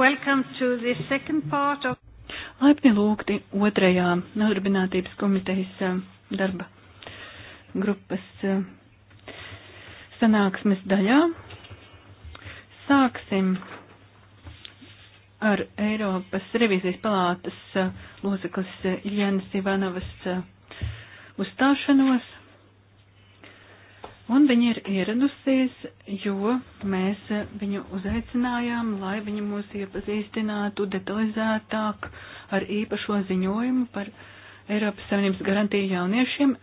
Welcome to the second part of. Laipni lūgti otrajā nodarbinātības komitejas uh, darba grupas uh, sanāksmes daļā. Sāksim ar Eiropas revīzijas palātas uh, loceklis Jānis Ivanovas uzstāšanos Un viņa ir ieradusies, jo mēs viņu uzaicinājām, lai viņa mūs iepazīstinātu detalizētāk ar īpašo ziņojumu par Eiropas Savienības garantiju jauniešiem,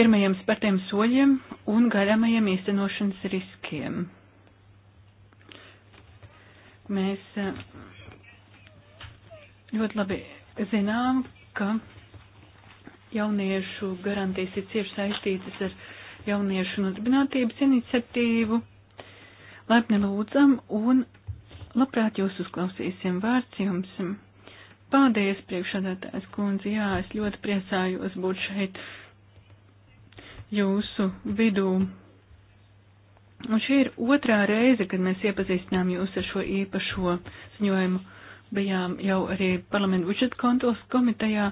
pirmajiem spartiem soļiem un gaidāmajiem īstenošanas riskiem. Mēs eh, ļoti labi zinām, ka jauniešu garantijas ir cieši saistītas ar jauniešu nodarbinātības iniciatīvu. Laipni lūdzam un labprāt jūs uzklausīsim vārds jums. Paldies, priekšādātājs kundze, jā, es ļoti priecājos būt šeit jūsu vidū. Un šī ir otrā reize, kad mēs iepazīstinām jūs ar šo īpašo ziņojumu bijām jau arī parlamentu budžeta kontrolas komitejā,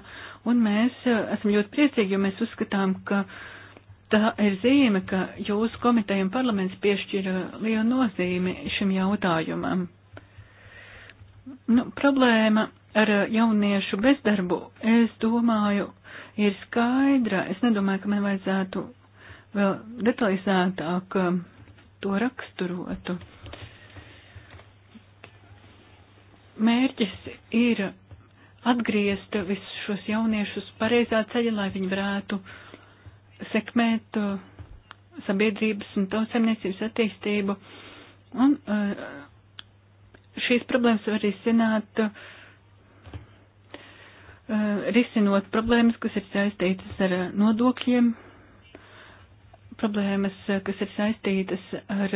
un mēs eh, esam ļoti priecīgi, jo mēs uzskatām, ka tā ir zīme, ka jūsu komiteja un parlaments piešķira lielu nozīmi šim jautājumam. Nu, problēma ar jauniešu bezdarbu, es domāju, ir skaidra. Es nedomāju, ka man vajadzētu vēl detalizētāk eh, to raksturotu. mērķis ir atgriezt visus šos jauniešus pareizā ceļa, lai viņi varētu sekmēt uh, sabiedrības un tautsemniecības attīstību. Un uh, šīs problēmas var izsināt, uh, risinot problēmas, kas ir saistītas ar nodokļiem, problēmas, kas ir saistītas ar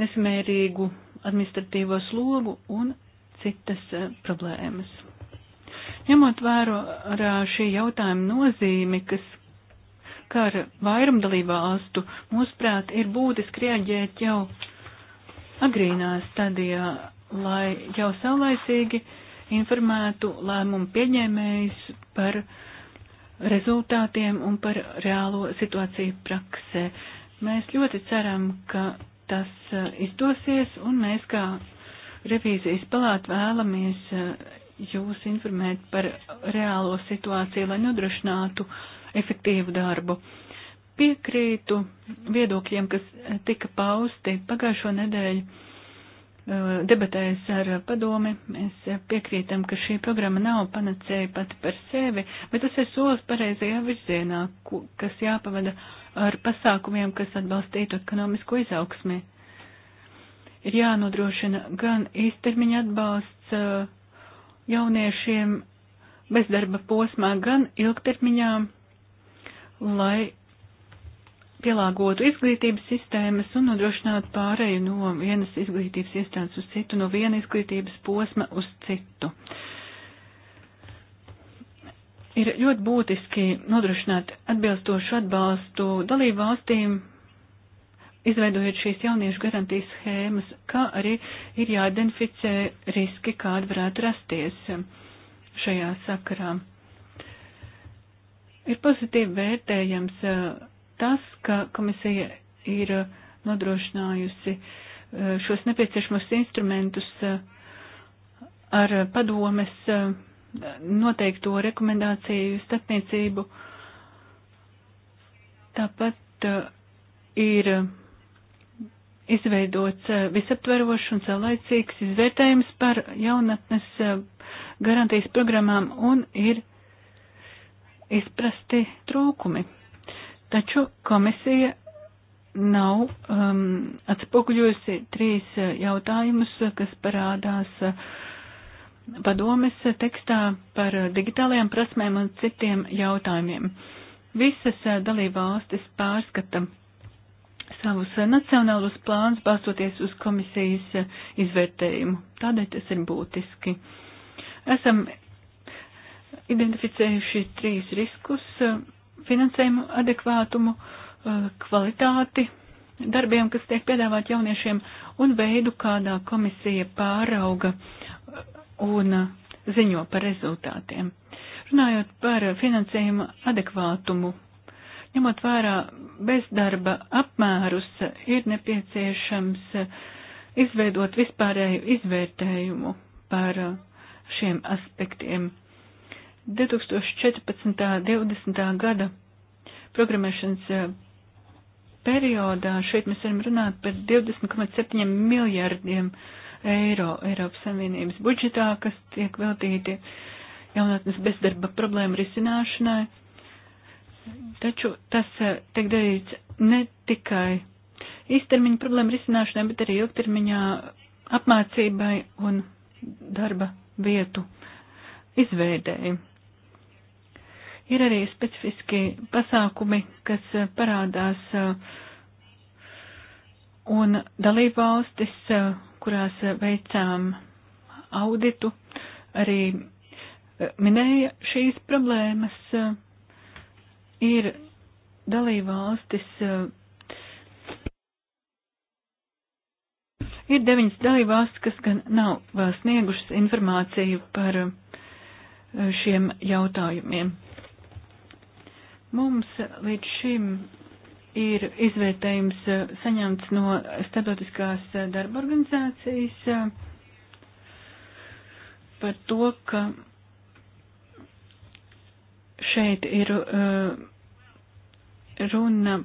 nesamērīgu administratīvo slogu un citas eh, problēmas. Ņemot vērā eh, šī jautājuma nozīmi, kas kara vairumdalību valstu, mūsuprāt, ir būtiski rieģēt jau agrīnā stadijā, lai jau saulaicīgi informētu lēmumu pieņēmējus par rezultātiem un par reālo situāciju praksē. Mēs ļoti ceram, ka tas eh, izdosies, un mēs kā revīzijas palātu vēlamies eh, jūs informēt par reālo situāciju, lai nodrošinātu efektīvu darbu. Piekrītu viedokļiem, kas tika pausti pagājušo nedēļu eh, debatēs ar padomi. Mēs piekrītam, ka šī programma nav panacēja pati par sevi, bet tas ir solis pareizajā virzienā, kas jāpavada ar pasākumiem, kas atbalstītu ekonomisko izaugsmi ir jānodrošina gan īstermiņa atbalsts uh, jauniešiem bezdarba posmā, gan ilgtermiņā, lai pielāgotu izglītības sistēmas un nodrošinātu pārēju no vienas izglītības iestādes uz citu, no viena izglītības posma uz citu. Ir ļoti būtiski nodrošināt atbilstošu atbalstu dalību valstīm izveidojot šīs jauniešu garantijas schēmas, kā arī ir jāidentificē riski, kādi varētu rasties šajā sakarā. Ir pozitīvi vērtējams eh, tas, ka komisija ir eh, nodrošinājusi eh, šos nepieciešamos instrumentus ar padomes noteikto rekomendāciju starpniecību. Tāpat ir izveidots eh, visaptverošs un saulaicīgs izvērtējums par jaunatnes eh, garantijas programmām un ir izprasti trūkumi. Taču komisija nav um, atspoguļojusi trīs eh, jautājumus, kas parādās padomes tekstā par digitālajām prasmēm un citiem jautājumiem. Visas dalībvalstis pārskata savus eh, nacionālus plānus balstoties uz komisijas eh, izvērtējumu. Tādēļ tas ir būtiski. Esam identificējuši trīs riskus eh, - finansējumu adekvātumu, kvalitāti darbiem, kas tiek piedāvāt jauniešiem, un veidu, kādā komisija pārauga un ziņo par rezultātiem. Runājot par finansējumu adekvātumu, Ņemot vērā bezdarba apmērus, ir nepieciešams izveidot vispārēju izvērtējumu par šiem aspektiem. 2014. 20. gada programmēšanas periodā šeit mēs varam runāt par 20,7 miljardiem eiro Eiropas Savienības budžetā, kas tiek veltīti jaunatnes bezdarba problēmu risināšanai Taču tas eh, tiek darīts ne tikai īstermiņa problēma risināšanai, bet arī ilgtermiņā apmācībai un darba vietu izveidēji. Ir arī specifiski pasākumi, kas eh, parādās eh, un dalībvalstis, kurās veicām auditu, arī minēja šīs problēmas ir dalībvalstis. Eh, ir deviņas dalībvalstis, kas gan nav vēl sniegušas informāciju par eh, šiem jautājumiem. Mums līdz šim ir izvērtējums eh, saņemts no Starptautiskās darba organizācijas par to, ka šeit ir uh, runa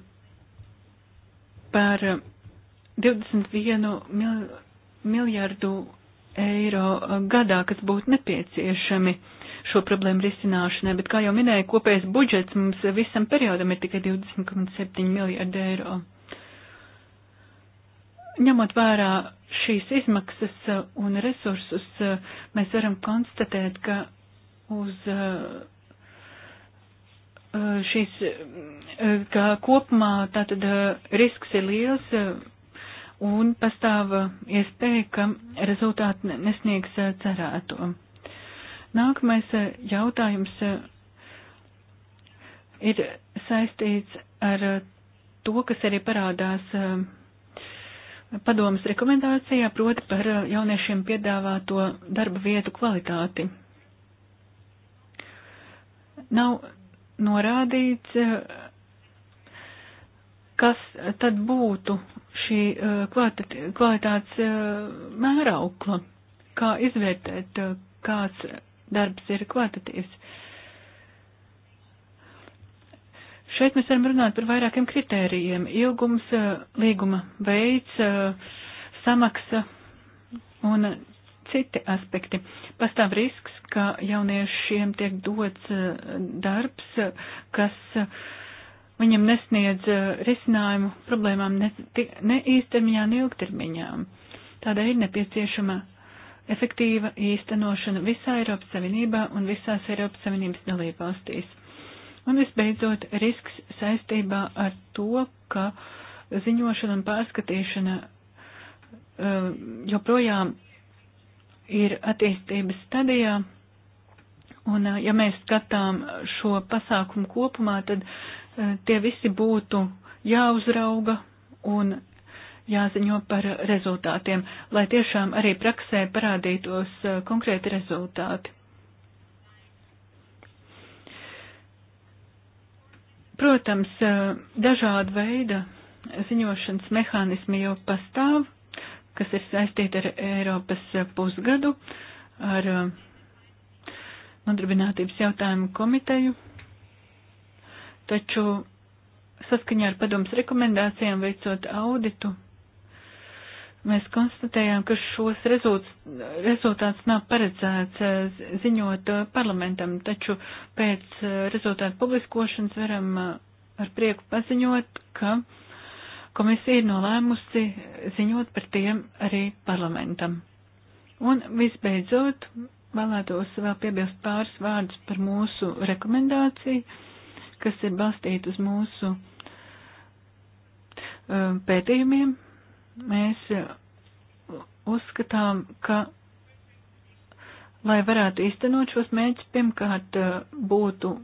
par 21 mil, miljardu eiro gadā, kas būtu nepieciešami šo problēmu risināšanai, bet, kā jau minēju, kopējais budžets mums visam periodam ir tikai 20,7 miljardi eiro. Ņemot vērā šīs izmaksas un resursus, mēs varam konstatēt, ka uz Eh, šis, eh, ka kopumā tātad eh, risks ir liels un pastāv iespēja, ka rezultāti nesniegs cerēto. Nākamais jautājums ir saistīts ar to, kas arī parādās padomas rekomendācijā, proti par jauniešiem piedāvāto darba vietu kvalitāti. Nav norādīts, eh, kas tad būtu šī eh, kvalitātes eh, mēraukla, kā izvērtēt, kāds darbs ir kvalitatīvs. Šeit mēs varam runāt par vairākiem kritērijiem - ilgums, līguma veids, samaksa un citi aspekti. Pastāv risks, ka jauniešiem tiek dots eh, darbs, kas eh, viņam nesniedz eh, risinājumu problēmām ne, ne īstermiņā, ne ilgtermiņā. Tādēļ ir nepieciešama efektīva īstenošana visā Eiropas Savienībā un visās Eiropas Savienības dalībvalstīs. Un visbeidzot, risks saistībā ar to, ka ziņošana un pārskatīšana joprojām ir attīstības stadijā. Un, ja mēs skatām šo pasākumu kopumā, tad tie visi būtu jāuzrauga un jāziņo par rezultātiem, lai tiešām arī praksē parādītos konkrēti rezultāti. Protams, dažāda veida ziņošanas mehānismi jau pastāv, kas ir saistīti ar Eiropas pusgadu, ar uh, nodarbinātības jautājumu komiteju. Taču saskaņā ar padomus rekomendācijām veicot auditu, mēs konstatējām, ka šos rezultāts, rezultāts nav paredzēts uh, ziņot uh, parlamentam, taču pēc rezultātu publiskošanas varam ar prieku paziņot, ka uh, Komisija ir nolēmusi ziņot par tiem arī parlamentam. Un visbeidzot, vēlētos vēl piebilst pāris vārdus par mūsu rekomendāciju, kas ir balstīta uz mūsu eh, pētījumiem. Mēs eh, uzskatām, ka, lai varētu īstenot šos mērķus, pirmkārt eh, būtu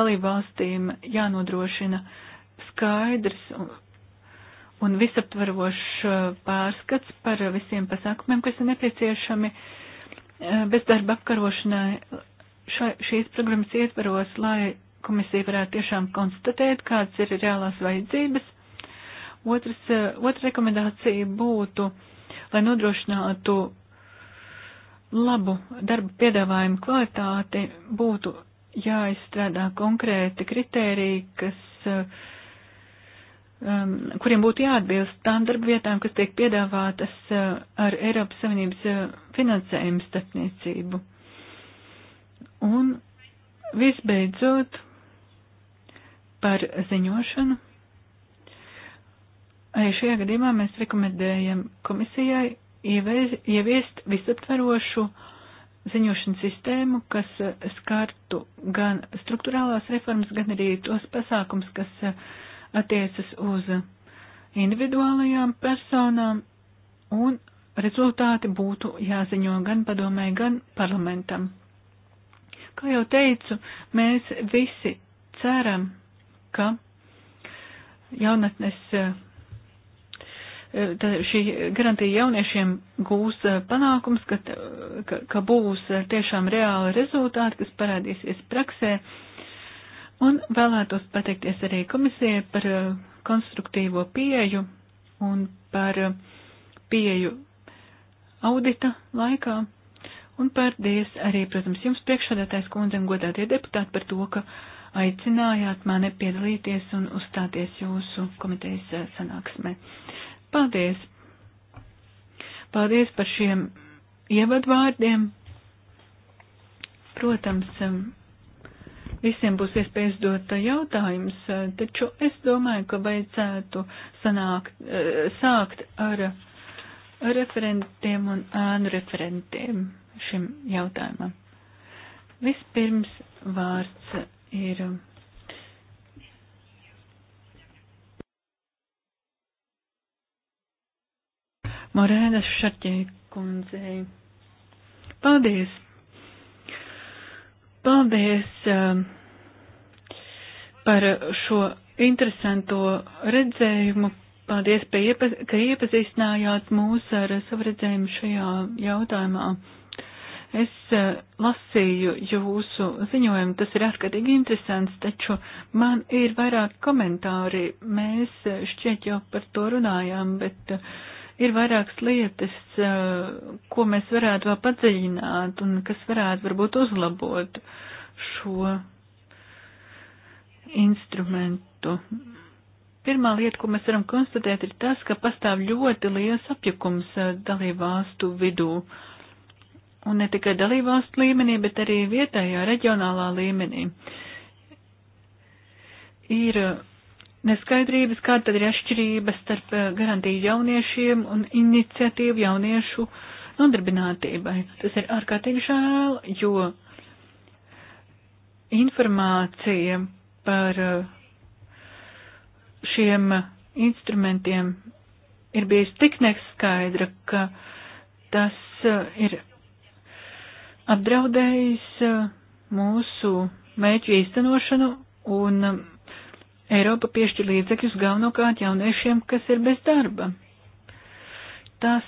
dalībvalstīm jānodrošina skaidrs un visaptvarošs uh, pārskats par visiem pasākumiem, kas ir nepieciešami uh, bezdarba apkarošanai Ša, šīs programmas ietvaros, lai komisija varētu tiešām konstatēt, kādas ir reālās vajadzības. Otras, uh, otra rekomendācija būtu, lai nodrošinātu labu darba piedāvājumu kvalitāti, būtu jāizstrādā konkrēti kritēriji, kas uh, um, kuriem būtu jāatbilst tām darbvietām, kas tiek piedāvātas uh, ar Eiropas Savienības uh, finansējumu starpniecību. Un visbeidzot par ziņošanu. Arī šajā gadījumā mēs rekomendējam komisijai ieviest visaptverošu ziņošanas sistēmu, kas uh, skartu gan struktūrālās reformas, gan arī tos pasākums, kas uh, attiecas uz individuālajām personām un rezultāti būtu jāziņo gan padomē, gan parlamentam. Kā jau teicu, mēs visi ceram, ka jaunatnes eh, šī garantija jauniešiem gūs eh, panākums, ka, ka, ka būs eh, tiešām reāli rezultāti, kas parādīsies praksē Un vēlētos pateikties arī komisijai par uh, konstruktīvo pieeju un par uh, pieeju audita laikā. Un paldies arī, protams, jums priekšādātais kundzem godātie deputāti par to, ka aicinājāt mani piedalīties un uzstāties jūsu komitejas uh, sanāksmē. Paldies! Paldies par šiem ievadvārdiem. Protams, um, visiem būs iespēja uzdot eh, jautājumus, eh, taču es domāju, ka vajadzētu sanākt, eh, sākt ar referentiem un ānu referentiem šim jautājumam. Vispirms vārds ir. Morēnas Šarķē kundzei. Paldies! Paldies um, par šo interesanto redzējumu. Paldies, ka iepazīstinājāt mūs ar savu redzējumu šajā jautājumā. Es uh, lasīju jūsu ziņojumu, tas ir ārkārtīgi interesants, taču man ir vairāk komentāri. Mēs uh, šķiet jau par to runājām, bet uh, ir vairākas lietas, eh, ko mēs varētu vēl padziļināt un kas varētu varbūt uzlabot šo instrumentu. Pirmā lieta, ko mēs varam konstatēt, ir tas, ka pastāv ļoti liels apjukums eh, dalībvalstu vidū. Un ne tikai dalībvalstu līmenī, bet arī vietējā reģionālā līmenī. Ir neskaidrības, kāda tad ir atšķirība starp eh, garantiju jauniešiem un iniciatīvu jauniešu nodarbinātībai. Tas ir ārkārtīgi žēl, jo informācija par eh, šiem instrumentiem ir bijis tik neskaidra, ka tas eh, ir apdraudējis mūsu mēķu īstenošanu un Eiropa piešķir līdzekļus galvenokārt jauniešiem, kas ir bez darba. Tas,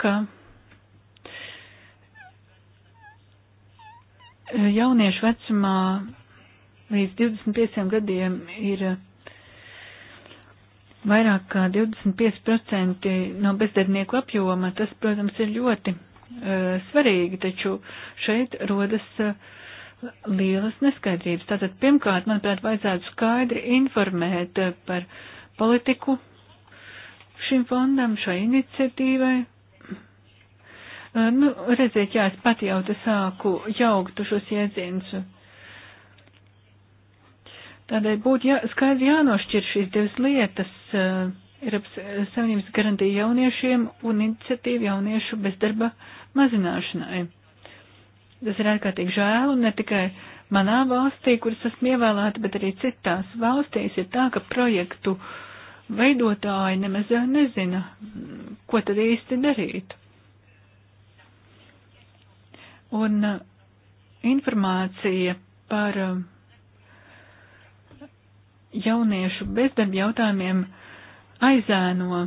ka jauniešu vecumā līdz 25 gadiem ir vairāk kā 25% no bezdarbnieku apjoma, tas, protams, ir ļoti uh, svarīgi, taču šeit rodas uh, lielas neskaidrības. Tātad, pirmkārt, manuprāt, vajadzētu skaidri informēt eh, par politiku šim fondam, šai iniciatīvai. Eh, nu, redziet, jā, es pat jau te sāku jauktu šos jēdzienus. Tādēļ būtu jā, skaidri jānošķir šīs divas lietas. Eh, Eiropas Savienības garantija jauniešiem un iniciatīva jauniešu bezdarba mazināšanai. Tas ir ārkārtīgi žēl, un ne tikai manā valstī, kuras esmu ievēlēta, bet arī citās valstīs ir tā, ka projektu veidotāji nemaz nezina, ko tad īsti darīt. Un uh, informācija par uh, jauniešu bezdarba jautājumiem aizēno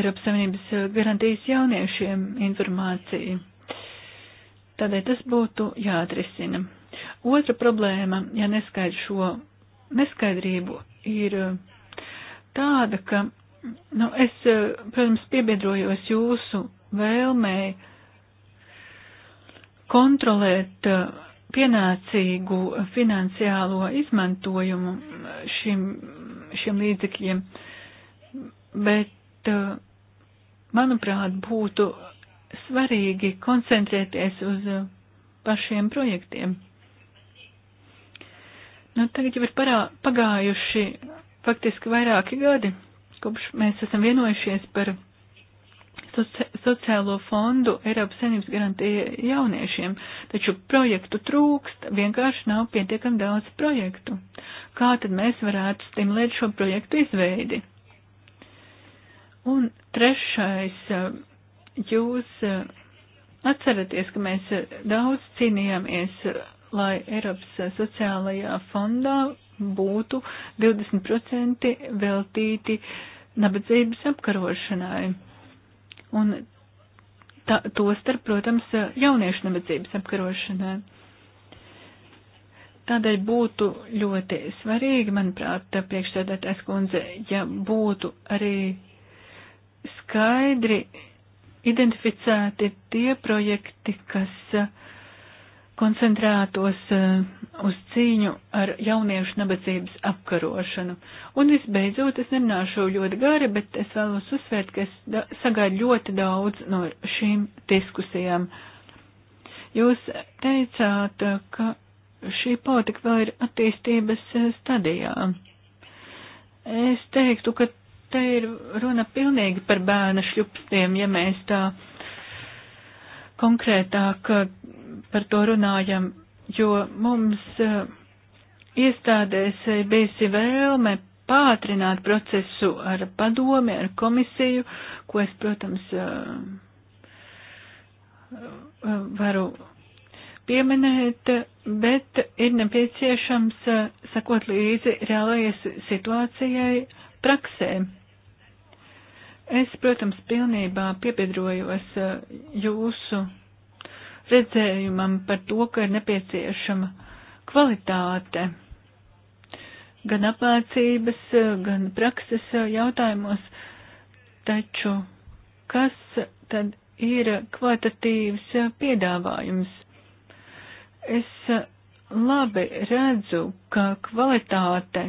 Eiropas Savienības uh, garantijas jauniešiem informāciju. Tādēļ tas būtu jāatrisina. Otra problēma, ja neskaidr šo neskaidrību, ir uh, tāda, ka, nu, es, uh, protams, piebiedrojos jūsu vēlmēji kontrolēt uh, pienācīgu finansiālo izmantojumu šim, šiem līdzekļiem, bet, manuprāt, būtu svarīgi koncentrēties uz pašiem projektiem. Nu, tagad jau ir parā, pagājuši faktiski vairāki gadi, kopš mēs esam vienojušies par soci sociālo fondu Eiropas Savienības garantija jauniešiem, taču projektu trūkst, vienkārši nav pietiekami daudz projektu. Kā tad mēs varētu stimulēt šo projektu izveidi? Un trešais Jūs eh, atceraties, ka mēs eh, daudz cīnījāmies, eh, lai Eiropas sociālajā fondā būtu 20% veltīti nabadzības apkarošanai. Un tā, to starp, protams, jauniešu nabadzības apkarošanai. Tādēļ būtu ļoti svarīgi, manuprāt, priekšsēdētājs kundze, ja būtu arī skaidri identificēti tie projekti, kas uh, koncentrētos uh, uz cīņu ar jauniešu nabadzības apkarošanu. Un visbeidzot, es nerunāšu ļoti gari, bet es vēlos uzsvērt, ka es sagaidu ļoti daudz no šīm diskusijām. Jūs teicāt, uh, ka šī politika vēl ir attīstības stadijā. Es teiktu, ka te ir runa pilnīgi par bērnu šļupstiem, ja mēs tā konkrētāk eh, par to runājam, jo mums eh, iestādēs bijusi vēlme pātrināt procesu ar padomi, ar komisiju, ko es, protams, eh, varu pieminēt, bet ir nepieciešams sakot līdzi reālajai situācijai praksē. Es, protams, pilnībā piebiedrojos eh, jūsu redzējumam par to, ka ir nepieciešama kvalitāte gan apmācības, eh, gan prakses eh, jautājumos, taču kas tad ir kvalitatīvs piedāvājums? Es labi redzu, ka kvalitāte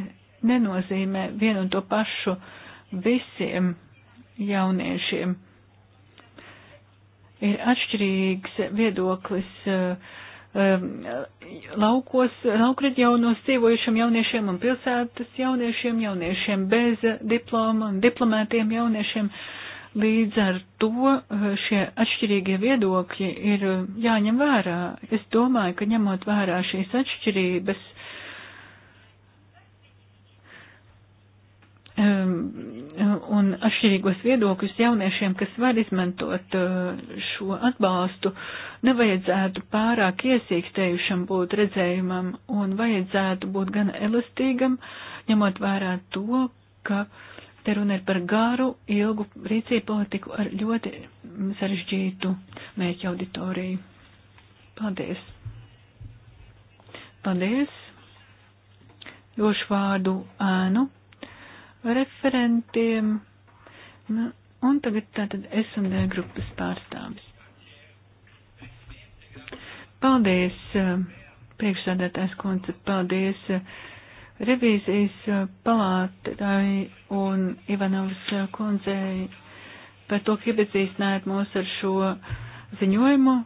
nenozīmē vienu un to pašu visiem jauniešiem. Ir atšķirīgs viedoklis eh, eh, laukos, laukreģionos dzīvojušiem jauniešiem un pilsētas jauniešiem, jauniešiem bez diploma un diplomētiem jauniešiem. Līdz ar to eh, šie atšķirīgie viedokļi ir jāņem vērā. Es domāju, ka ņemot vērā šīs atšķirības, um, un atšķirīgos viedokļus jauniešiem, kas var izmantot uh, šo atbalstu, nevajadzētu pārāk iesīkstējušam būt redzējumam un vajadzētu būt gan elastīgam, ņemot vērā to, ka te runa ir par garu, ilgu rīcību politiku ar ļoti sarežģītu mērķu auditoriju. Paldies! Paldies! Došu vārdu ēnu referentiem. Nu, un tagad tātad S&D grupas pārstāvis. Paldies, eh, priekšsādātājs kundze, paldies eh, revīzijas eh, palātai un Ivanovas kundzei par to, ka iepazīstinājāt mūs ar šo ziņojumu.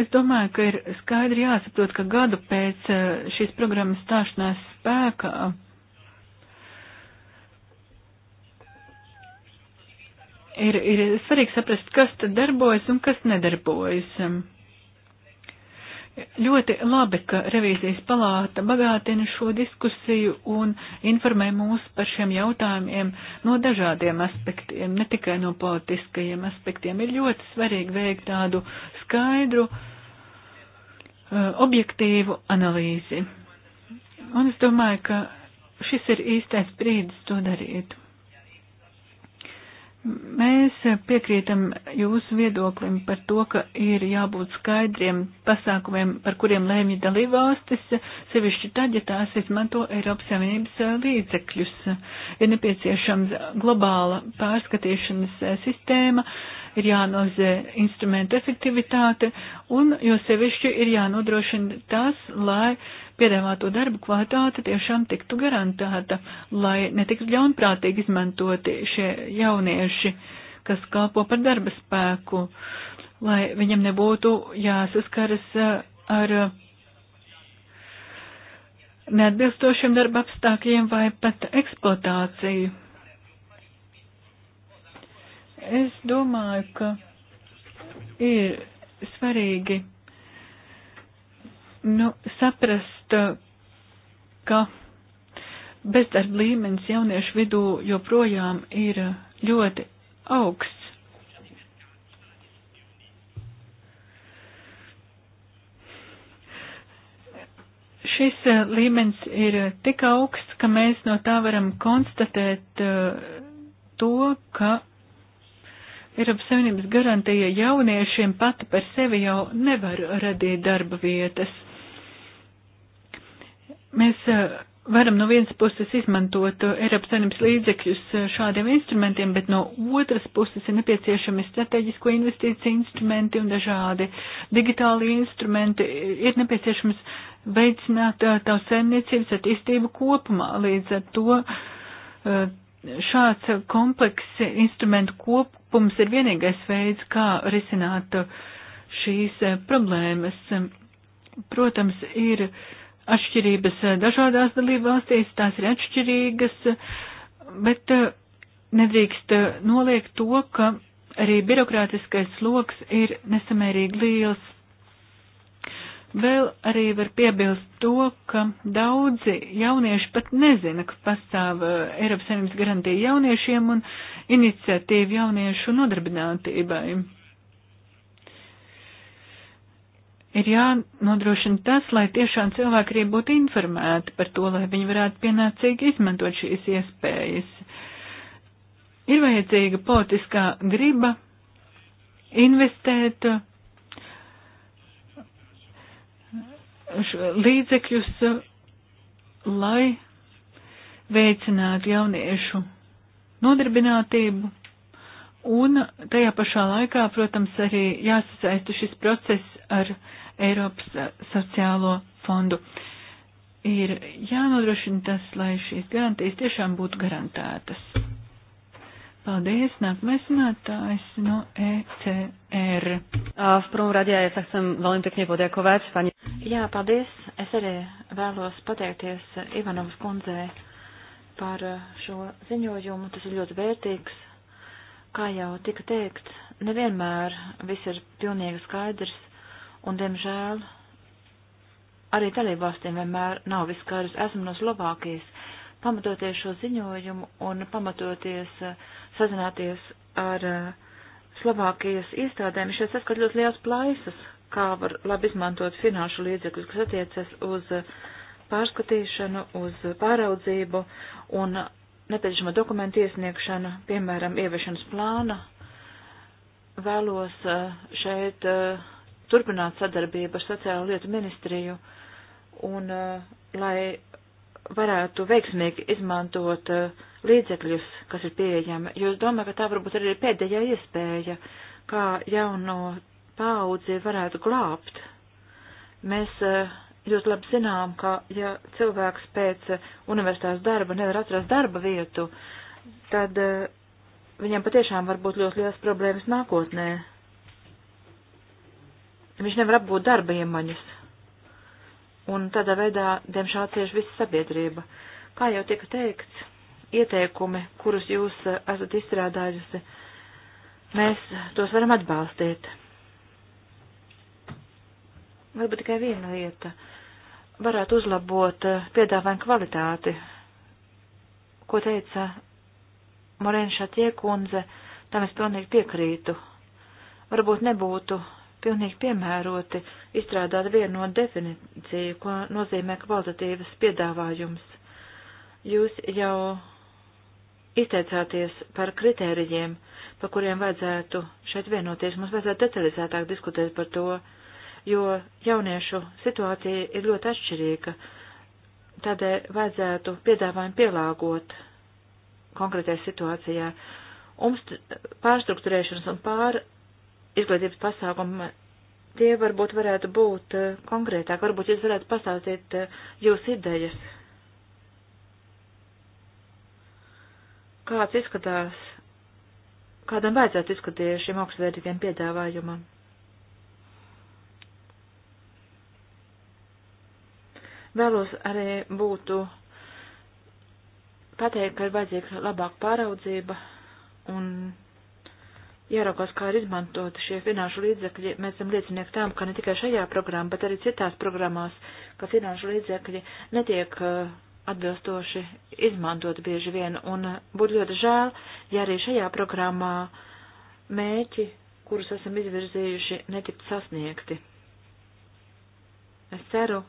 Es domāju, ka ir skaidri jāsaprot, ka gadu pēc šīs programmas stāšanās spēkā ir, ir svarīgi saprast, kas tad darbojas un kas nedarbojas. Ļoti labi, ka revīzijas palāta bagātina šo diskusiju un informē mūs par šiem jautājumiem no dažādiem aspektiem, ne tikai no politiskajiem aspektiem. Ir ļoti svarīgi veikt tādu skaidru, eh, objektīvu analīzi. Un es domāju, ka šis ir īstais brīdis to darīt. Mēs piekrītam jūsu viedoklim par to, ka ir jābūt skaidriem pasākumiem, par kuriem lēmja dalībvalstis, sevišķi tad, ja tās izmanto Eiropas Savienības līdzekļus. Ir nepieciešams globāla pārskatīšanas sistēma, uh, ir jānozē instrumentu efektivitāte un jo sevišķi ir jānodrošina tas, lai piedāvāto darbu kvalitāte tiešām tiktu garantēta, lai netiktu ļaunprātīgi izmantoti šie jaunieši, kas kalpo par darba spēku, lai viņam nebūtu jāsaskaras eh, ar neatbilstošiem darba apstākļiem vai pat eksploatāciju. Es domāju, ka ir svarīgi nu, saprast, ka bezdarba līmenis jauniešu vidū joprojām ir ļoti augsts. Šis eh, līmenis ir tik augsts, ka mēs no tā varam konstatēt eh, to, ka Eiropas Savienības garantija jauniešiem pati par sevi jau nevar radīt darba vietas. Mēs eh, varam no vienas puses izmantot Eiropas Savienības līdzekļus eh, šādiem instrumentiem, bet no otras puses ir nepieciešami strateģisko investīciju instrumenti un dažādi digitāli instrumenti. Ir nepieciešams veicināt eh, tā saimniecības attīstību kopumā, līdz ar to šāds komplekss instrumentu kopums ir vienīgais veids, kā risināt šīs problēmas. Protams, ir atšķirības dažādās dalībvalstīs, tās ir atšķirīgas, bet nedrīkst noliegt to, ka arī birokrātiskais sloks ir nesamērīgi liels. Vēl arī var piebilst to, ka daudzi jaunieši pat nezina, ka pastāv eh, Eiropas Savienības garantija jauniešiem un iniciatīva jauniešu nodarbinātībai. Ir jānodrošina tas, lai tiešām cilvēki arī būtu informēti par to, lai viņi varētu pienācīgi izmantot šīs iespējas. Ir vajadzīga politiskā griba investēt līdzekļus, lai veicinātu jauniešu nodarbinātību. Un tajā pašā laikā, protams, arī jāsasaista šis process ar Eiropas sociālo fondu. Ir jānodrošina tas, lai šīs garantijas tiešām būtu garantētas. Paldies, nākamais runātājs no ECR. V prvom rade ja sa chcem veľmi pekne poďakovať. Pani... Jā, paldies. Es arī vēlos pateikties Ivanovas kundzē par šo ziņojumu. Tas ir ļoti vērtīgs. Kā jau tika teikt, nevienmēr viss ir pilnīgi skaidrs un, diemžēl, arī dalībvalstīm vienmēr nav viss skaidrs. Esmu no Slovākijas. Pamatoties šo ziņojumu un pamatoties uh, sazināties ar eh, Slovākijas iestādēm, šeit saskat ļoti liels plaisas, kā var labi izmantot finanšu līdzekļus, kas attiecas uz eh, pārskatīšanu, uz pāraudzību un nepieciešamo dokumentu iesniegšanu, piemēram, ieviešanas plāna. Vēlos eh, šeit turpināt sadarbību ar sociālo lietu ministriju un lai varētu veiksmīgi izmantot uh, līdzekļus, kas ir pieejami, jo es domāju, ka tā varbūt arī ir pēdējā iespēja, kā jauno paudzi varētu glābt. Mēs eh, ļoti labi zinām, ka ja cilvēks pēc eh, universitātes darba nevar atrast darba vietu, tad eh, viņam patiešām var būt ļoti liels problēmas nākotnē. Viņš nevar apgūt darba iemaņas. Un tādā veidā, diemžēl, cieši visa sabiedrība. Kā jau tika teikts, ieteikumi, kurus jūs eh, esat izstrādājusi, mēs tos varam atbalstīt. Varbūt tikai viena lieta. Varētu uzlabot eh, piedāvājumu kvalitāti, ko teica Morēna Šatiekundze, tam es pilnīgi piekrītu. Varbūt nebūtu pilnīgi piemēroti izstrādāt vienu no definīciju, ko nozīmē kvalitatīvas piedāvājums. Jūs jau izteicāties par kritērijiem, par kuriem vajadzētu šeit vienoties. Mums vajadzētu detalizētāk diskutēt par to, jo jauniešu situācija ir ļoti atšķirīga. Tādēļ vajadzētu piedāvājumu pielāgot konkrētajā situācijā. Mums pārstruktūrēšanas un pār izglītības pasākumi tie varbūt varētu būt eh, konkrētāk. Varbūt jūs varētu pastāstīt eh, jūsu idejas kāds izskatās, kādam vajadzētu izskatīties šiem augstvērtīgiem piedāvājumam. Vēlos arī būtu pateikt, ka ir vajadzīga labāka pāraudzība un jāraukās, kā ir izmantot šie finanšu līdzekļi. Mēs esam liecinieki tām, ka ne tikai šajā programmā, bet arī citās programmās, ka finanšu līdzekļi netiek uh, atbilstoši izmantot bieži vien, un uh, būtu ļoti žēl, ja arī šajā programmā mēķi, kurus esam izvirzījuši, netikt sasniegti. Es ceru,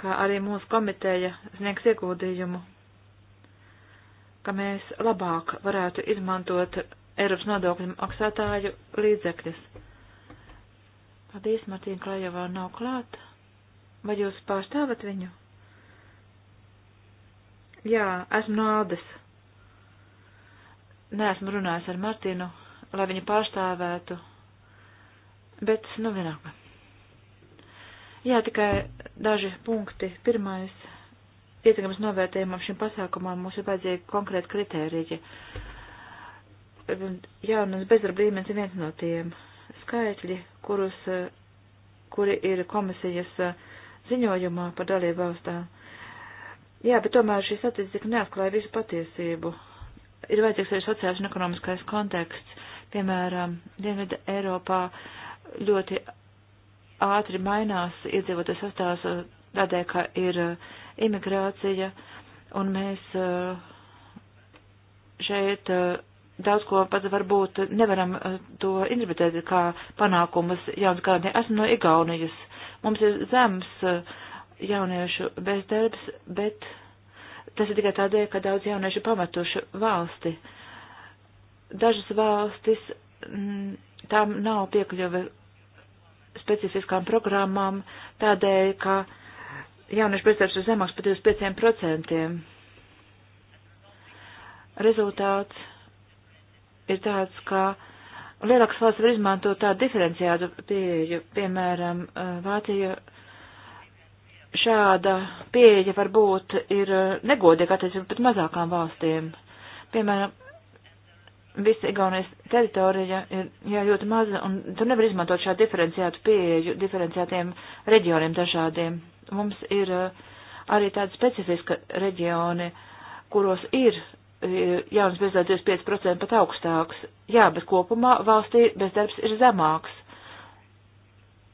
ka arī mūsu komiteja sniegs ieguldījumu, ka mēs labāk varētu izmantot Eiropas nodokļu maksātāju līdzekļus. Paldies, Martīna Klajovā nav klāt. Vai jūs pārstāvat viņu? Jā, esmu no Aldes. Nē, esmu runājis ar Martinu, lai viņu pārstāvētu, bet, nu, vienalga. Jā, tikai daži punkti. Pirmais, ietekmes novērtējumam šim pasākumam mums ir vajadzīgi konkrēti kritēriji. Jaunas bezdarba līmenis ir viens no tiem skaitļi, kurus, kuri ir komisijas ziņojumā par dalību valstām Jā, bet tomēr šī statistika neatklāja visu patiesību. Ir vajadzīgs arī sociāls un ekonomiskais konteksts. Piemēram, Dienvidu Eiropā ļoti ātri mainās iedzīvotāju sastāvs tādēļ, ka ir uh, imigrācija, un mēs uh, šeit uh, daudz ko pat varbūt nevaram to interpretēt kā panākumus jaunas gādē. Esmu no Igaunijas. Mums ir zems uh, jauniešu bezdarbs, bet tas ir tikai tādēļ, ka daudz jauniešu pametuši valsti. Dažas valstis mm, tām nav piekļuve specifiskām programmām tādēļ, ka jauniešu bezdarbs ir zemāks par 25%. Rezultāts ir tāds, ka lielākas valsts var izmantot tādu diferenciētu pieeju, piemēram, Vācija. Uh, šāda pieeja varbūt ir eh, negodīga attiecībā pret mazākām valstīm. Piemēram, visa Igaunijas teritorija ir jā, ļoti maza, un tu nevar izmantot šādu diferenciētu pieeju diferenciētiem reģioniem dažādiem. Mums ir eh, arī tādi specifiski reģioni, kuros ir jaunas bezdarbs 5% pat augstāks. Jā, bet kopumā valstī bezdarbs ir zemāks.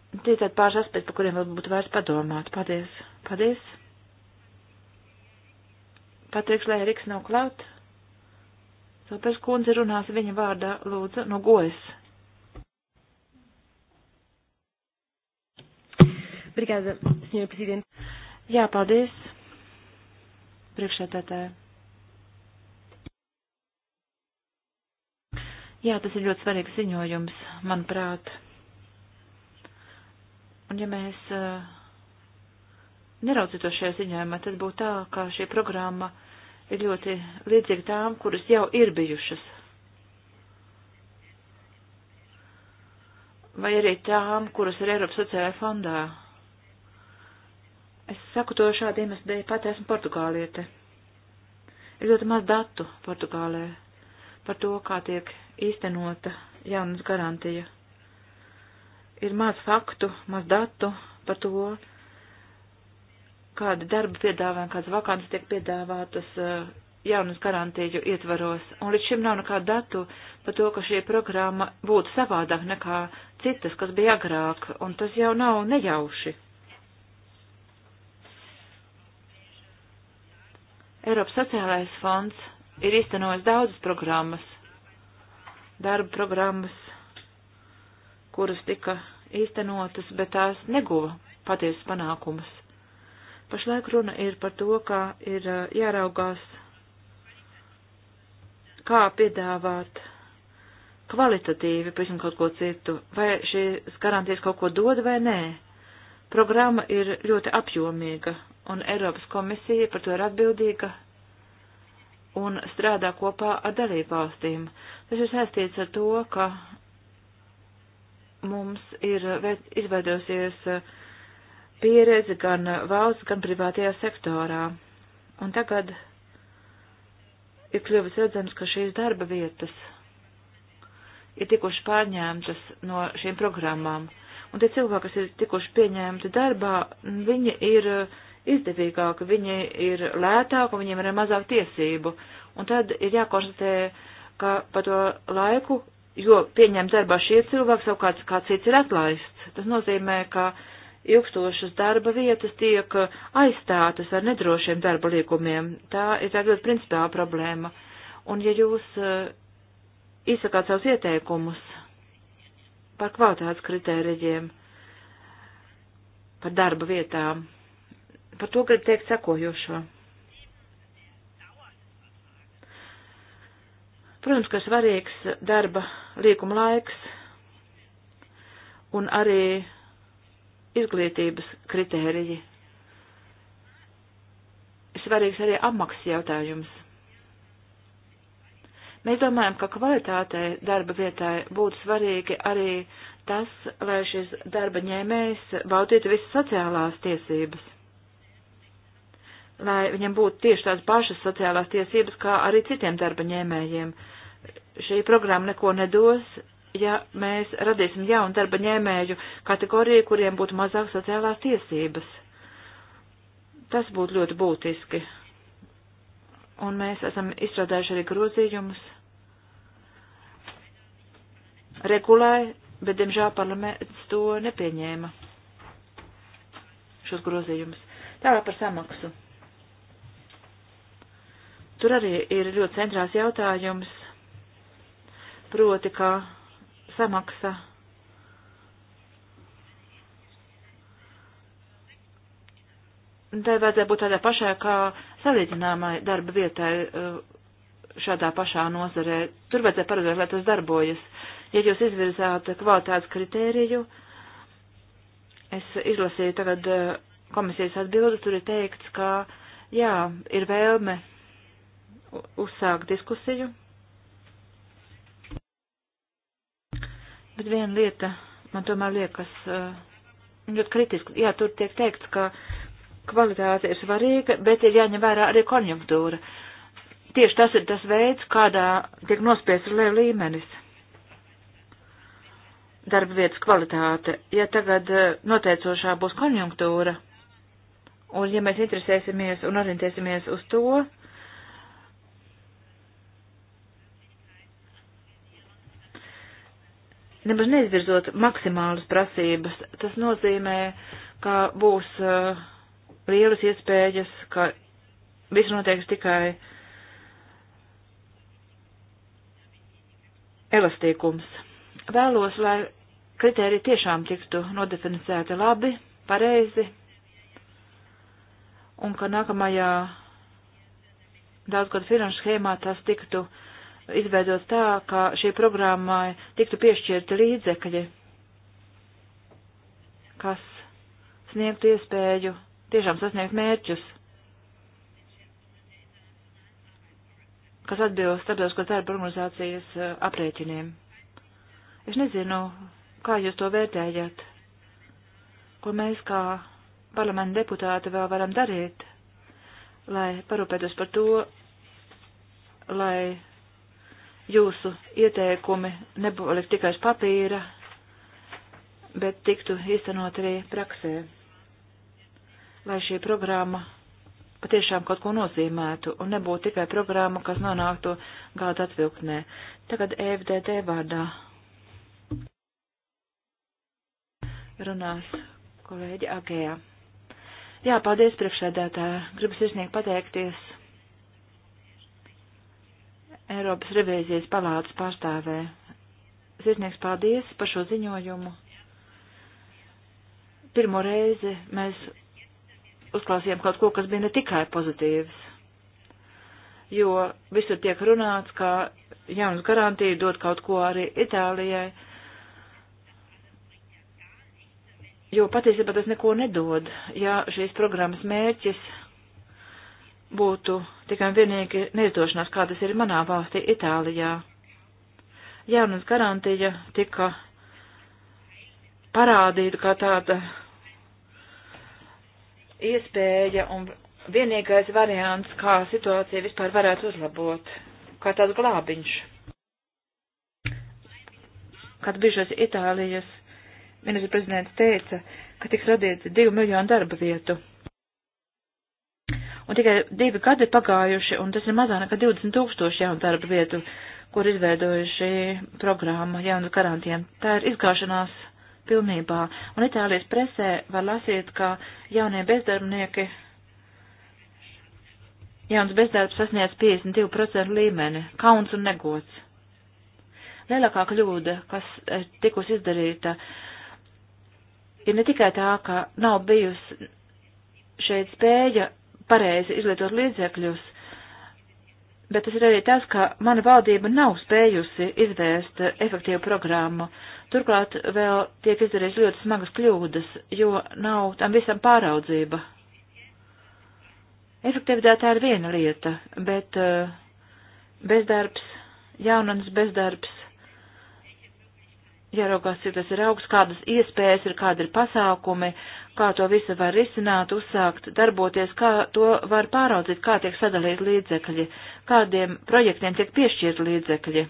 Tie ir tādi pāris aspekti, par kuriem vēl būtu vērts padomāt. Paldies. Paldies. Patriks Lēriks nav klāt. Tāpēc kundze runās viņa vārdā, lūdzu, no gojas. Brigāda, senjora prezidenta. Jā, paldies. Priekšētātāja. Jā, tas ir ļoti svarīgs ziņojums, manuprāt. Un ja mēs eh, neraudzītos šajā ziņojumā, tad būtu tā, ka šī programma ir ļoti līdzīga tām, kuras jau ir bijušas. Vai arī tām, kuras ir Eiropas sociālajā fondā. Es saku to šādu iemeslu dēļ, pati esmu portugāliete. Ir ļoti maz datu Portugālē par to, kā tiek īstenota jaunas garantija ir maz faktu, maz datu par to, kāda darba piedāvājuma, kādas vakantas tiek piedāvātas eh, jaunas garantiju ietvaros. Un līdz šim nav nekādu datu par to, ka šī programma būtu savādāk nekā citas, kas bija agrāk, un tas jau nav nejauši. Eiropas sociālais fonds ir iztenojis daudzas programmas, darba programmas, kuras tika īstenotas, bet tās neguva patiesas panākumus. Pašlaik runa ir par to, kā ir uh, jāraugās, kā piedāvāt kvalitatīvi, pēc tam kaut ko citu, vai šīs garantijas kaut ko dod vai nē. Programma ir ļoti apjomīga, un Eiropas komisija par to ir atbildīga un strādā kopā ar dalībvalstīm. Tas ir saistīts ar to, ka mums ir izveidojusies uh, pieredze gan valsts, gan privātajā sektorā. Un tagad ir kļuvis redzams, ka šīs darba vietas ir tikuši pārņēmtas no šīm programmām. Un tie cilvēki, kas ir tikuši pieņemti darbā, viņi ir izdevīgāki, viņi ir lētāki, viņiem ir mazāk tiesību. Un tad ir jākonstatē, ka pa to laiku jo pieņem darbā šie cilvēki, savukārt kāds cits ir atlaists. Tas nozīmē, ka ilgstošas darba vietas tiek aizstātas ar nedrošiem darba līgumiem. Tā ir tāda ļoti principāla problēma. Un ja jūs eh, izsakāt savus ieteikumus par kvalitātes kritērijiem, par darba vietām, par to gribu teikt sekojošo. Protams, ka svarīgs darba līkuma laiks un arī izglītības kritēriji. Svarīgs arī apmaksas jautājums. Mēs domājam, ka kvalitātei darba vietai būtu svarīgi arī tas, lai šis darba ņēmējs baudītu visas sociālās tiesības. Lai viņam būtu tieši tās pašas sociālās tiesības, kā arī citiem darba ņēmējiem. Uh, šī programma neko nedos, ja mēs radīsim jaunu darba ņēmēju kategoriju, kuriem būtu mazāk sociālās tiesības. Tas būtu ļoti būtiski. Un mēs esam izstrādājuši arī grozījumus regulai, bet, diemžēl, parlaments to nepieņēma, šos grozījumus. Tālāk par samaksu. Tur arī ir ļoti centrās jautājums proti, ka samaksa tai vajadzēja būt tādai pašai kā salīdzināmai darba vietai eh, šādā pašā nozarē. Tur vajadzēja paredzēt, lai tas darbojas. Ja jūs izvirzāt kvalitātes kritēriju, es izlasīju tagad eh, komisijas atbildi, tur ir teikts, ka jā, ir vēlme uzsākt diskusiju Tad viena lieta man tomēr liekas eh, ļoti kritiski. Jā, tur tiek teikts, ka kvalitāte ir svarīga, bet ir jāņem vērā arī konjunktūra. Tieši tas ir tas veids, kādā tiek nospiests leju līmenis. Darba vietas kvalitāte. Ja tagad eh, noteicošā būs konjunktūra, un ja mēs interesēsimies un orientēsimies uz to, nemaz neizvirzot maksimālas prasības. Tas nozīmē, ka būs uh, lielas iespējas, ka viss noteiks tikai elastīkums. Vēlos, lai kritēriji tiešām tiktu nodefinicēti labi, pareizi, un ka nākamajā daudzgad finanšu schēmā tas tiktu uh, izveidot tā, ka šī programmai tiktu piešķirti līdzekļi, kas sniegtu iespēju tiešām sasniegt mērķus, kas atbilst starptautiskās darba organizācijas eh, aprēķiniem. Es nezinu, kā jūs to vērtējat, ko mēs kā parlamenta deputāti vēl varam darīt, lai parūpētos par to, lai jūsu ieteikumi nebūtu tikai uz papīra, bet tiktu īstenot arī praksē, lai šī programma patiešām kaut ko nozīmētu un nebūtu tikai programma, kas nonāktu gada atvilknē. Tagad EFDD vārdā runās kolēģi Agējā. Jā, paldies priekšsēdētāji. Gribu sirsnīgi pateikties Eiropas revīzijas palātas pārstāvē. Sirsnieks paldies par šo ziņojumu. Pirmo reizi mēs uzklausījām kaut ko, kas bija ne tikai pozitīvs, jo visur tiek runāts, ka jaunas garantija dod kaut ko arī Itālijai, jo patiesībā tas neko nedod, ja šīs programmas mērķis būtu tikai un vienīgi neizdošanās, kā tas ir manā valstī, Itālijā. Jaunas garantija tika parādīta kā tāda iespēja un vienīgais variants, kā situācija vispār varētu uzlabot, kā tāds glābiņš. Kad bijušais Itālijas ministra prezidents teica, ka tiks radīts divu miljonu darba vietu Un tikai divi gadi pagājuši, un tas ir mazāk nekā 20 tūkstoši jaunu darba vietu, kur izveidojuši programmu jaunu garantiem. Tā ir izgāšanās pilnībā. Un Itālijas presē var lasīt, ka jaunie bezdarbnieki, jauns bezdarbs sasniedz 52% līmeni, kauns un negods. Lielākā kļūda, kas tikus izdarīta, ir ne tikai tā, ka nav bijusi šeit spēja pareizi izlietot līdzekļus, bet tas ir arī tas, ka mana valdība nav spējusi izvērst efektīvu programmu. Turklāt vēl tiek izdarīts ļoti smagas kļūdas, jo nav tam visam pāraudzība. Efektivitāte ir viena lieta, bet eh, bezdarbs, jaunums bezdarbs, jāraugās, cik tas ir augsts, kādas iespējas ir, kādi ir pasākumi, kā to visu var risināt, uzsākt, darboties, kā to var pāraudzīt, kā tiek sadalīt līdzekļi, kādiem projektiem tiek piešķirt līdzekļi,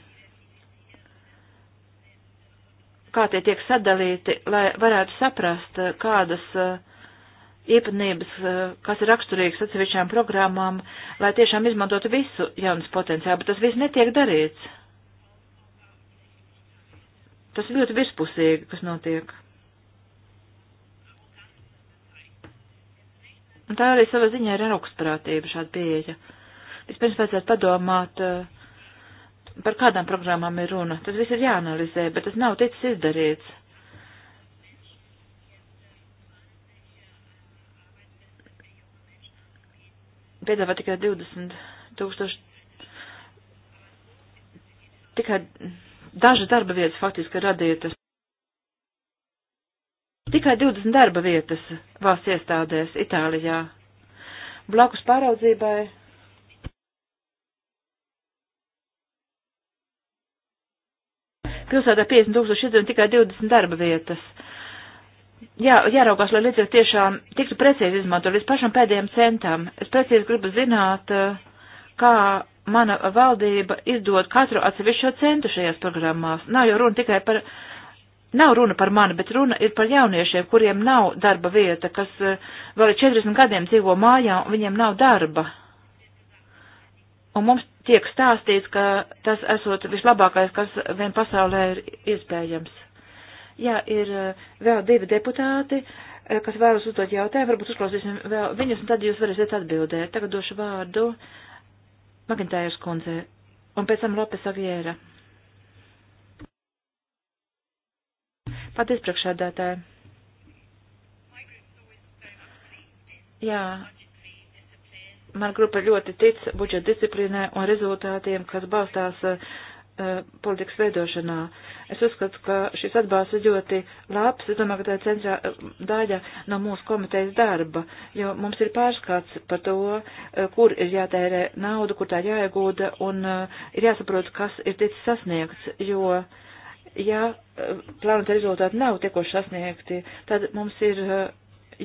kā tie tiek sadalīti, lai varētu saprast, eh, kādas eh, īpatnības, eh, kas ir raksturīgas atsevišķām programmām, lai tiešām izmantotu visu jaunas potenciālu, bet tas viss netiek darīts Tas ir ļoti virspusīgi, kas notiek. Un tā arī savā ziņā ir augstprātība šāda pieeja. Vispirms vajadzētu padomāt, eh, par kādām programmām ir runa. Tas viss ir jāanalizē, bet tas nav ticis izdarīts. Piedāvā tikai 20 tūkstoši, tikai Dažas darba vietas faktiski radītas. Tikai 20 darba vietas valsts iestādēs Itālijā. Blakus pāraudzībai pilsētā 50 tūkstoši iedzīvotāji tikai 20 darba vietas. Jā, jāraugās, lai līdzekļi tiešām tiktu precīzi izmantot līdz pašam pēdējiem centam. Es precīzi gribu zināt, kā mana valdība izdod katru atsevišķo centu šajās programmās. Nav jau runa tikai par, nav runa par mani, bet runa ir par jauniešiem, kuriem nav darba vieta, kas eh, vēl 40 gadiem dzīvo mājā un viņiem nav darba. Un mums tiek stāstīts, ka tas esot vislabākais, kas vien pasaulē ir iespējams. Jā, ir eh, vēl divi deputāti, eh, kas vēlas uzdot jautājumu, varbūt uzklausīsim vēl viņus, un tad jūs varēsiet atbildēt. Tagad došu vārdu uh, Magintējas kundze un pēc tam Lopes Aviera. Paldies, priekšādātāji. Jā, man grupa ļoti tic budžeta disciplīnai un rezultātiem, kas balstās uh, Eh, politikas veidošanā. Es uzskatu, ka šis atbalsts ir ļoti labs. Es domāju, ka tā ir centrā eh, daļa no mūsu komitejas darba, jo mums ir pārskats par to, eh, kur ir jātērē nauda, kur tā jāiegūda un ir jāsaprot, kas ir ticis sasniegts, jo, ja plānota rezultāti nav tiekoši sasniegti, tad mums ir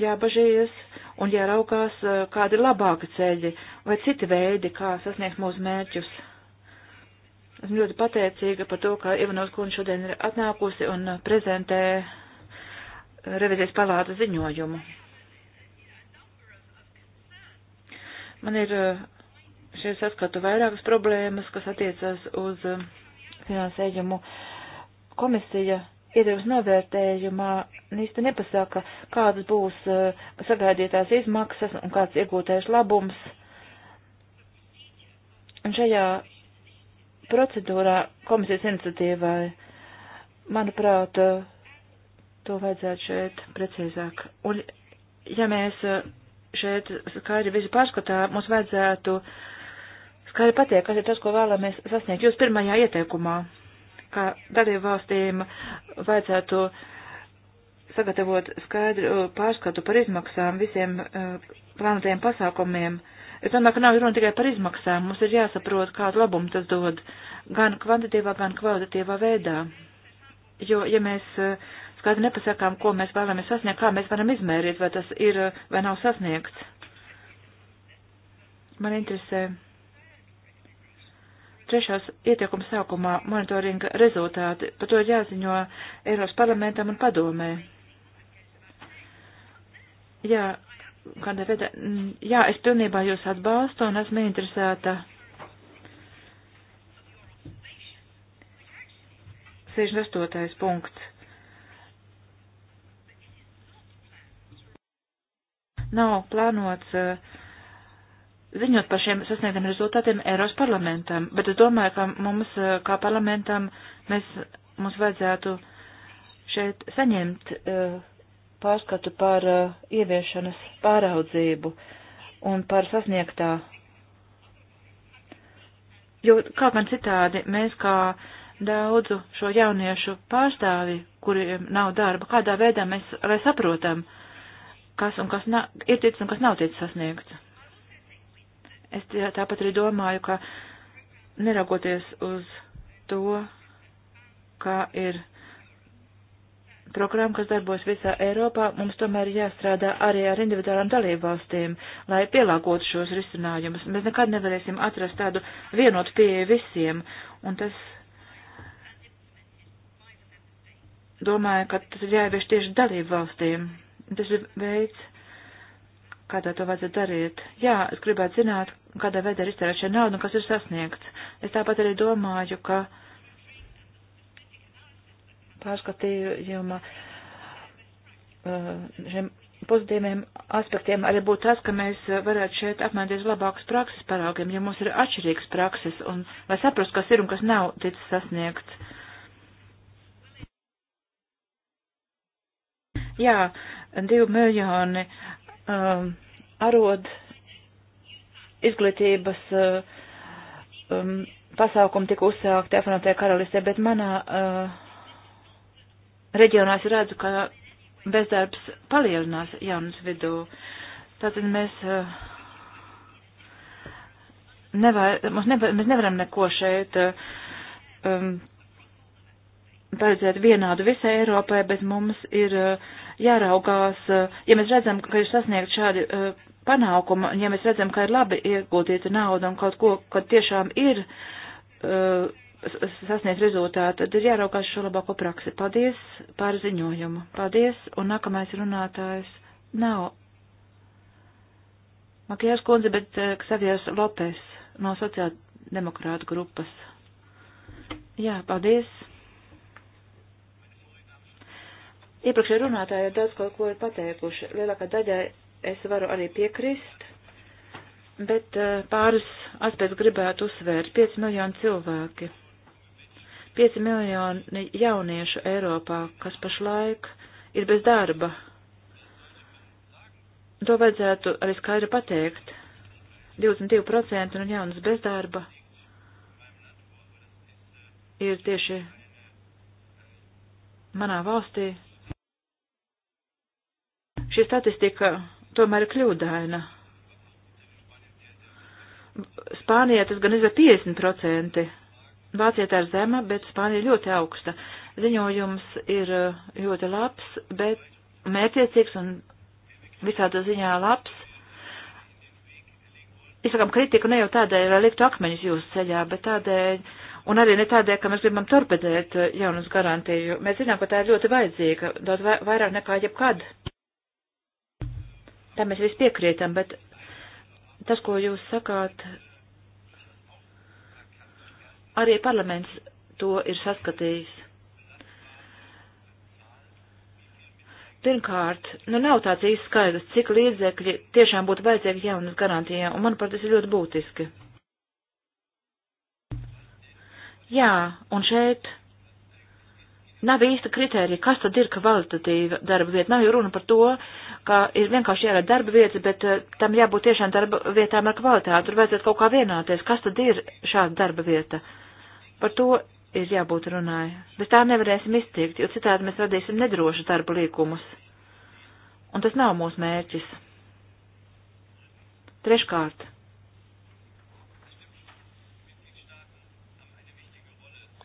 jābažījies un jāraukās, kādi ir labāki ceļi vai citi veidi, kā sasniegt mūsu mērķus. Esmu ļoti pateicīga par to, ka Ivanovs kundze šodien ir atnākusi un prezentē revizijas palātas ziņojumu. Man ir eh, šeit saskatu vairākas problēmas, kas attiecas uz eh, finansējumu. Komisija iedevums novērtējumā īsti nepasaka, kādas būs eh, sagaidītās izmaksas un kāds iegūtais labums. Un šajā procedūrā komisijas iniciatīvai, manuprāt, to vajadzētu šeit precīzāk. Un, ja mēs šeit skaidri visu pārskatā, mums vajadzētu skaidri pateikt, kas ir tas, ko vēlamies sasniegt. Jūs pirmajā ieteikumā, kā dalību valstīm, vajadzētu sagatavot skaidru pārskatu par izmaksām visiem uh, plānotajiem pasākumiem. Uh, Es domāju, ka nav runa tikai par izmaksām. Mums ir jāsaprot, kādu labumu tas dod gan kvantitīvā, gan kvalitatīvā veidā. Jo, ja mēs eh, skaidri nepasakām, ko mēs vēlamies sasniegt, kā mēs varam izmērīt, vai tas ir eh, vai nav sasniegts, man interesē trešās ieteikuma sākumā monitoringa rezultāti. Par to ir jāziņo Eiropas parlamentam un padomē. Jā, kāda veida, mm, jā, es pilnībā jūs atbalstu un esmu interesēta 68. punkts. Nav plānots eh, ziņot par šiem sasniegtiem rezultātiem Eiros parlamentam, bet es domāju, ka mums, eh, kā parlamentam, mēs, mums vajadzētu šeit saņemt uh, pārskatu par uh, ieviešanas pāraudzību un par sasniegtā. Jo kā gan citādi, mēs kā daudzu šo jauniešu pārstāvi, kuriem nav darba, kādā veidā mēs lai saprotam, kas un kas nav, ir ticis un kas nav ticis sasniegts. Es tāpat arī domāju, ka neraugoties uz to, kā ir programmu, kas darbos visā Eiropā, mums tomēr jāstrādā arī ar individuālām dalībvalstīm, lai pielāgotu šos risinājumus. Mēs nekad nevarēsim atrast tādu vienotu pieeju visiem, un tas domāju, ka tas ir jāievieš tieši dalībvalstīm. Tas ir veids, kādā to vajadzētu darīt. Jā, es gribētu zināt, kādā veidā ir iztērēt šie naudu un kas ir sasniegts. Es tāpat arī domāju, ka pārskatījuma eh, šiem pozitīviem aspektiem arī būtu tas, ka mēs varētu šeit apmainīties labākas prakses parāgiem, ja mums ir atšķirīgas prakses, un lai saprastu, kas ir un kas nav ticis sasniegts. Jā, divi miljoni um, arod izglītības uh, um, pasākumi tika uzsākti apvienotajā karalistē, bet manā uh, reģionās redzu, ka bezdarbs palielinās jaunas vidū. Tātad mēs, eh, nevar, nevar, mēs nevaram neko šeit eh, um, paredzēt vienādu visai Eiropai, bet mums ir eh, jāraugās, ja mēs redzam, ka ir sasniegt šādi uh, panākumi, ja mēs redzam, ka ir labi iegūtīta nauda un kaut ko, ka tiešām ir uh, sasniegt rezultātu, tad ir jāraukās šo labāko praksi. Paldies par ziņojumu. Paldies, un nākamais runātājs nav Makijās kundze, bet eh, Ksavijas Lopes no sociāldemokrātu grupas. Jā, paldies. Iepriekšējā runātāja daudz kaut ko ir pateikuši. Lielākā daļā es varu arī piekrist, bet eh, pāris aspektus gribētu uzsvērt. 5 miljoni cilvēki 5 miljoni jauniešu Eiropā, kas pašlaik ir bez darba. To vajadzētu arī skaidri pateikt. 22% no jaunas bezdarba ir tieši manā valstī. Šī statistika tomēr ir kļūdaina. Spānijā tas gan ir 50%. Vācija tā ir zema, bet Spānija ļoti augsta. Ziņojums ir uh, ļoti labs, bet mērķiecīgs un visādā ziņā labs. Izsakām kritiku ne jau tādēļ, lai liktu akmeņus jūsu ceļā, bet tādēļ, un arī ne tādēļ, ka mēs gribam torpedēt uh, jaunus garantiju. Mēs zinām, ka tā ir ļoti vajadzīga, daudz vairāk nekā jebkad. Tā mēs visi piekrītam, bet tas, ko jūs sakāt, Arī parlaments to ir saskatījis. Pirmkārt, nu nav tāds īsti skaidrs, cik līdzekļi tiešām būtu vajadzīgi jaunas garantijām, un manuprāt, tas ir ļoti būtiski. Jā, un šeit nav īsta kritērija, kas tad ir kvalitatīva darba vieta. Nav jau runa par to, ka ir vienkārši jārada darba vieta, bet eh, tam jābūt tiešām darba vietām ar kvalitāti. Tur vajadzētu kaut kā vienāties, kas tad ir šāda darba vieta. Uh, Par to ir jābūt runāja. Bez tā nevarēsim iztikt, jo citādi mēs radīsim nedrošu darba līkumus. Un tas nav mūsu mērķis. Treškārt.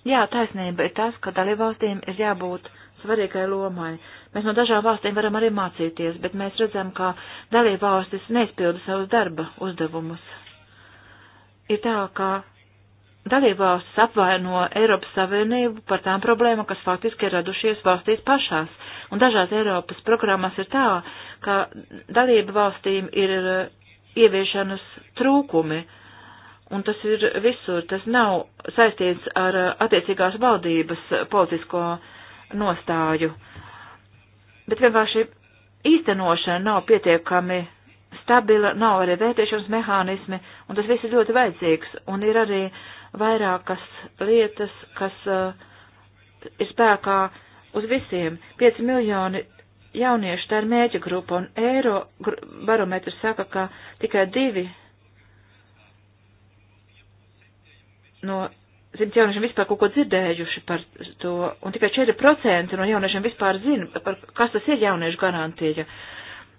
Jā, taisnība ir tas, ka dalībvalstīm ir jābūt svarīgai lomai. Mēs no dažām valstīm varam arī mācīties, bet mēs redzam, ka dalībvalstis neizpilda savus darba uzdevumus. Ir tā, ka Dalībvalstis apvaino Eiropas Savienību par tām problēmām, kas faktiski ir radušies valstīs pašās. Un dažās Eiropas programmās ir tā, ka dalību valstīm ir eh, ieviešanas trūkumi, un tas ir visur. Tas nav saistīts ar eh, attiecīgās valdības eh, politisko nostāju, bet vienkārši īstenošana nav pietiekami stabila, nav arī vērtēšanas mehānismi, un tas viss ir ļoti vajadzīgs, un ir arī uh, vairākas lietas, kas uh, ir spēkā uz visiem. 5 miljoni jauniešu tā ir mēģa grupa, un eiro barometrs saka, ka tikai divi no simt jauniešiem vispār kaut ko dzirdējuši par to, un tikai 4% no jauniešiem vispār zina, par, kas tas ir jauniešu garantija.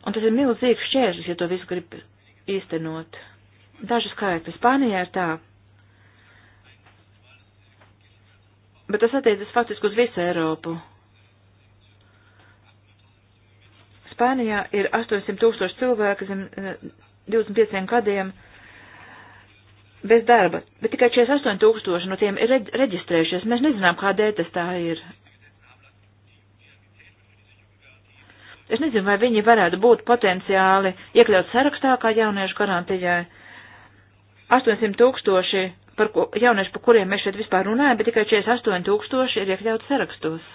Un tas ir milzīgs šķērslis, ja to visu grib īstenot. Daži skaitļi. Spānijā ir tā, bet tas attiecas faktiski uz visu Eiropu. Spānijā ir 800 tūkstoši cilvēku zem 25 eh, gadiem bez darba, bet tikai 48 tūkstoši no tiem ir reģistrējušies. Mēs nezinām, kādēļ tas tā ir. Es nezinu, vai viņi varētu būt potenciāli iekļaut sarakstā kā jauniešu garantijai. 800 tūkstoši par ko, jaunieši, par kuriem mēs šeit vispār runājam, bet tikai 48 tūkstoši ir iekļauts sarakstos.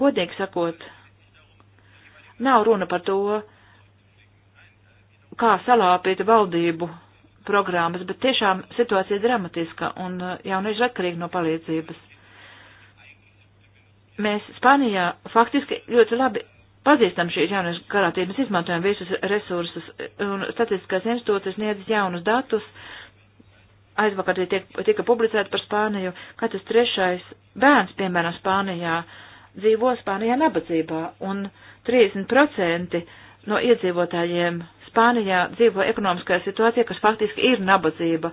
Godīgi sakot, nav runa par to, kā salāpīt valdību programmas, bet tiešām situācija dramatiska un uh, jaunieši ir atkarīgi no palīdzības. Mēs Spānijā faktiski ļoti labi pazīstam šīs jaunas karātības, izmantojam visus resursus, un statistiskās institūcijas sniedz jaunus datus aizvakar tiek, tika publicēta par Spāniju, katrs trešais bērns, piemēram, Spānijā, dzīvo Spānijā nabadzībā, un 30% no iedzīvotājiem Spānijā dzīvo ekonomiskajā situācijā, kas faktiski ir nabadzība,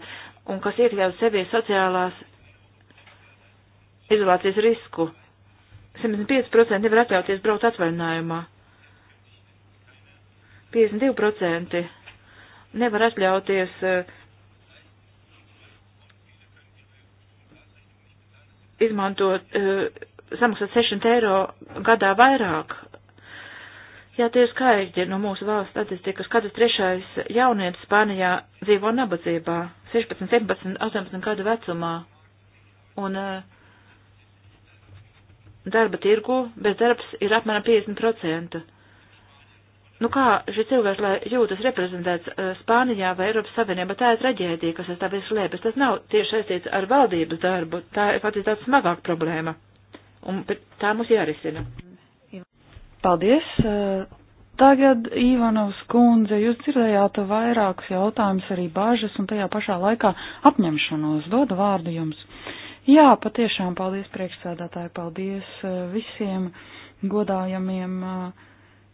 un kas iekļauj sevi sociālās izolācijas risku. 75% nevar atļauties braukt atvaļinājumā. 52% nevar atļauties uh, izmantot, eh, samaksāt 600 eiro gadā vairāk. Jā, tie skaidri no mūsu valsts statistikas, katrs trešais jaunietis Spānijā dzīvo nabadzībā, 16, 17, 18 gadu vecumā. Un eh, darba tirgu bezdarbs ir apmēram 50% nu kā šis cilvēks, lai jūtas reprezentēts eh, Spānijā vai Eiropas Savienībā, tā ir traģēdija, kas aiz tā visu lēpjas. Tas nav tieši saistīts ar valdības darbu, tā ir patiesībā tāda smagāka problēma. Un tā mums jārisina. Paldies! Eh, tagad, Īvanovs kundze, jūs dzirdējāt vairākus jautājumus, arī bāžas, un tajā pašā laikā apņemšanos dodu vārdu jums. Jā, patiešām paldies priekšsēdētāji, paldies eh, visiem godājamiem uh,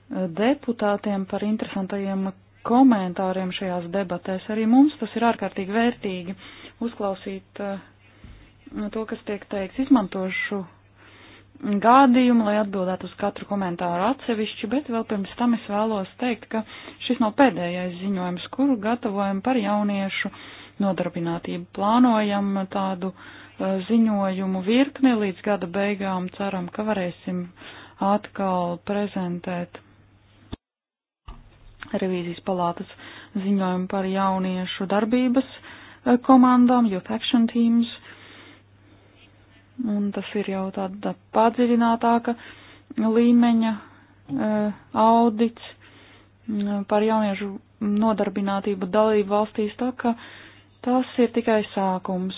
Eh, deputātiem par interesantajiem komentāriem šajās debatēs. Arī mums tas ir ārkārtīgi vērtīgi uzklausīt eh, to, kas tiek teikts. Izmantošu gādījumu, lai atbildētu uz katru komentāru atsevišķi, bet vēl pirms tam es vēlos teikt, ka šis nav pēdējais ziņojums, kuru gatavojam par jauniešu nodarbinātību. Plānojam tādu eh, ziņojumu virkni līdz gada beigām, ceram, ka varēsim atkal prezentēt revīzijas palātas ziņojumu par jauniešu darbības eh, komandām, Youth Action Teams, un tas ir jau tāda padziļinātāka līmeņa eh, audits mm, par jauniešu nodarbinātību dalību valstīs, tā ka tas ir tikai sākums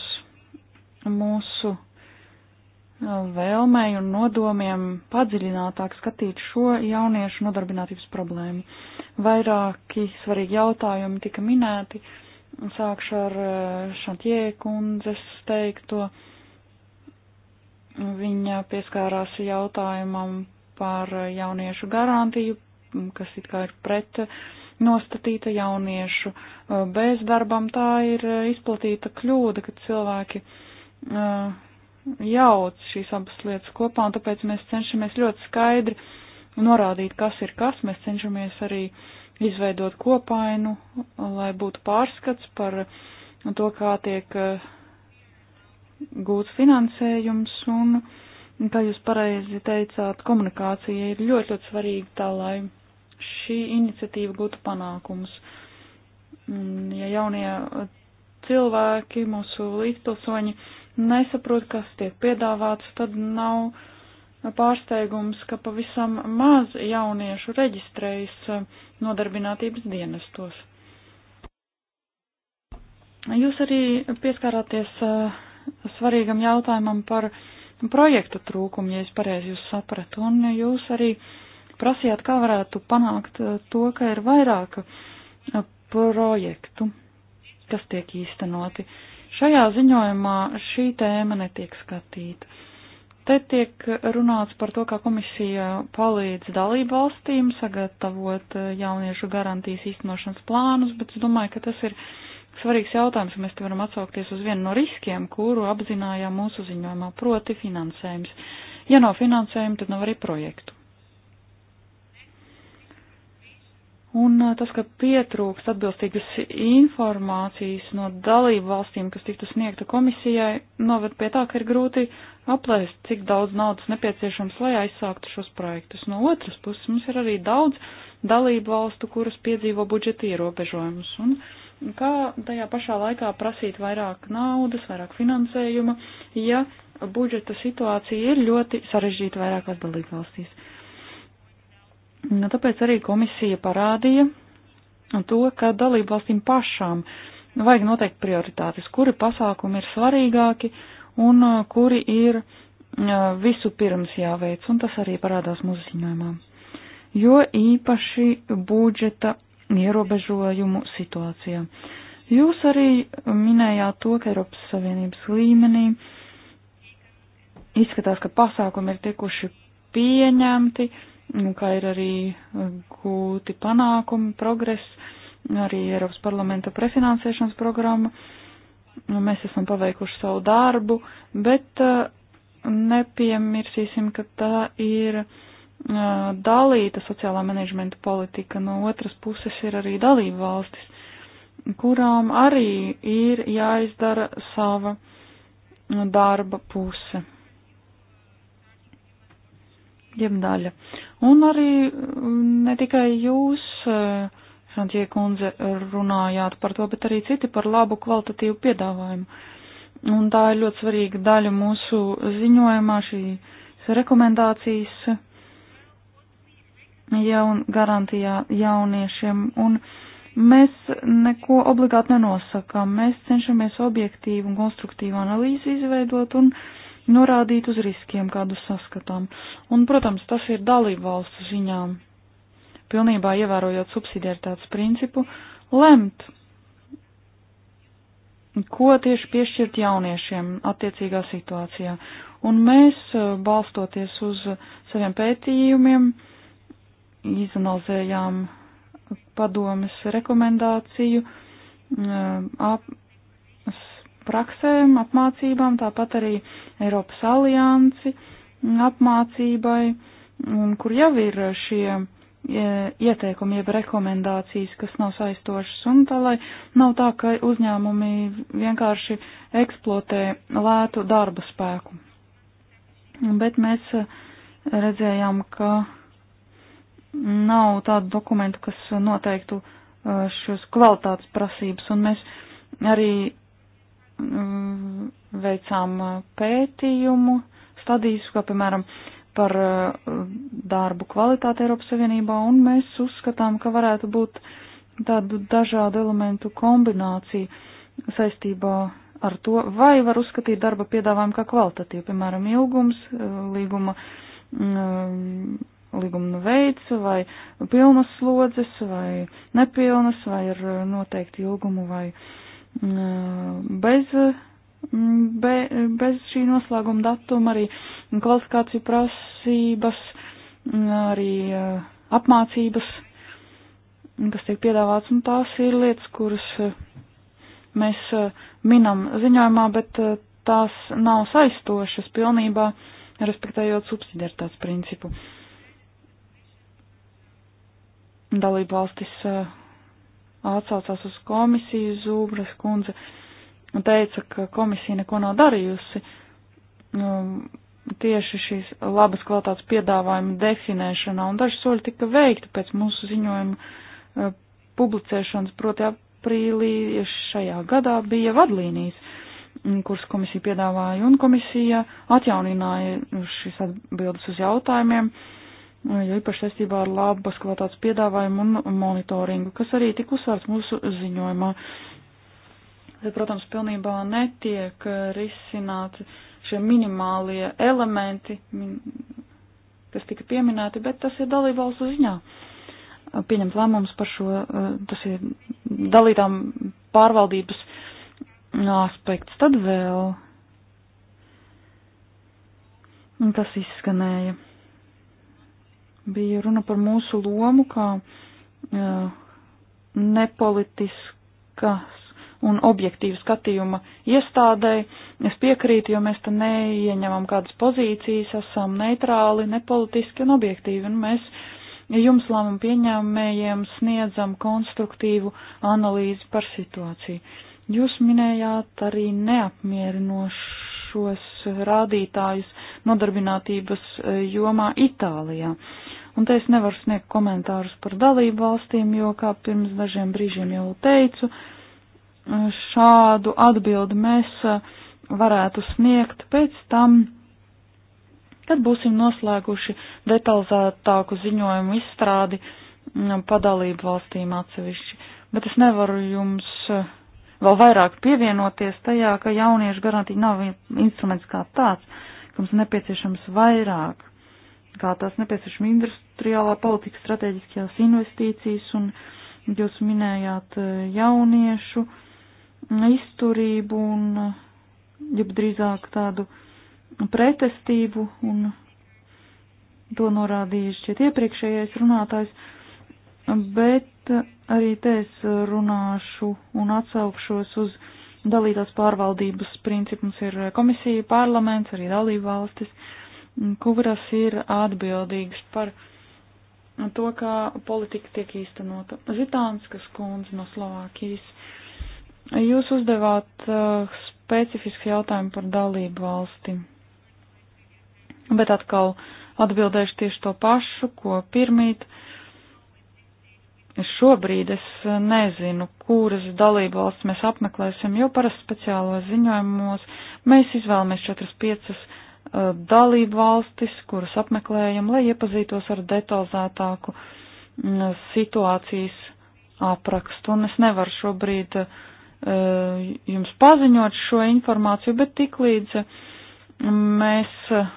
mūsu vēlmei un nodomiem padziļinātāk skatīt šo jauniešu nodarbinātības problēmu. Vairāki svarīgi jautājumi tika minēti. Sākšu ar eh, Šantie kundzes teikto. Viņa pieskārās jautājumam par jauniešu garantiju, kas it kā ir pret nostatīta jauniešu eh, bezdarbam. Tā ir eh, izplatīta kļūda, ka cilvēki uh, jauc šīs abas lietas kopā, un tāpēc mēs cenšamies ļoti skaidri norādīt, kas ir kas. Mēs cenšamies arī izveidot kopainu, lai būtu pārskats par to, kā tiek eh, gūts finansējums, un, kā jūs pareizi teicāt, komunikācija ir ļoti, ļoti svarīga tā, lai šī iniciatīva gūtu panākumus. Ja jaunie cilvēki, mūsu līdzpilsoņi, nesaprot, kas tiek piedāvāts, tad nav pārsteigums, ka pavisam maz jauniešu reģistrējas eh, nodarbinātības dienestos. Jūs arī pieskārāties eh, svarīgam jautājumam par projektu trūkumu, ja es pareizi jūs sapratu, un jūs arī prasījāt, kā varētu panākt eh, to, ka ir vairāk projektu, kas tiek īstenoti. Uh, Šajā ziņojumā šī tēma netiek skatīta. Te tiek runāts par to, kā komisija palīdz dalību valstīm sagatavot eh, jauniešu garantijas īstenošanas plānus, bet es domāju, ka tas ir svarīgs jautājums, un mēs te varam atsaukties uz vienu no riskiem, kuru apzinājām mūsu ziņojumā, proti finansējums. Ja nav finansējuma, tad nav arī projektu. Un tas, ka pietrūkst atbilstīgas informācijas no dalību valstīm, kas tiktu sniegta komisijai, noved pie tā, ka ir grūti aplēst, cik daudz naudas nepieciešams, lai aizsāktu šos projektus. No otras puses, mums ir arī daudz dalību valstu, kuras piedzīvo budžeta ierobežojumus. Un kā tajā pašā laikā prasīt vairāk naudas, vairāk finansējuma, ja budžeta situācija ir ļoti sarežģīta vairākās dalību valstīs? Nu, tāpēc arī komisija parādīja to, ka dalību valstīm pašām vajag noteikt prioritātes, kuri pasākumi ir svarīgāki un uh, kuri ir uh, visu pirms jāveic, un tas arī parādās mūsu ziņojumā. Jo īpaši budžeta ierobežojumu situācijā. Jūs arī minējāt to, ka Eiropas Savienības līmenī izskatās, ka pasākumi ir tikuši pieņemti, uh, kā ir arī uh, gūti panākumi, progress, arī Eiropas parlamenta prefinansēšanas programma. Nu, mēs esam paveikuši savu darbu, bet uh, nepiemirsīsim, ka tā ir uh, dalīta sociālā menedžmenta politika. No otras puses ir arī dalība valstis, kurām arī ir jāizdara sava darba puse jeb daļa. Un arī mm, ne tikai jūs, eh, Frančija kundze, runājāt par to, bet arī citi par labu kvalitatīvu piedāvājumu. Un tā ir ļoti svarīga daļa mūsu ziņojumā, šīs rekomendācijas jaun, garantijā jauniešiem. Un mēs neko obligāti nenosakām, mēs cenšamies objektīvu un konstruktīvu analīzi izveidot un uh, norādīt uz riskiem, kādus saskatām. Un, protams, tas ir dalību valstu ziņām, pilnībā ievērojot subsidiaritātes principu, lemt, ko tieši piešķirt jauniešiem attiecīgā situācijā. Un mēs, eh, balstoties uz saviem pētījumiem, izanalizējām padomes rekomendāciju, eh, ap, praksēm, apmācībām, tāpat arī Eiropas aliansi apmācībai, un kur jau ir šie e, ieteikumi, jeb rekomendācijas, kas nav saistošas, un tā lai nav tā, ka uzņēmumi vienkārši eksploatē lētu darba spēku. Bet mēs e, redzējām, ka nav tādu dokumentu, kas noteiktu e, šos kvalitātes prasības, un mēs arī Mm, veicām uh, pētījumu, stadijas, kā piemēram par uh, darbu kvalitāti Eiropas Savienībā, un mēs uzskatām, ka varētu būt tādu dažādu elementu kombinācija saistībā ar to, vai var uzskatīt darba piedāvājumu kā kvalitatīvu, piemēram, ilgums, uh, līguma, mm, līguma veids, vai pilnas slodzes, vai nepilnas, vai ar noteiktu ilgumu, vai uh, bez, be, bez šī noslēguma datuma, arī kvalifikāciju prasības, arī apmācības, kas tiek piedāvāts, un tās ir lietas, kuras mēs minam ziņojumā, bet tās nav saistošas pilnībā, respektējot subsidiaritātes principu. Dalību valstis atsaucās uz komisiju, Zūbras kundze teica, ka komisija neko nav darījusi. Um, tieši šīs labas kvalitātes piedāvājuma definēšanā, un daži soļi tika veikti pēc mūsu ziņojuma uh, publicēšanas, proti aprīlī šajā gadā bija vadlīnijas, mm, kuras komisija piedāvāja, un komisija atjaunināja šīs atbildes uz jautājumiem. Uh, jo īpaši saistībā ar labas kvalitātes piedāvājumu un monitoringu, kas arī tik uzsvērts mūsu ziņojumā. Te, protams, pilnībā netiek risināti šie minimālie elementi, kas tika pieminēti, bet tas ir dalībvalstu ziņā. Pieņemt lēmums par šo, tas ir dalītām pārvaldības aspekts. Tad vēl, un tas izskanēja bija runa par mūsu lomu kā uh, nepolitiskas un objektīvu skatījuma iestādēji. Es piekrītu, jo mēs te neieņemam kādas pozīcijas, esam neitrāli, nepolitiski un objektīvi, un mēs jums lēmumu pieņēmējiem sniedzam konstruktīvu analīzi par situāciju. Jūs minējāt arī neapmierinošos rādītājus nodarbinātības e, jomā Itālijā. Uh, Un te es nevaru sniegt komentārus par dalību valstīm, jo, kā pirms dažiem brīžiem jau teicu, šādu atbildi mēs eh, varētu sniegt pēc tam, kad būsim noslēguši detalizētāku ziņojumu izstrādi mm, padalību valstīm atsevišķi. Bet es nevaru jums eh, vēl vairāk pievienoties tajā, ka jauniešu garantija nav instruments kā tāds, ka mums nepieciešams vairāk kā tās nepieciešama industriālā politika, strateģiskajās investīcijas, un jūs minējāt e, jauniešu izturību un, e, ja drīzāk tādu pretestību, un to norādīja šķiet iepriekšējais runātājs, bet arī te es runāšu un atsaukšos uz dalītās pārvaldības principus ir komisija, parlaments, arī dalība valstis. Uh, kuras ir atbildīgas par to, kā politika tiek īstenota. Zitānskas kundze no Slovākijas. Jūs uzdevāt uh, specifisku jautājumu par dalību valsti, bet atkal atbildēšu tieši to pašu, ko pirmīt. Šobrīd es nezinu, kuras dalību valsts mēs apmeklēsim, jo parasti speciālos ziņojumos mēs izvēlamies 4-5 Uh, dalību valstis, kuras apmeklējam, lai iepazītos ar detalizētāku mm, situācijas aprakstu. Un es nevaru šobrīd uh, jums paziņot šo informāciju, bet tiklīdz mm, mēs uh,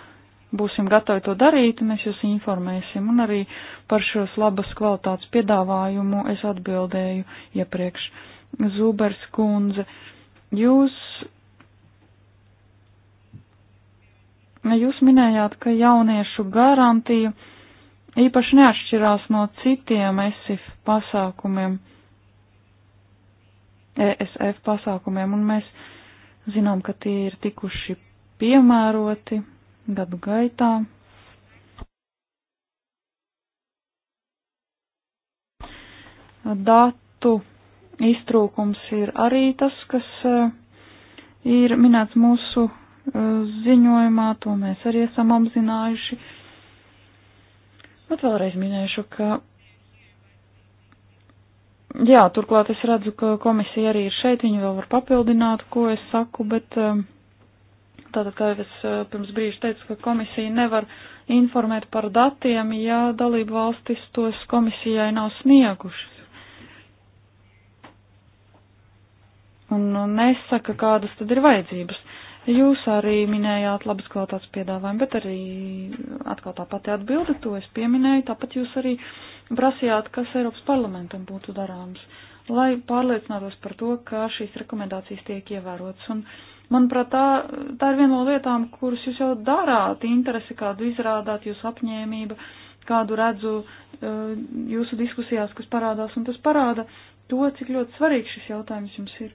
būsim gatavi to darīt, mēs jūs informēsim. Un arī par šos labas kvalitātes piedāvājumu es atbildēju iepriekš. Zūbers kundze, jūs Jūs minējāt, ka jauniešu garantija īpaši neatšķirās no citiem ESIF pasākumiem, ESF pasākumiem, un mēs zinām, ka tie ir tikuši piemēroti gadu gaitā. Datu iztrūkums ir arī tas, kas e, ir minēts mūsu Uh, ziņojumā, to mēs arī esam apzinājuši. Bet vēlreiz minēšu, ka. Jā, turklāt es redzu, ka komisija arī ir šeit, viņi vēl var papildināt, ko es saku, bet um, tātad, kā jau es uh, pirms brīža teicu, ka komisija nevar informēt par datiem, ja dalību valstis tos komisijai nav sniegušas. Un nesaka, kādas tad ir vajadzības. Jūs arī minējāt labas kvalitātes piedāvājumu, bet arī atkal tā pati atbilde, to es pieminēju, tāpat jūs arī prasījāt, kas Eiropas parlamentam būtu darāms, lai pārliecinātos par to, ka šīs rekomendācijas tiek ievērotas. Un, manuprāt, tā, tā ir viena no lietām, kuras jūs jau darāt, interesi, kādu izrādāt, jūsu apņēmība, kādu redzu eh, jūsu diskusijās, kas parādās, un tas parāda to, cik ļoti svarīgs šis jautājums jums ir.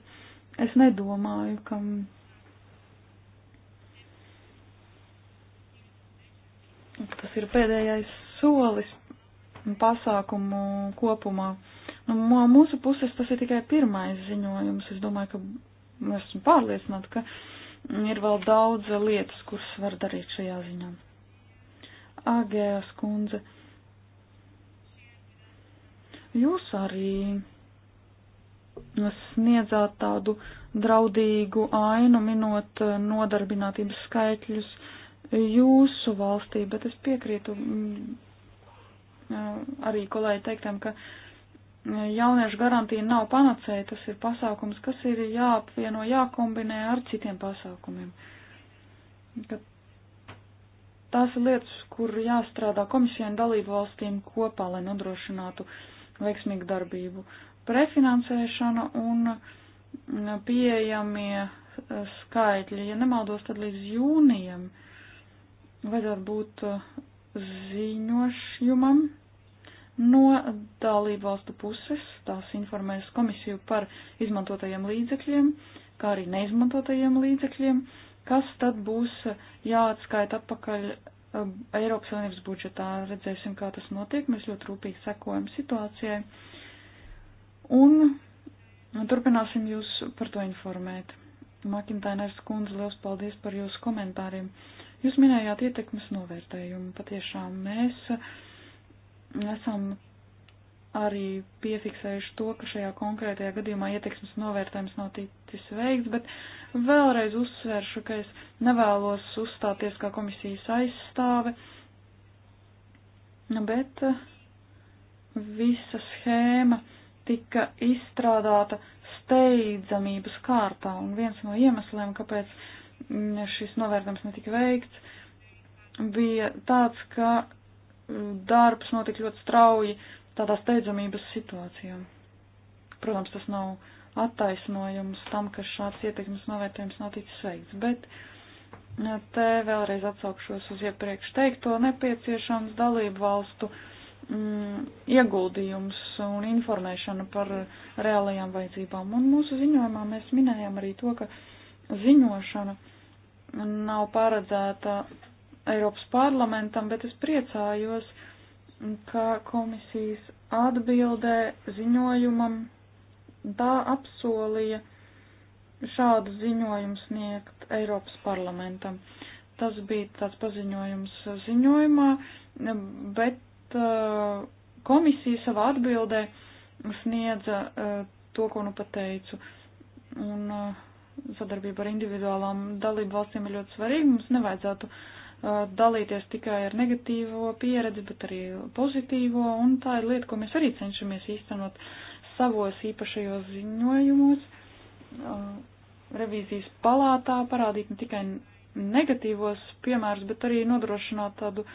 Es nedomāju, ka Tas ir pēdējais solis pasākumu kopumā. Nu, no mūsu puses tas ir tikai pirmais ziņojums. Es domāju, ka esmu pārliecināta, ka ir vēl daudz lietas, kuras var darīt šajā ziņā. Agējas kundze, jūs arī sniedzāt tādu draudīgu ainu minot nodarbinātības skaitļus. Uh, jūsu valstī, bet es piekrītu mm, arī kolēģi teiktam, ka jauniešu garantija nav panacēja, tas ir pasākums, kas ir jāapvieno, jākombinē ar citiem pasākumiem. Ka tās ir lietas, kur jāstrādā komisijai un dalību valstīm kopā, lai nodrošinātu veiksmīgu darbību. Prefinansēšana un pieejamie skaitļi, ja nemaldos, tad līdz jūnijam uh, vajadzētu būt uh, ziņošumam no dalību valstu puses. Tās informēs komisiju par izmantotajiem līdzekļiem, kā arī neizmantotajiem līdzekļiem, kas tad būs uh, jāatskaita atpakaļ uh, Eiropas Savienības budžetā. Redzēsim, kā tas notiek. Mēs ļoti rūpīgi sekojam situācijai. Un turpināsim jūs par to informēt. Makintainers kundze, liels paldies par jūsu komentāriem. Jūs minējāt ietekmes novērtējumu. Patiešām mēs esam arī piefiksējuši to, ka šajā konkrētajā gadījumā ietekmes novērtējums nav ticis veikts, bet vēlreiz uzsveršu, ka es nevēlos uzstāties kā komisijas aizstāve, bet visa schēma tika izstrādāta steidzamības kārtā, un viens no iemesliem, kāpēc šis novērtējums netika veikts, bija tāds, ka uh, darbs notika ļoti strauji tādā steidzamības situācijā. Protams, tas nav attaisnojums tam, ka šāds ietekmes novērtējums nav ticis veikts, bet uh, te vēlreiz atsaukšos uz iepriekš teikto nepieciešams dalību valstu mm, ieguldījums un informēšana par reālajām vajadzībām. Un mūsu ziņojumā mēs minējām arī to, ka ziņošana nav paredzēta Eiropas parlamentam, bet es priecājos, ka komisijas atbildē ziņojumam tā apsolīja šādu ziņojumu sniegt Eiropas parlamentam. Tas bija tāds paziņojums ziņojumā, bet uh, komisija savā atbildē sniedza uh, to, ko nu pateicu. Un uh, sadarbība ar individuālām dalību valstīm ir ļoti svarīga. Mums nevajadzētu uh, dalīties tikai ar negatīvo pieredzi, bet arī pozitīvo, un tā ir lieta, ko mēs arī cenšamies īstenot savos īpašajos ziņojumos. Uh, revīzijas palātā parādīt ne tikai negatīvos piemērus, bet arī nodrošināt tādu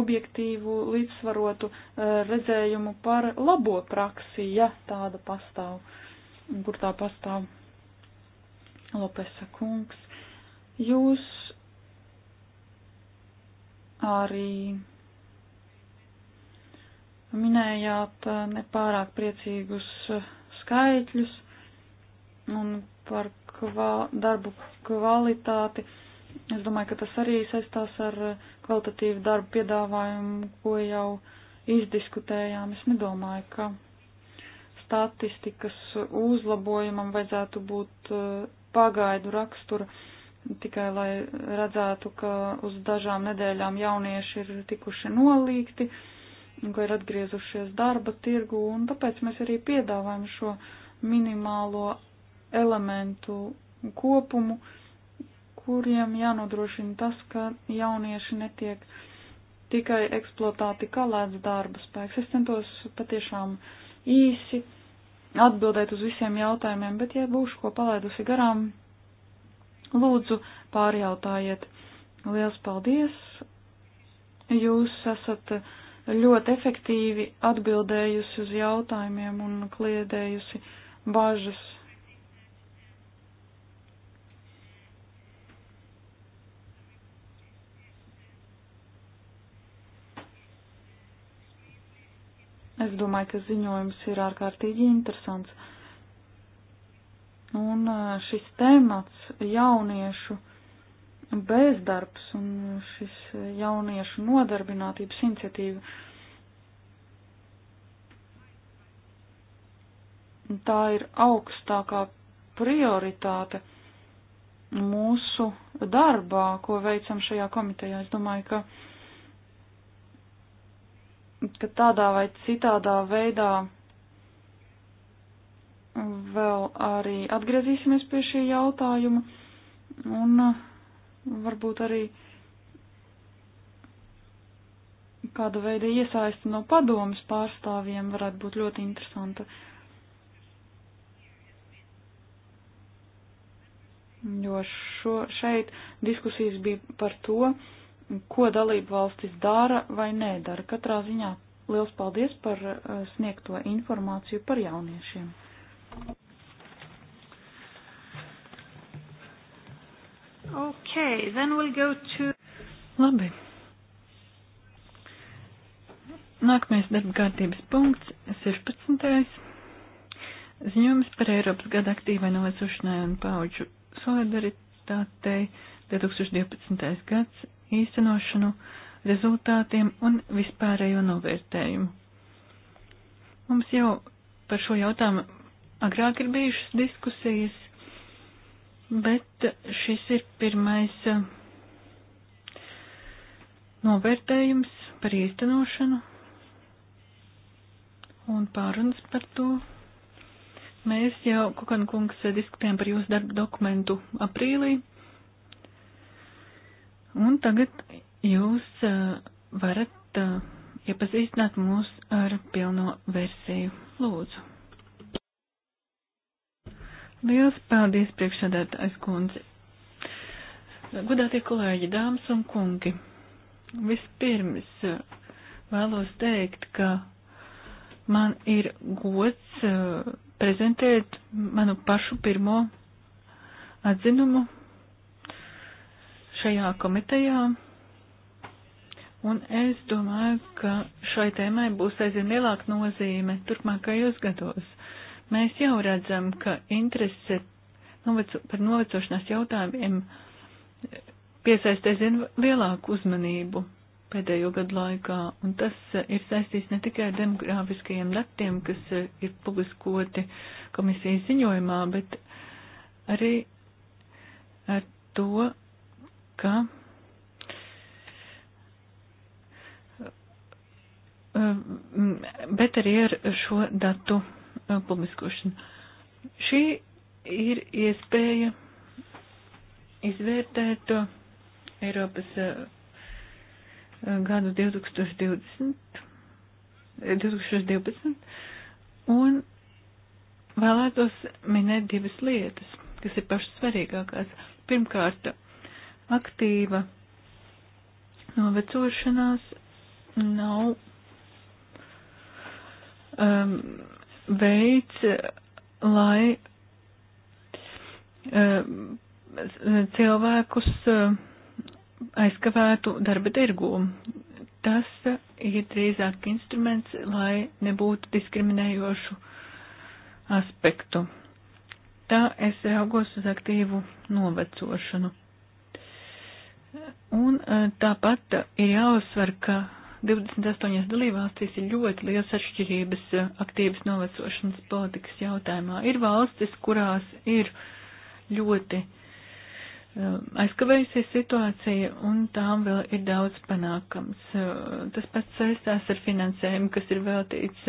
objektīvu, līdzsvarotu uh, redzējumu par labo praksi, ja tāda pastāv, kur tā pastāv. Lopesa kungs, jūs arī minējāt eh, nepārāk priecīgus eh, skaitļus un par kva darbu kvalitāti. Es domāju, ka tas arī saistās ar eh, kvalitatīvu darbu piedāvājumu, ko jau izdiskutējām. Es nedomāju, ka statistikas uzlabojumam vajadzētu būt pagaidu raksturu, tikai lai redzētu, ka uz dažām nedēļām jaunieši ir tikuši nolīgti, ka ir atgriezušies darba tirgu, un tāpēc mēs arī piedāvājam šo minimālo elementu kopumu, kuriem jānodrošina tas, ka jaunieši netiek tikai eksploatāti kā lēts darba spēks. Es centos patiešām īsi atbildēt uz visiem jautājumiem, bet ja būšu ko palaidusi garām, lūdzu pārjautājiet. Liels paldies! Jūs esat ļoti efektīvi atbildējusi uz jautājumiem un kliedējusi bažas Es domāju, ka ziņojums ir ārkārtīgi interesants. Un šis temats jauniešu bezdarbs un šis jauniešu nodarbinātības iniciatīva. Tā ir augstākā prioritāte mūsu darbā, ko veicam šajā komitejā. Es domāju, ka ka tādā vai citādā veidā vēl arī atgriezīsimies pie šī jautājuma un uh, varbūt arī kāda veida iesaisti no padomas pārstāvjiem varētu būt ļoti interesanta. Jo šo, šeit diskusijas bija par to, uh, ko dalību valstis dara vai nedara. Katrā ziņā liels paldies par eh, sniegto informāciju par jauniešiem. Okay, then we'll go to. Labi. Nākamais darba kārtības punkts - 16. Ziņojums par Eiropas gada aktīvai novecošanai un pauģu solidaritātei 2012. gads īstenošanu, rezultātiem un vispārējo novērtējumu. Mums jau par šo jautājumu agrāk ir bijušas diskusijas, bet šis ir pirmais eh, novērtējums par īstenošanu un pārunas par to. Mēs jau, Kukan kungs, diskutējam par jūsu darbu dokumentu aprīlī, Un tagad jūs varat iepazīstināt mūs ar pilno versiju. Lūdzu. Liels paldies priekšsēdētājs kundze. Godātie kolēģi, dāmas un kungi, vispirms vēlos teikt, ka man ir gods prezentēt manu pašu pirmo atzinumu šajā komitejā. Un es domāju, ka šai tēmai būs aizvien lielāka nozīme turpmākajos gados. Mēs jau redzam, ka interese noveco, par novecošanās jautājumiem piesaist aizvien lielāku uzmanību pēdējo gadu laikā, un tas ir saistīts ne tikai ar demogrāfiskajiem datiem, kas ir publiskoti komisijas ziņojumā, bet arī ar to, ka bet arī ar šo datu uh, publiskošanu. Šī ir iespēja izvērtēt Eiropas uh, gadu 2020, 2012 un vēlētos minēt divas lietas, kas ir pašas svarīgākās. Pirmkārt, aktīva novecošanās nav um, veids, lai um, cilvēkus um, aizkavētu darba tirgū. Tas ir drīzāk instruments, lai nebūtu diskriminējošu aspektu. Tā es raugos uz aktīvu novecošanu. Un e, tāpat ir jāuzsver, ka 28 dalībvalstīs ir ļoti liels atšķirības e, aktīvas novecošanas politikas jautājumā. Ir valstis, kurās ir ļoti e, aizkavējusies situācija, un tām vēl ir daudz panākams. Tas pats saistās ar finansējumu, kas ir veltīts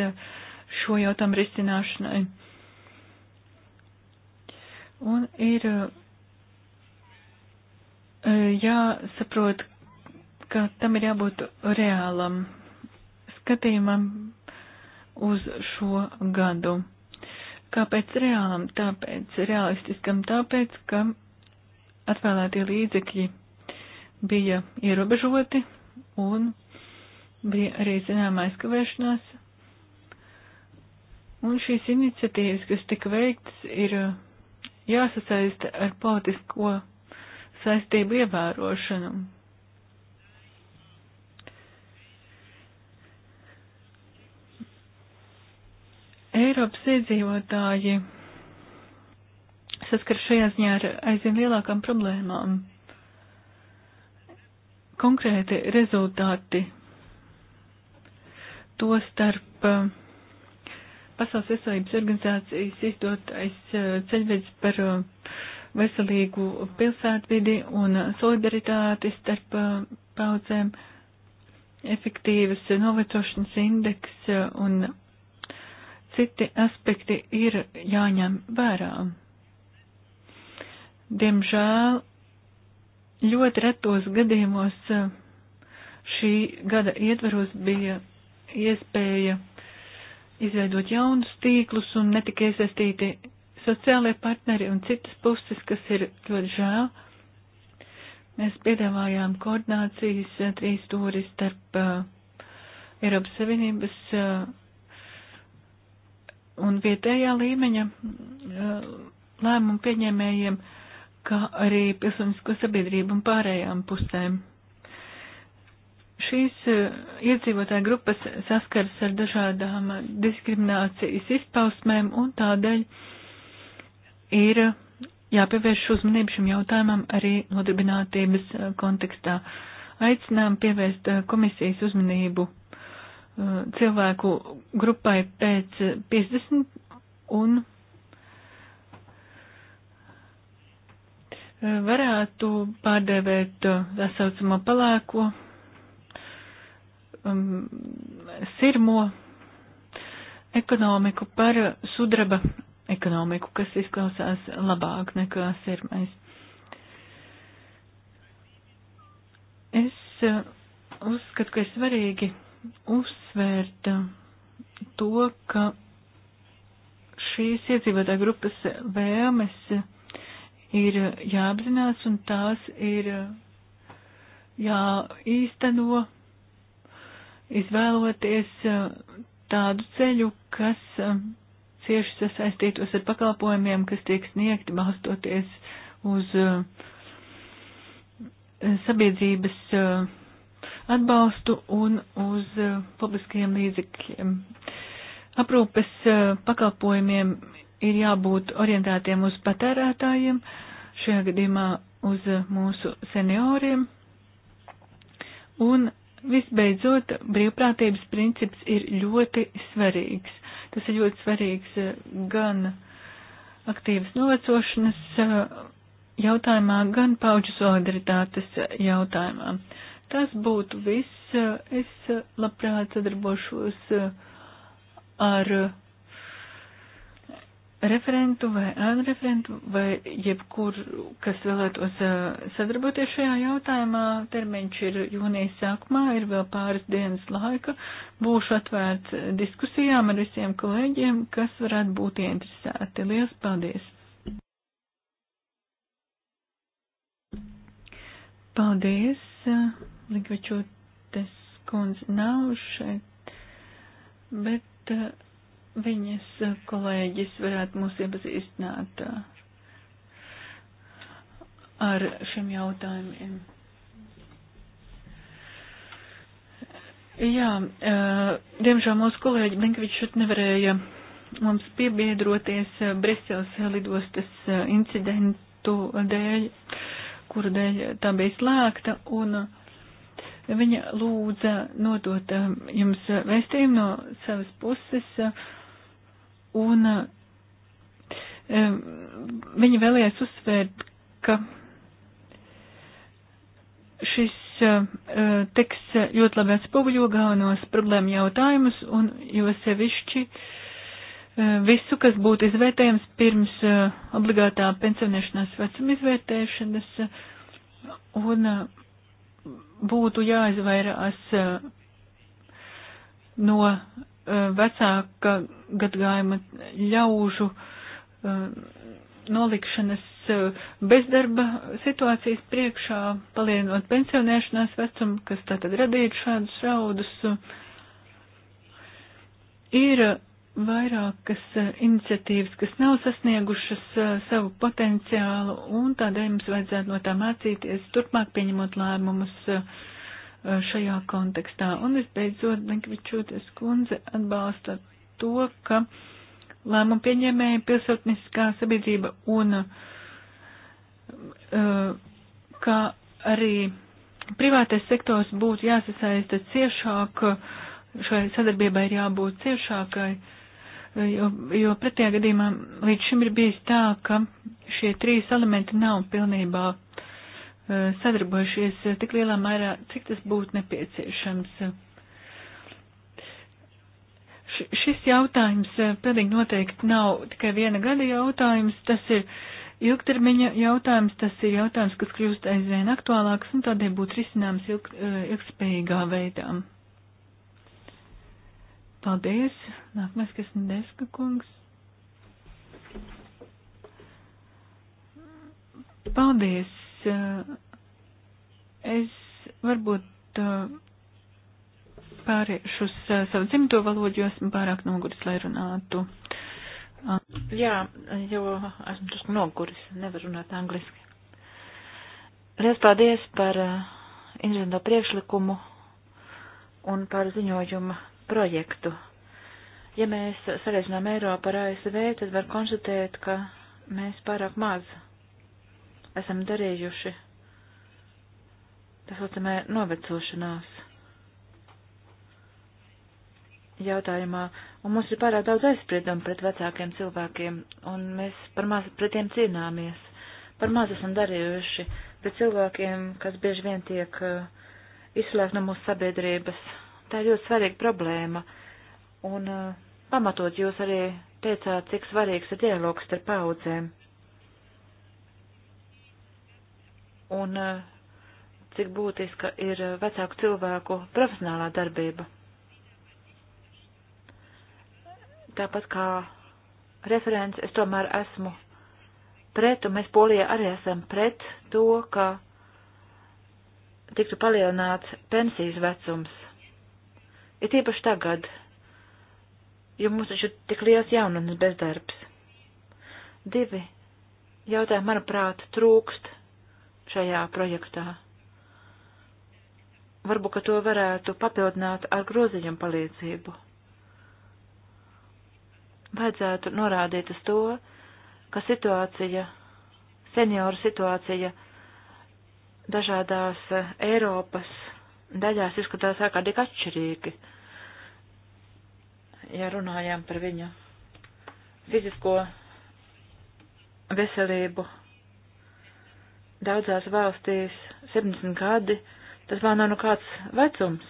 šo jautājumu risināšanai. Un ir jāsaprot, ka tam ir jābūt reālam skatījumam uz šo gadu. Kāpēc reālam? Tāpēc, realistiskam tāpēc, ka atvēlētie līdzekļi bija ierobežoti un bija arī zināmā aizkavēšanās. Un šīs iniciatīvas, kas tika veikts, ir jāsasaista ar politisko saistību ievērošanu. Eiropas iedzīvotāji saskar šajā ziņā ar aizvien lielākām problēmām. Konkrēti rezultāti to starp eh, Pasaules veselības organizācijas izdotais eh, ceļvedis par eh, veselīgu pilsētvidi un solidaritāti starp paudzēm, efektīvas novecošanas indeks un citi aspekti ir jāņem vērā. Diemžēl ļoti retos gadījumos šī gada ietveros bija iespēja izveidot jaunus tīklus un netika iesaistīti sociālie partneri un citas puses, kas ir ļoti žēl. Mēs piedāvājām koordinācijas trīs stūri starp uh, Eiropas Savienības uh, un vietējā līmeņa uh, lēmumu pieņēmējiem, kā arī pilsonisko sabiedrību un pārējām pusēm. Šīs uh, iedzīvotāja grupas saskars ar dažādām diskriminācijas izpausmēm un tādēļ uh, ir jāpievērš uzmanību šim jautājumam arī nodarbinātības eh, kontekstā. Aicinām pievērst eh, komisijas uzmanību eh, cilvēku grupai pēc 50 un varētu pārdēvēt tā saucamo palēko, um, sirmo ekonomiku par sudraba ekonomiku, kas izklausās labāk nekā sirmais. Es uh, uzskatu, ka ir svarīgi uzsvērt uh, to, ka šīs iedzīvotāju grupas vēlmes ir jāapzinās un tās ir uh, jāīsteno, izvēloties tādu ceļu, kas cieši sasaistītos ar pakalpojumiem, kas tiek sniegti balstoties uz eh, sabiedrības eh, atbalstu un uz eh, publiskajiem līdzekļiem. Aprūpes pakalpojumiem ir jābūt orientētiem uz patērētājiem, šajā gadījumā uz mūsu senioriem. Un visbeidzot, brīvprātības princips ir ļoti svarīgs. Tas ir ļoti svarīgs eh, gan aktīvas novecošanas eh, jautājumā, gan pauģu solidaritātes eh, jautājumā. Tas būtu viss. Es labprāt sadarbošos ar referentu vai ēnu referentu vai jebkur, kas vēlētos sadarboties šajā jautājumā. Termiņš ir jūnijas sākumā, ir vēl pāris dienas laika. Būšu atvērts diskusijām ar visiem kolēģiem, kas varētu būt interesēti. Lielas paldies! Paldies! Likvičotes kundze nav šeit, bet. Uh, viņas kolēģis varētu mūs iepazīstināt uh, ar šiem jautājumiem. Jā, uh, diemžēl mūsu kolēģi Blinkevičs šeit nevarēja mums piebiedroties uh, Briseles lidostas incidentu dēļ, kura dēļ tā bija slēgta, un viņa lūdza nodot jums vēstījumu no savas puses Un um, eh, viņa vēlējās uzsvērt, ka šis uh, teksts ļoti labi atspoguļo galvenos problēmu jautājumus un jo sevišķi uh, visu, kas būtu izvērtējams pirms uh, obligātā pensionēšanās vecuma izvērtēšanas un būtu jāizvairās no vecāka gadgājuma ļaužu eh, nolikšanas eh, bezdarba situācijas priekšā, palielinot pensionēšanās vecumu, kas tātad radītu šādus raudus. Ir vairākas eh, iniciatīvas, kas nav sasniegušas savu potenciālu, un tādēļ mums vajadzētu no tā mācīties, turpmāk pieņemot lēmumus. Uh, Uh, šajā kontekstā. Un visbeidzot, Blinkvičūtas kundze atbalsta to, ka lēmumu pieņēmēja pilsotniskā sabiedrība un uh, kā arī privātais sektors būtu jāsasaista ciešāk, šai sadarbībai ir jābūt ciešākai, jo, jo pretējā gadījumā līdz šim ir bijis tā, ka šie trīs elementi nav pilnībā sadarbojušies eh, tik lielā mērā, cik tas būtu nepieciešams. Šis jautājums eh, pilnīgi noteikti nav tikai viena gada jautājums, tas ir ilgtermiņa jautājums, tas ir jautājums, kas kļūst aizvien aktuālāks un tādēļ būtu risināms ilg, eh, ilgspējīgā veidā. Paldies! Nākamais, kas Nedeska kungs. Paldies! Eh, es varbūt eh, pāriešu uz eh, savu dzimto valodu, jo esmu pārāk noguris, lai runātu. Jā, jo esmu drusku noguris, nevaru runāt angliski. Liels paldies par inženierno priekšlikumu un par ziņojumu projektu. Ja mēs salīdzinām Eiropu ar ASV, tad var konstatēt, ka mēs pārāk maz esam darījuši tā saucamē novecošanās jautājumā, un mums ir pārāk daudz aizspriedumu pret vecākiem cilvēkiem, un mēs par maz pret tiem cīnāmies. Par maz esam darījuši pret cilvēkiem, kas bieži vien tiek eh, izslēgti no mūsu sabiedrības. Tā ir ļoti svarīga problēma, un eh, pamatot jūs arī teicāt, cik svarīgs ir dialogs starp paudzēm. un eh, cik būtiska ir eh, vecāku cilvēku profesionālā darbība. Tāpat kā referents, es tomēr esmu pret, un mēs Polijā arī esam pret to, ka tiktu palielināts pensijas vecums. Ir tīpaši tagad, jo mums taču ir tik liels jaununis bezdarbs. Divi jautājumi, manuprāt, trūkst šajā projektā. Varbūt, ka to varētu papildināt ar groziņam palīdzību. Vajadzētu norādīt uz to, ka situācija, senioru situācija dažādās eh, Eiropas daļās izskatās ārkārtīgi atšķirīgi, ja runājām par viņu fizisko veselību daudzās valstīs 70 gadi, tas vēl nav nu kāds vecums,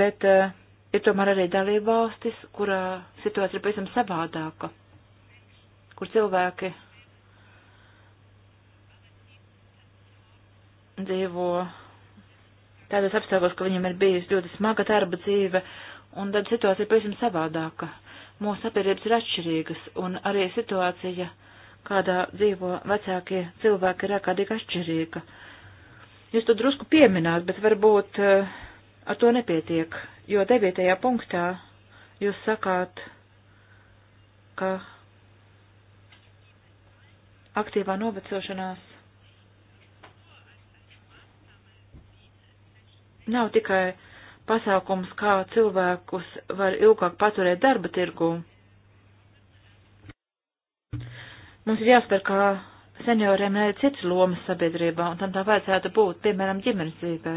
bet uh, ir tomēr arī dalība valstis, kurā situācija ir pavisam savādāka, kur cilvēki dzīvo tādos apstākļos, ka viņiem ir bijusi ļoti smaga darba dzīve, un tad situācija ir pavisam savādāka. Mūsu sabiedrības ir atšķirīgas, un arī situācija uh, kādā dzīvo vecākie cilvēki, ir ārkārtīgi atšķirīga. Jūs to drusku piemināt, bet varbūt eh, ar to nepietiek, jo devietajā punktā jūs sakāt, ka aktīvā novecošanās nav tikai pasākums, kā cilvēkus var ilgāk paturēt darba tirgū, Mums ir jāspēr, ka senioriem ir cits lomas sabiedrībā, un tam tā vajadzētu būt, piemēram, ģimenes dzīvē.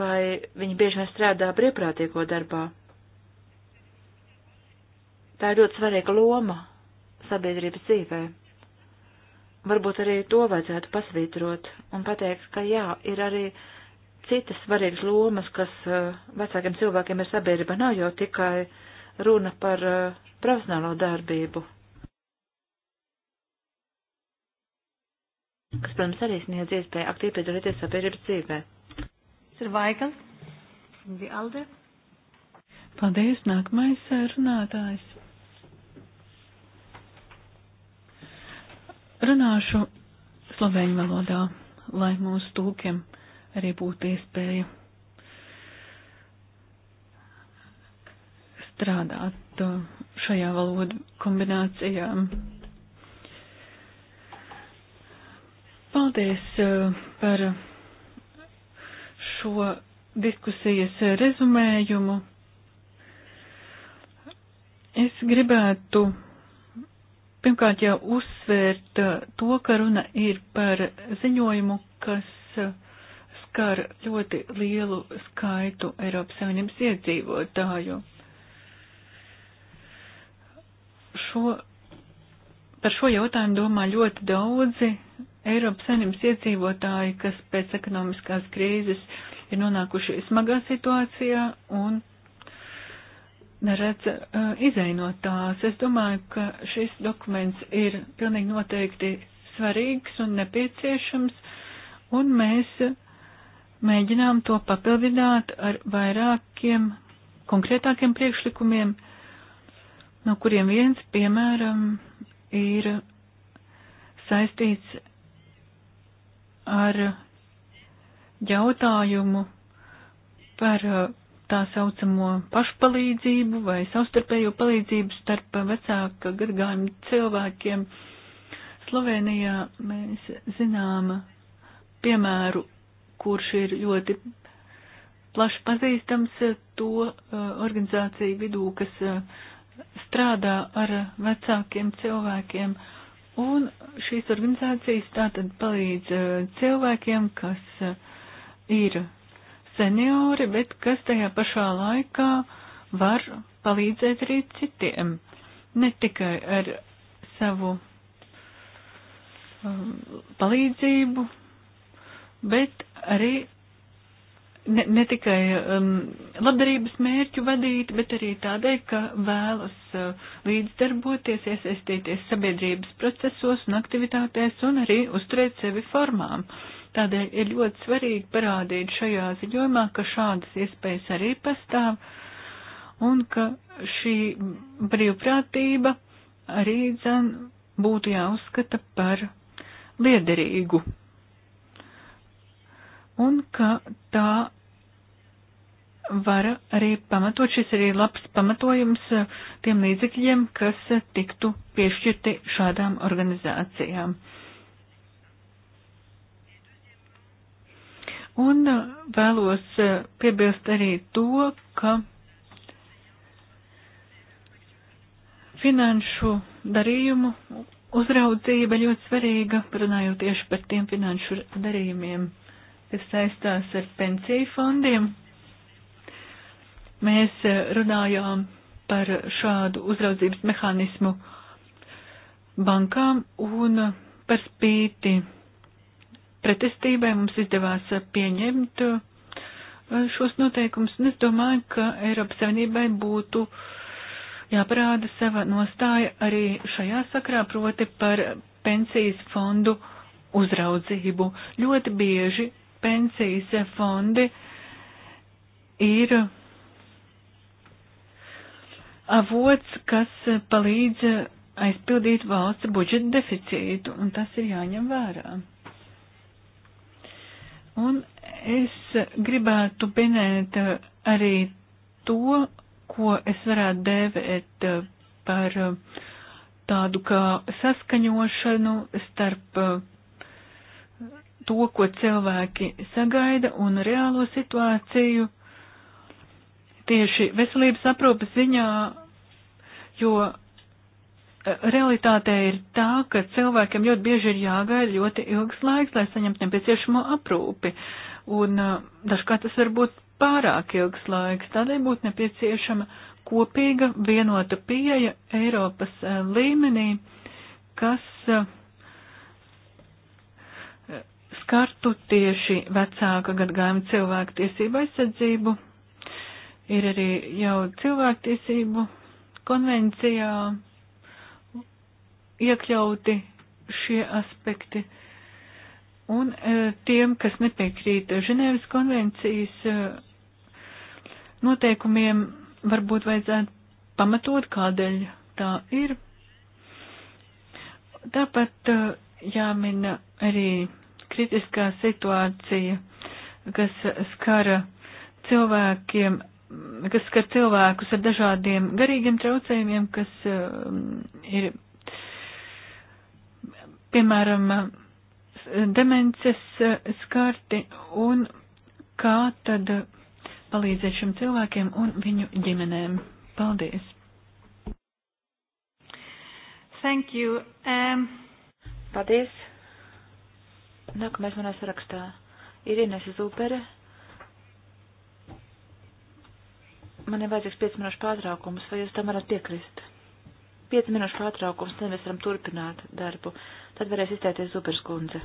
Vai viņi bieži vien strādā brīvprātīgo darbā? Tā ir ļoti svarīga loma sabiedrības dzīvē. Varbūt arī to vajadzētu pasvītrot un pateikt, ka jā, ir arī citas svarīgas lomas, kas eh, vecākiem cilvēkiem ir sabiedrība, nav jau tikai runa par eh, profesionālo darbību. kas, protams, arī sniedz iespēju aktīvi piedalīties sabiedrības dzīvē. Ir Vaigals, Alde. Paldies, nākamais eh, runātājs. Runāšu slovēņu valodā, lai mūsu tūkiem arī būtu iespēja strādāt eh, šajā valodu kombinācijām. Paldies eh, par šo diskusijas rezumējumu. Es gribētu pirmkārt jau uzsvērt eh, to, ka runa ir par ziņojumu, kas eh, skar ļoti lielu skaitu Eiropas Savienības iedzīvotāju. Šo, par šo jautājumu domā ļoti daudzi Eiropas saimnības iedzīvotāji, kas pēc ekonomiskās krīzes ir nonākuši smagā situācijā un neredz uh, eh, izainot tās. Es domāju, ka šis dokuments ir pilnīgi noteikti svarīgs un nepieciešams, un mēs mēģinām to papildināt ar vairākiem konkrētākiem priekšlikumiem, no kuriem viens, piemēram, ir saistīts ar jautājumu par uh, tā saucamo pašpalīdzību vai savstarpējo palīdzību starp vecāka gadgājuma cilvēkiem. Slovenijā mēs zinām piemēru, kurš ir ļoti plaši pazīstams to uh, organizāciju vidū, kas uh, strādā ar vecākiem cilvēkiem. Uh, Un šīs organizācijas tātad palīdz uh, cilvēkiem, kas uh, ir seniori, bet kas tajā pašā laikā var palīdzēt arī citiem. Ne tikai ar savu um, palīdzību, bet arī ne, ne tikai um, labdarības mērķu vadīti, bet arī tādēļ, ka vēlas uh, līdzdarboties, iesaistīties sabiedrības procesos un aktivitātēs un arī uzturēt sevi formām. Tādēļ ir ļoti svarīgi parādīt šajā ziņojumā, ka šādas iespējas arī pastāv un ka šī brīvprātība arī dzen būtu jāuzskata par liederīgu un ka tā var arī pamatot, šis arī labs pamatojums eh, tiem līdzekļiem, kas eh, tiktu piešķirti šādām organizācijām. Un eh, vēlos piebilst arī to, ka finanšu darījumu uzraudzība ļoti svarīga, runājot tieši par tiem finanšu darījumiem kas saistās ar pensiju fondiem. Mēs eh, runājām par šādu uzraudzības mehānismu bankām un par spīti pretestībai mums izdevās pieņemt eh, šos noteikumus. Un es domāju, ka Eiropas Savienībai būtu jāparāda sava nostāja arī šajā sakrā, proti par pensijas fondu uzraudzību. Ļoti bieži pensijas fondi ir avots, kas palīdz aizpildīt valsts budžeta deficītu, un tas ir jāņem vērā. Un es gribētu pinēt arī to, ko es varētu dēvēt par tādu kā saskaņošanu starp uh, to, ko cilvēki sagaida un reālo situāciju tieši veselības aprūpas ziņā, jo e, realitāte ir tā, ka cilvēkiem ļoti bieži ir jāgaida ļoti ilgs laiks, lai saņemtu nepieciešamo aprūpi. Un e, dažkārt tas var būt pārāk ilgs laiks, tādēļ būtu nepieciešama kopīga vienota pieeja Eiropas e, līmenī, kas uh, skartu tieši vecāka gadgājuma cilvēku tiesību aizsardzību. Ir arī jau cilvēktiesību konvencijā iekļauti šie aspekti. Un e, tiem, kas nepiekrīt Ženēvas konvencijas e, noteikumiem, varbūt vajadzētu pamatot, kādēļ tā ir. Tāpat e, jāmina arī kritiskā situācija, kas skara cilvēkiem, kas skar cilvēkus ar dažādiem garīgiem traucējumiem, kas um, ir, piemēram, demences skarti un kā tad palīdzēt šiem cilvēkiem un viņu ģimenēm. Paldies! Thank you. Um, Paldies! Nākamais manā sarakstā ir Inese Zūpere. Man ir vajadzīgs 5 minūšu pārtraukums, vai jūs tam varat piekrist? 5 minūšu pārtraukums, tad mēs varam turpināt darbu. Tad varēs izteikties Zūperes kundze.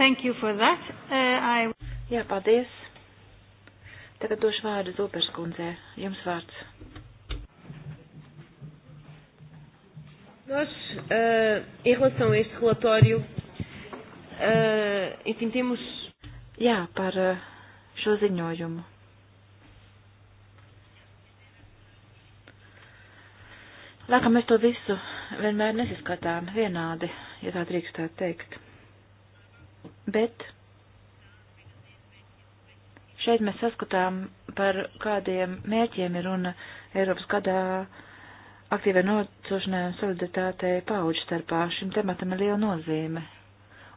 Thank you for that. Uh, I... Jā, paldies. Tagad došu vārdu Zoperskundzē. Jums vārds. Nós, uh, em relação a este relatório, uh, eh, enfim, temos. Jā, par uh, šo ziņojumu. Laikam mēs to visu vienmēr nesaskatām vienādi, ja tā drīkstētu teikt bet šeit mēs saskatām, par kādiem mērķiem ir runa Eiropas gadā aktīvai nocošanai un solidaritātei pauģu starpā. Šim tematam ir liela nozīme.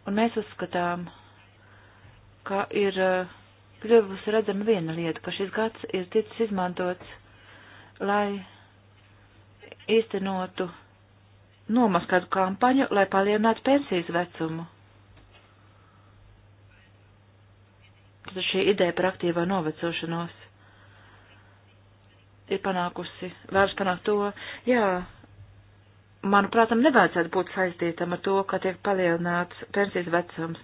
Un mēs uzskatām, ka ir uh, kļuvusi redzama viena lieta, ka šis gads ir ticis izmantots, lai īstenotu nomaskatu kampaņu, lai palielinātu pensijas vecumu. tad šī ideja par aktīvā novecošanos ir panākusi, vērs panākt to, jā, manuprāt, tam nevajadzētu būt saistītam ar to, ka tiek palielināts pensijas vecums.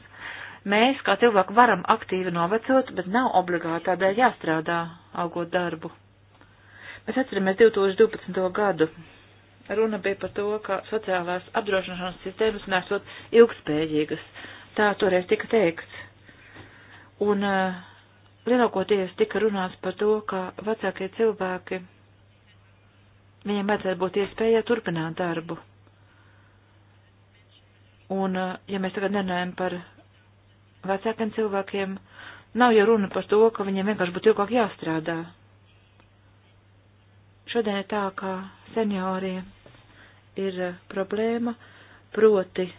Mēs, kā cilvēki, varam aktīvi novecot, bet nav obligāti tādēļ jāstrādā, augot darbu. Mēs atceramies 2012. gadu. Runa bija par to, ka sociālās apdrošināšanas sistēmas nesot ilgspējīgas. Tā toreiz tika teikts. Un uh, lielākoties tika runāts par to, ka vecākie cilvēki, viņiem vajadzētu būt iespējā turpināt darbu. Un, uh, ja mēs tagad nerunājam par vecākiem cilvēkiem, nav jau runa par to, ka viņiem vienkārši būtu ilgāk jāstrādā. Šodien ir tā, ka seniori ir eh, problēma, proti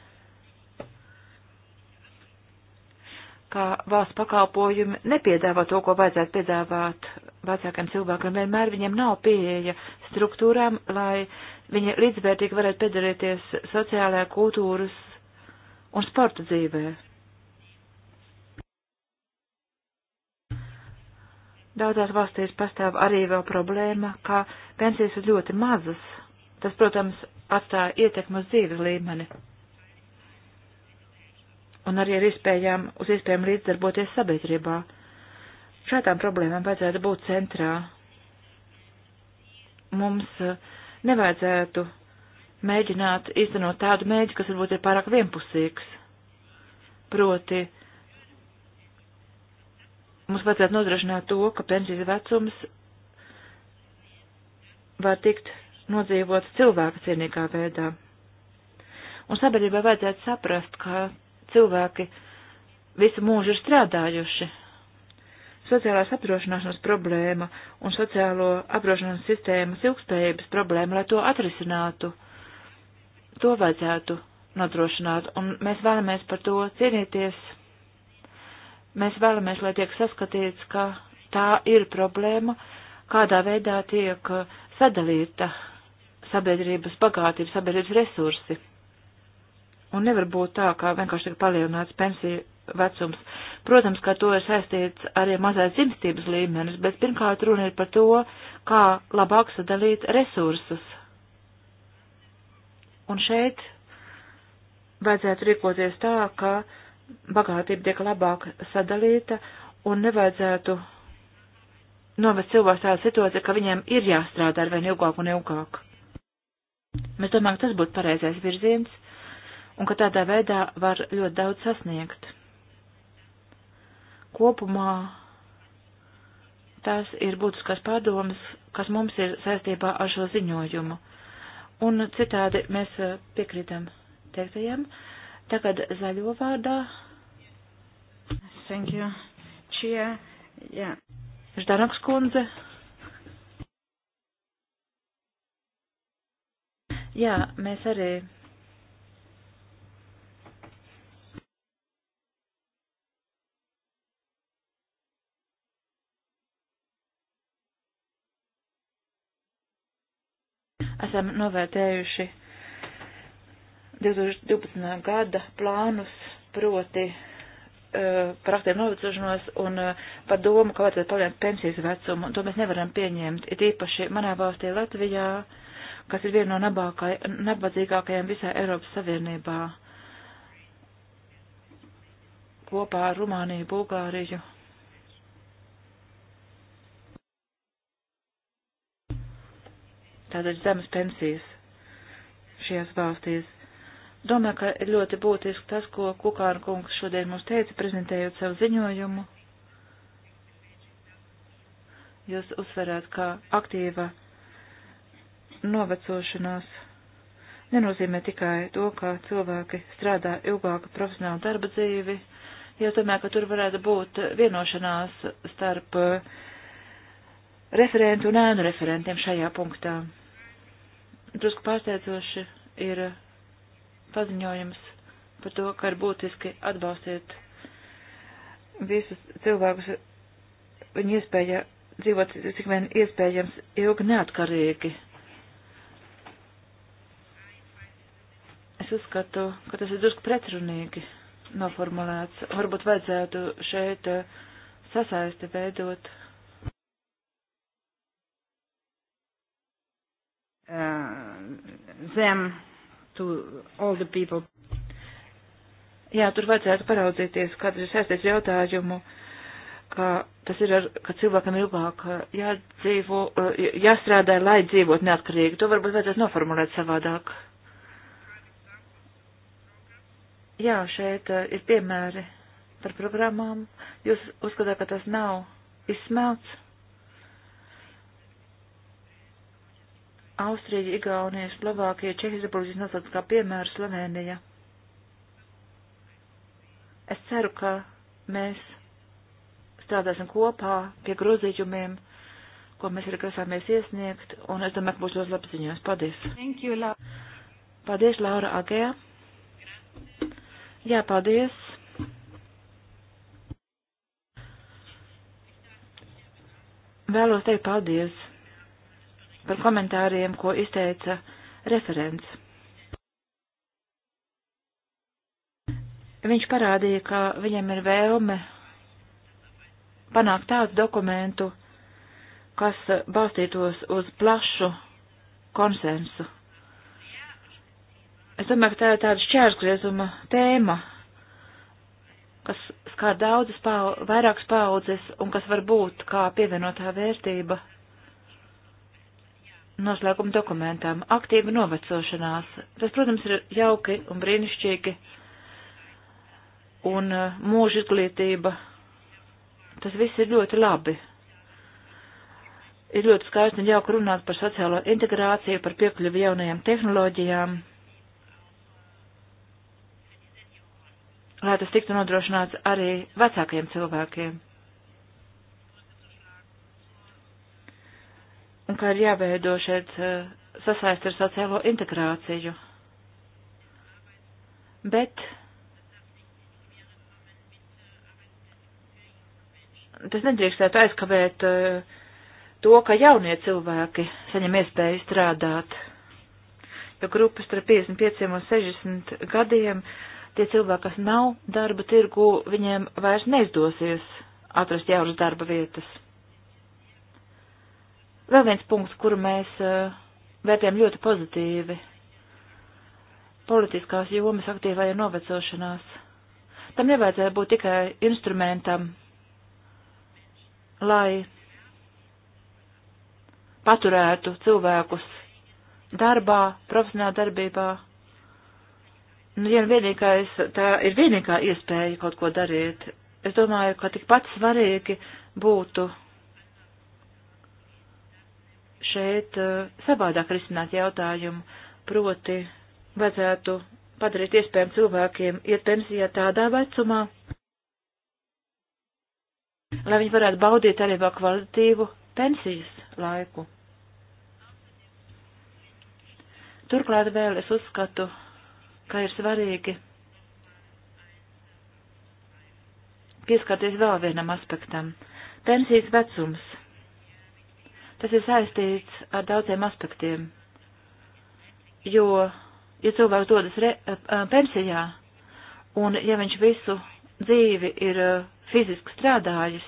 ka valsts pakalpojumi nepiedāvā to, ko vajadzētu piedāvāt vecākiem cilvēkiem. Vienmēr viņiem nav pieeja struktūrām, lai viņi līdzvērtīgi varētu piedalīties sociālajā, kultūras un sporta dzīvē. Daudzās valstīs pastāv arī vēl problēma, ka pensijas ir ļoti mazas. Tas, protams, atstāja ietekmu uz dzīves līmeni un arī ar iespējām, uz iespējām līdzdarboties sabiedrībā. Šādām problēmām vajadzētu būt centrā. Mums eh, nevajadzētu mēģināt iztenot tādu mēģi, kas varbūt ir pārāk vienpusīgs. Proti, mums vajadzētu nodrošināt to, ka pensijas vecums var tikt nodzīvots cilvēka cienīgā veidā. Un sabiedrībai vajadzētu saprast, ka cilvēki visu mūžu ir strādājuši. Sociālās apdrošināšanas problēma un sociālo apdrošināšanas sistēmas ilgspējības problēma, lai to atrisinātu, to vajadzētu nodrošināt, un mēs vēlamies par to cīnīties. Mēs vēlamies, lai tiek saskatīts, ka tā ir problēma, kādā veidā tiek sadalīta sabiedrības bagātība, sabiedrības resursi. Un nevar būt tā, ka vienkārši tiek palielināts pensiju vecums. Protams, ka to ir saistīts arī mazais dzimstības līmenis, bet pirmkārt runa ir par to, kā labāk sadalīt resursus. Un šeit vajadzētu rīkoties tā, ka bagātība tiek labāk sadalīta un nevajadzētu novest cilvēku tādā situācijā, ka viņiem ir jāstrādā ar vien ilgāk un ilgāk. Mēs domājam, ka tas būtu pareizais virziens un ka tādā veidā var ļoti daudz sasniegt. Kopumā tās ir būtiskās pārdomas, kas mums ir saistībā ar šo ziņojumu, un citādi mēs eh, piekrītam teiktajam. Tagad zaļo vārdā. Thank you. Chia. Jā. Yeah. Ždanaks kundze. Jā, mēs arī esam novērtējuši 2012. gada plānus, proti uh, par aktīvu novecošanos un uh, par domu, ka vajadzētu palielināt pensijas vecumu. To mēs nevaram pieņemt. Ir īpaši manā valstī Latvijā, kas ir viena no nabākai, nabadzīgākajām visā Eiropas Savienībā kopā ar Rumāniju, Bulgāriju tātad zemes pensijas šajās valstīs. Domāju, ka ir ļoti būtiski tas, ko Kukāna kungs šodien mums teica, prezentējot savu ziņojumu. Jūs uzsverāt, ka aktīva novecošanās nenozīmē tikai to, ka cilvēki strādā ilgāku profesionālu darba dzīvi, jo tomēr, ka tur varētu būt vienošanās starp referentu un ēnu referentiem šajā punktā drusku pārsteidzoši ir paziņojums par to, ka ir būtiski atbalstīt visus cilvēkus viņu iespēja dzīvot, cik vien iespējams, ilgi neatkarīgi. Es uzskatu, ka tas ir drusku pretrunīgi noformulēts. Varbūt vajadzētu šeit sasaisti veidot Uh, them to all the people. Jā, tur vajadzētu paraudzīties, kā tas ir saistīts jautājumu, ka tas ir, ar, ka cilvēkam ilgāk uh, jādzīvo, uh, jāstrādā, lai dzīvot neatkarīgi. To varbūt vajadzētu noformulēt savādāk. Jā, šeit ir piemēri par programmām. Jūs uzskatāt, ka tas nav izsmelts? Austrija, Igaunija, Slovākija, Čehijas Republikas nosauc kā piemēru Slovenija. Es ceru, ka mēs strādāsim kopā pie grozījumiem, ko mēs arī grasāmies iesniegt, un es domāju, ka būs ļoti labi ziņās. Paldies! Thank you, Laura. Paldies, Laura Agēja! Jā, paldies! Vēlos teikt paldies! par komentāriem, ko izteica referents. Viņš parādīja, ka viņam ir vēlme panākt tādu dokumentu, kas balstītos uz plašu konsensu. Es domāju, ka tā ir tāda šķērsgriezuma tēma, kas skar daudzas, pau, vairākas paudzes un kas var būt kā pievienotā vērtība noslēguma dokumentam - aktīva novecošanās. Tas, protams, ir jauki un brīnišķīgi, un eh, mūža izglītība. Tas viss ir ļoti labi. Ir ļoti skaisti un jauki runāt par sociālo integrāciju, par piekļuvi jaunajām tehnoloģijām, lai tas tiktu nodrošināts arī vecākiem cilvēkiem. un kā ir jāveido šeit eh, sasaist ar sociālo integrāciju. Bet tas nedrīkstētu aizkavēt eh, to, ka jaunie cilvēki saņem iespēju strādāt, jo grupas starp 55 un 60 gadiem tie cilvēki, kas nav darba tirgu, viņiem vairs neizdosies atrast jaunas darba vietas. Vēl viens punkts, kuru mēs eh, vērtējam ļoti pozitīvi. Politiskās jomas aktīvajā novecošanās. Tam nevajadzēja būt tikai instrumentam, lai paturētu cilvēkus darbā, profesionālā darbībā. Nu, ja vienīgais, tā ir vienīgā iespēja kaut ko darīt. Es domāju, ka tikpat svarīgi būtu šeit eh, savādāk risināt jautājumu, proti vajadzētu padarīt iespējami cilvēkiem iet pensijā tādā vecumā, lai viņi varētu baudīt arī vēl kvalitatīvu pensijas laiku. Turklāt vēl es uzskatu, ka ir svarīgi pieskarties vēl vienam aspektam - pensijas vecums Tas ir saistīts ar daudziem aspektiem, jo, ja cilvēks dodas re, eh, eh, pensijā, un ja viņš visu dzīvi ir eh, fiziski strādājis,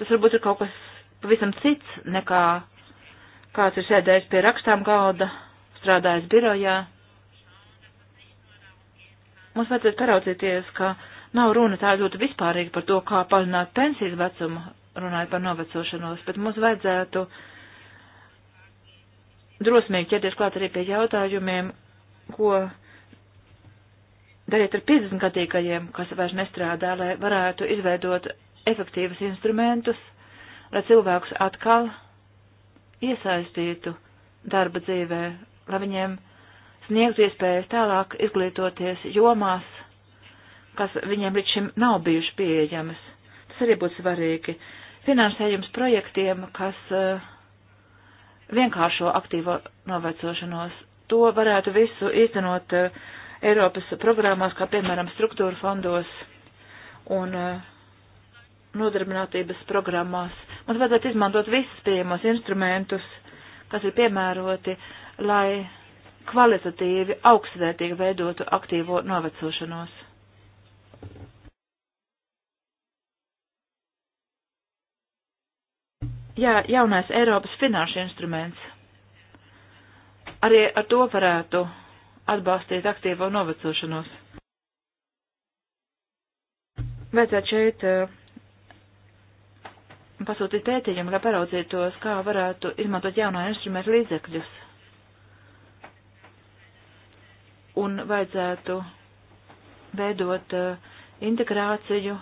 tas varbūt ir kaut kas pavisam cits nekā kāds ir sēdējis pie rakstām galda, strādājis birojā. Mums vajadzētu paraudzīties, ka nav runa tā ļoti vispārīgi par to, kā palināt pensijas vecumu, runāju par novecošanos, bet mums vajadzētu drosmīgi ķerties klāt arī pie jautājumiem, ko darīt ar 50 gadīgajiem, kas vairs nestrādā, lai varētu izveidot efektīvas instrumentus, lai cilvēkus atkal iesaistītu darba dzīvē, lai viņiem sniegtu iespējas tālāk izglītoties jomās, kas viņiem līdz šim nav bijuši pieejamas. Tas arī būtu svarīgi finansējums projektiem, kas eh, vienkāršo aktīvo novecošanos. To varētu visu īstenot eh, Eiropas programmās, kā piemēram struktūra fondos un eh, nodarbinātības programmās. Mums vajadzētu izmantot visus pieejamos instrumentus, kas ir piemēroti, lai kvalitatīvi augstvērtīgi veidotu aktīvo novecošanos. Jā, jaunais Eiropas finanšu instruments. Arī ar to varētu atbalstīt aktīvo novecošanos. Vajadzētu šeit uh, pasūtīt pētījumu, lai paraudzītos, kā varētu izmantot jauno instrumentu līdzekļus. Un vajadzētu veidot uh, integrāciju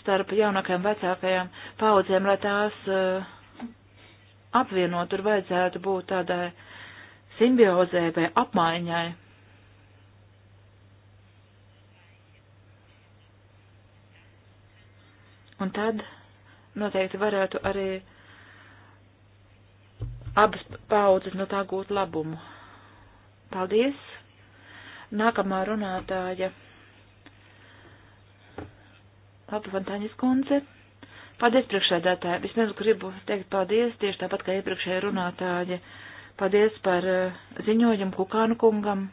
starp jaunākajām vecākajām paudzēm, lai tās eh, apvienot, tur vajadzētu būt tādai simbiozē vai apmaiņai. Un tad noteikti varētu arī abas paudzes no tā gūt labumu. Paldies! Nākamā runātāja. Papa Fantaņas kundze. Paldies priekšēdētāji. Vismaz gribu teikt paldies tieši tāpat kā iepriekšēja runātāja. Paldies par eh, ziņojumu Kukānu kungam.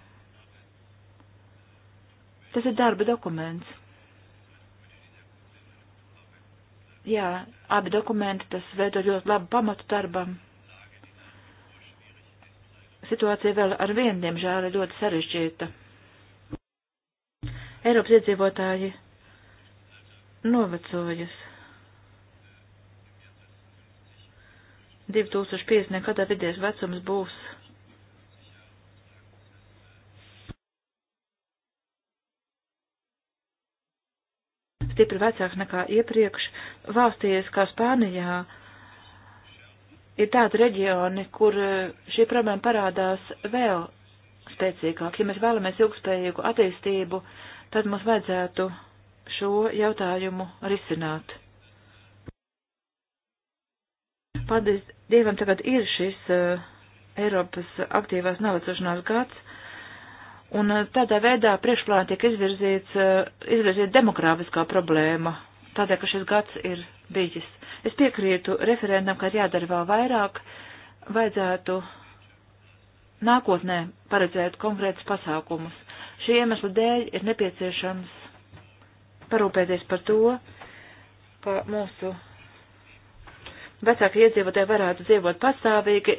Tas ir darba dokuments. Jā, abi dokumenti tas veido ļoti labu pamatu darbam. Situācija vēl ar vienu, diemžēl, ir ļoti sarežģīta. Eiropas iedzīvotāji novecojas. 2050. gadā vidējais vecums būs. Stipri vecāks nekā iepriekš. Valstīs kā Spānijā ir tādi reģioni, kur e, šī problēma parādās vēl spēcīgāk. Ja mēs vēlamies ilgspējīgu attīstību, tad mums vajadzētu šo jautājumu risināt. Paldies Dievam tagad ir šis uh, Eiropas aktīvās novecošanās gads, un uh, tādā veidā priekšplānā tiek izvirzīts, uh, eh, izvirzīta demokrāfiskā problēma, tādēļ, ka šis gads ir bijis. Es piekrītu referendam, ka ir jādara vēl vairāk, vajadzētu nākotnē paredzēt konkrētus pasākumus. Šī iemesla dēļ ir nepieciešams parūpēties par to, ka mūsu vecāki iedzīvotāji varētu dzīvot pastāvīgi,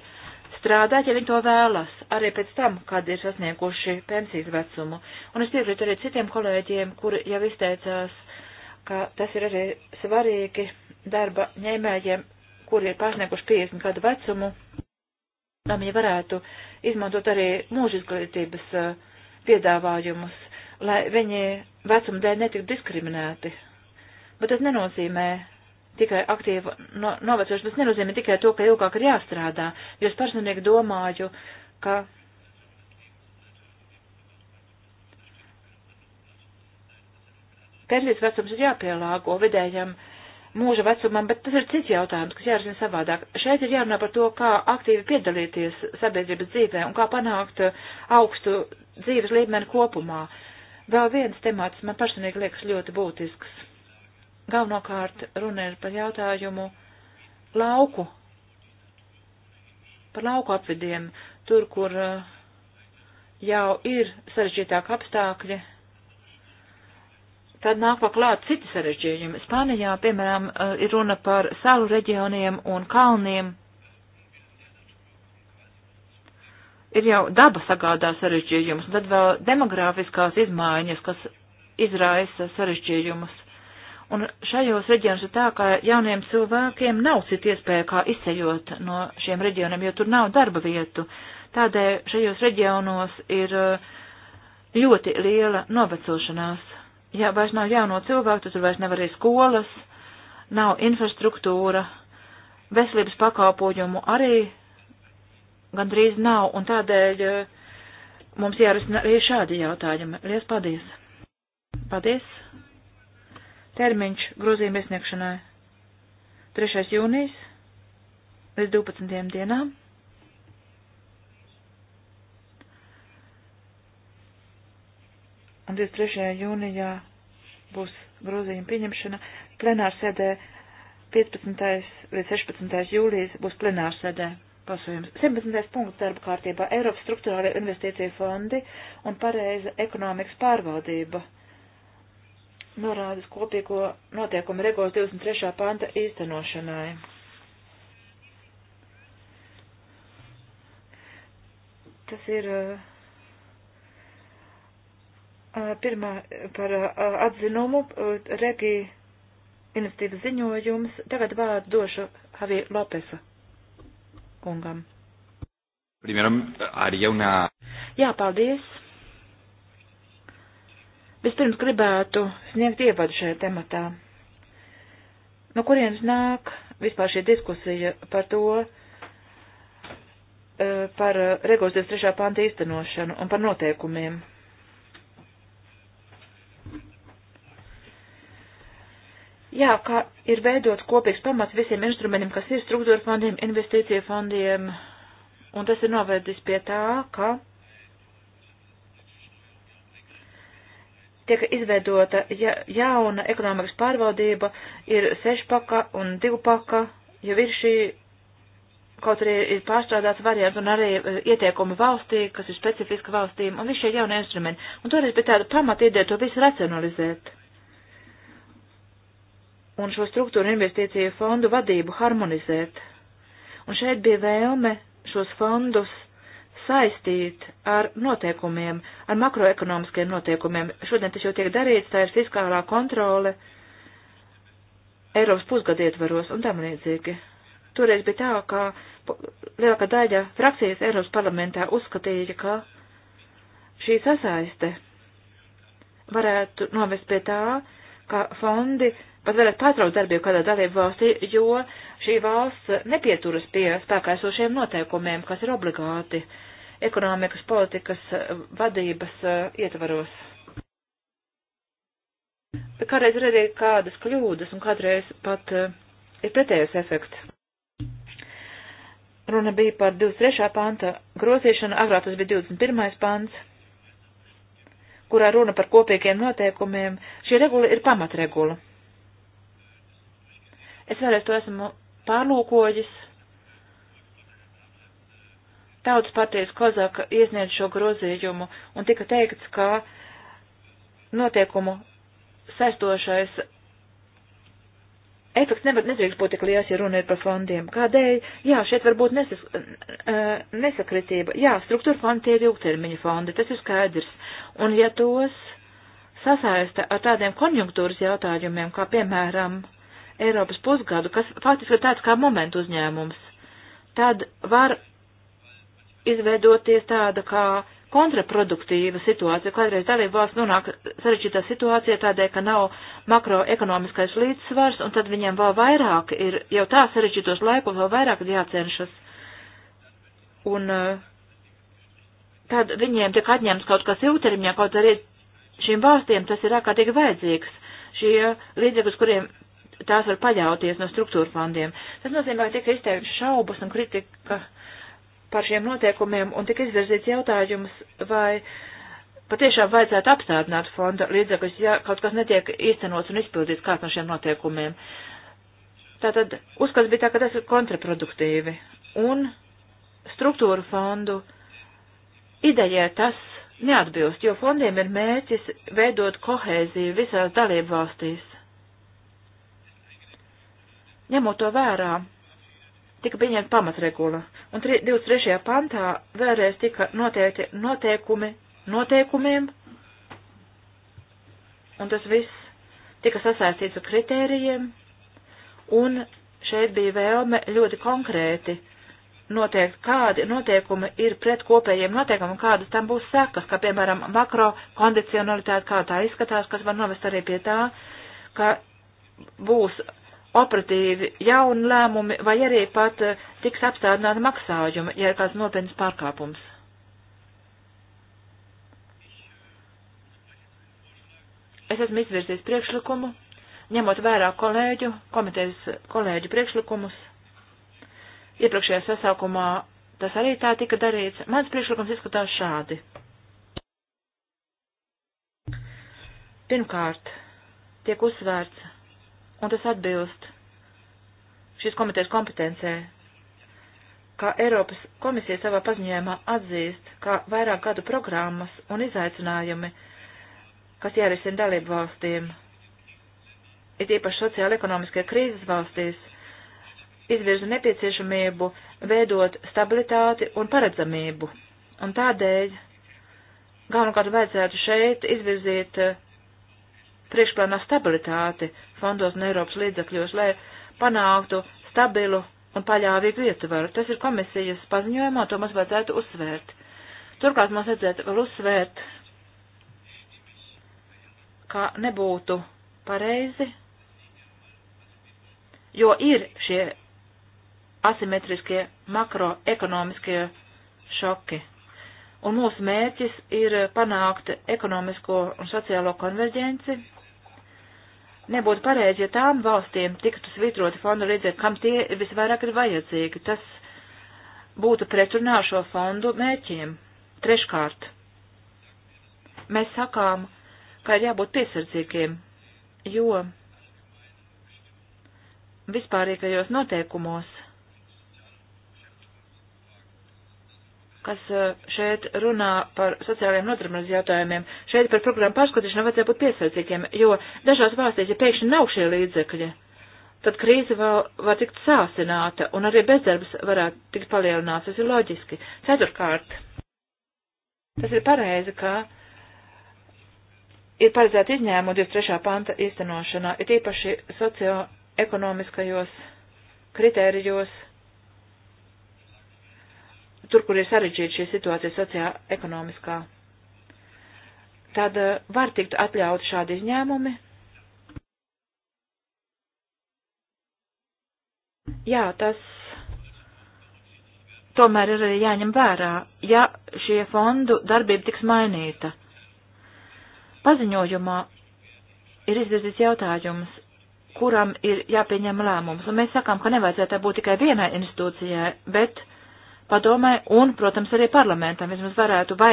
strādāt, ja viņi to vēlas, arī pēc tam, kad ir sasnieguši pensijas vecumu. Un es piekrītu arī citiem kolēģiem, kuri jau izteicās, ka tas ir arī svarīgi darba ņēmējiem, kuri ir pārsnieguši 50 gadu vecumu, tam viņi varētu izmantot arī mūža izglītības eh, piedāvājumus, lai viņi vecuma dēļ netiktu diskriminēti. Bet tas nenozīmē, tikai aktīvu no, novecošanu. Tas nenozīmē tikai to, ka ilgāk ir jāstrādā, jo es personīgi domāju, ka. Pensijas vecums ir jāpielāgo vidējam mūža vecumam, bet tas ir cits jautājums, kas jārisina savādāk. Šeit ir jārunā par to, kā aktīvi piedalīties sabiedrības dzīvē un kā panākt augstu dzīves līmeni kopumā. Vēl viens temats man personīgi liekas ļoti būtisks. Galvenokārt runa ir par jautājumu lauku, par lauku apvidiem, tur, kur eh, jau ir sarežģītāki apstākļi, tad nāk vēl klāt citi sarežģījumi. Spānijā, piemēram, eh, ir runa par salu reģioniem un kalniem. Ir jau daba sagādā sarežģījumus, un tad vēl demogrāfiskās izmaiņas, kas izraisa sarežģījumus. Un šajos reģionos ir tā, ka jauniem cilvēkiem nav cita iespēja kā izsejot no šiem reģioniem, jo tur nav darba vietu. Tādēļ šajos reģionos ir eh, ļoti liela novecošanās. Ja vairs nav jauno cilvēku, tad tur vairs nevar arī skolas, nav infrastruktūra, veselības pakalpojumu arī gandrīz nav, un tādēļ eh, mums jārisina arī šādi jautājumi. Lies paldies! Paldies! Termiņš grozījuma iesniegšanai 3. jūnijas līdz 12. dienām. Un 23. jūnijā būs grozījuma pieņemšana. Plenārsēdē 15. līdz 16. jūlijas būs plenārsēdē pasūjums. 17. punkts darba kārtībā Eiropas struktūrālajā investīcija fondi un pareiza ekonomikas pārvaldība norādas kopīgo notiekumu regulas 23. panta īstenošanai. Tas ir pirmā par atzinumu Regi iniciatīvas ziņojums. Tagad vārdu došu Havi Lopesa kungam. Primēram, arī jaunā. Jā, paldies. Vispirms gribētu sniegt ievadu šajā tematā. No kurienes nāk vispār šī diskusija par to, eh, par regulas 23. panta īstenošanu un par noteikumiem? Jā, kā ir veidot kopīgs pamats visiem instrumentiem, kas ir struktūra fondiem, investīcija fondiem, un tas ir novedis pie tā, ka tiek izveidota ja, jauna ekonomikas pārvaldība, ir sešpaka un divpaka, jau ir šī, kaut arī ir pārstrādāts variants un arī e, ieteikumi valstī, kas ir specifiski valstīm, un visi šie jaunie instrumenti. Un toreiz bija tāda pamata ideja to visu racionalizēt. Un šo struktūru investīciju fondu vadību harmonizēt. Un šeit bija vēlme šos fondus saistīt ar noteikumiem, ar makroekonomiskiem noteikumiem. Šodien tas jau tiek darīts, tā ir fiskālā kontrole Eiropas pusgadu ietvaros un tam līdzīgi. Toreiz bija tā, ka lielākā daļa frakcijas Eiropas parlamentā uzskatīja, ka šī sasaiste varētu novest pie tā, ka fondi pat varētu pārtraukt darbību kādā dalību valstī, jo šī valsts nepieturas pie spēkā esošiem noteikumiem, kas ir obligāti ekonomikas politikas vadības eh, ietvaros. Bet kādreiz ir arī kādas kļūdas un kādreiz pat eh, ir pretējais efekts. Runa bija par 23. panta grozīšanu, agrāk tas bija 21. pants, kurā runa par kopīgiem noteikumiem. Šī regula ir pamatregula. Es vēlreiz to esmu pārlūkojis Tautas partijas Kozaka iesniedz šo grozījumu un tika teikts, ka notiekumu saistošais efekts nevar, nedrīkst būt tik liels, ja runa ir par fondiem. Kādēļ? Jā, šeit var būt nesas, nesakritība. Jā, struktūra fondi tie ir ilgtermiņa fondi, tas ir skaidrs. Un ja tos sasaista ar tādiem konjunktūras jautājumiem, kā piemēram Eiropas pusgadu, kas faktiski ir tāds kā momentu uzņēmums, tad var izveidoties tāda kā kontraproduktīva situācija. Kādreiz dalība valsts nonāk sarežģītā situācijā tādēļ, ka nav makroekonomiskais līdzsvars, un tad viņiem vēl vairāk ir jau tā sarežģītos laikos, vēl vairāk ir jācenšas. Un eh, tad viņiem tiek atņemts kaut kas ilgtermiņā, kaut arī šīm valstīm tas ir ārkārtīgi vajadzīgs. Šie līdzekļi, uz kuriem tās var paļauties no struktūra fondiem. Tas nozīmē, ka tika izteikts šaubas un kritika par šiem noteikumiem un tika izvirzīts jautājums, vai patiešām vajadzētu apstādināt fonda līdzekļus, ja kaut kas netiek īstenots un izpildīts kāds no šiem noteikumiem. Tātad uzskats bija tā, ka tas ir kontraproduktīvi. Un struktūru fondu idejai tas neatbilst, jo fondiem ir mērķis veidot kohēziju visās dalību valstīs. Ņemot to vērā, tika pieņemta pamatregula, un 23. pantā vēlreiz tika noteikti noteikumi noteikumiem, un tas viss tika sasaistīts ar kritērijiem, un šeit bija vēlme ļoti konkrēti noteikt, kādi noteikumi ir pret kopējiem noteikumiem, kādas tam būs sekas, kā piemēram makrokondicionalitāte, kā tā izskatās, kas var novest arī pie tā, ka būs operatīvi jauni lēmumi vai arī pat eh, tiks apstādināta maksājuma, ja ir kāds nopietns pārkāpums. Es esmu izvirzījis priekšlikumu, ņemot vērā kolēģu, komitejas kolēģu priekšlikumus. Iepriekšējā sasaukumā tas arī tā tika darīts. Mans priekšlikums izskatās šādi. Pirmkārt, tiek uzsvērts un tas atbilst šīs komitejas kompetencē, kā Eiropas komisija savā paziņojumā atzīst, kā vairāk gadu programmas un izaicinājumi, kas jārisina dalību valstīm, it īpaši sociāla-ekonomiskie krīzes valstīs, izvirza nepieciešamību veidot stabilitāti un paredzamību, un tādēļ galvenokārt vajadzētu šeit izvirzīt uh, priekšplānā stabilitāti fondos un Eiropas līdzakļos, lai panāktu stabilu un paļāvīgu ietvaru. Tas ir komisijas paziņojumā, to mums vajadzētu uzsvērt. Turklāt mums vajadzētu vēl uzsvērt, ka nebūtu pareizi, jo ir šie asimetriskie makroekonomiskie šoki. Un mūsu mērķis ir panākt ekonomisko un sociālo konverģenci, nebūtu pareizi, ja tām valstīm tiktu svitroti fondu līdzekļi, kam tie visvairāk ir vajadzīgi. Tas būtu pretrunā šo fondu mērķiem. Treškārt, mēs sakām, ka ir jābūt piesardzīgiem, jo vispārīgajos noteikumos kas eh, šeit runā par sociālajiem nodarbinātības jautājumiem. Šeit par programmu pārskatīšanu vajadzētu būt piesardzīgiem, jo dažās valstīs, ja pēkšņi nav šie līdzekļi, tad krīze vēl var tikt sāsināta un arī bezdarbs varētu tikt palielināts. Tas ir loģiski. Ceturkārt, tas ir pareizi, ka ir paredzēta izņēmuma 23. panta īstenošanā, ir īpaši socioekonomiskajos kritērijos tur, kur ir sarežģīta šī situācija sociāla-ekonomiskā, tad eh, var tikt atļauti šādi izņēmumi. Jā, tas tomēr ir jāņem vērā, ja šie fondu darbība tiks mainīta. Paziņojumā ir izvirzīts jautājums, kuram ir jāpieņem lēmums, un mēs sakām, ka nevajadzētu būt tikai vienai institūcijai, bet padomai un, protams, arī parlamentam. Vismaz varētu vai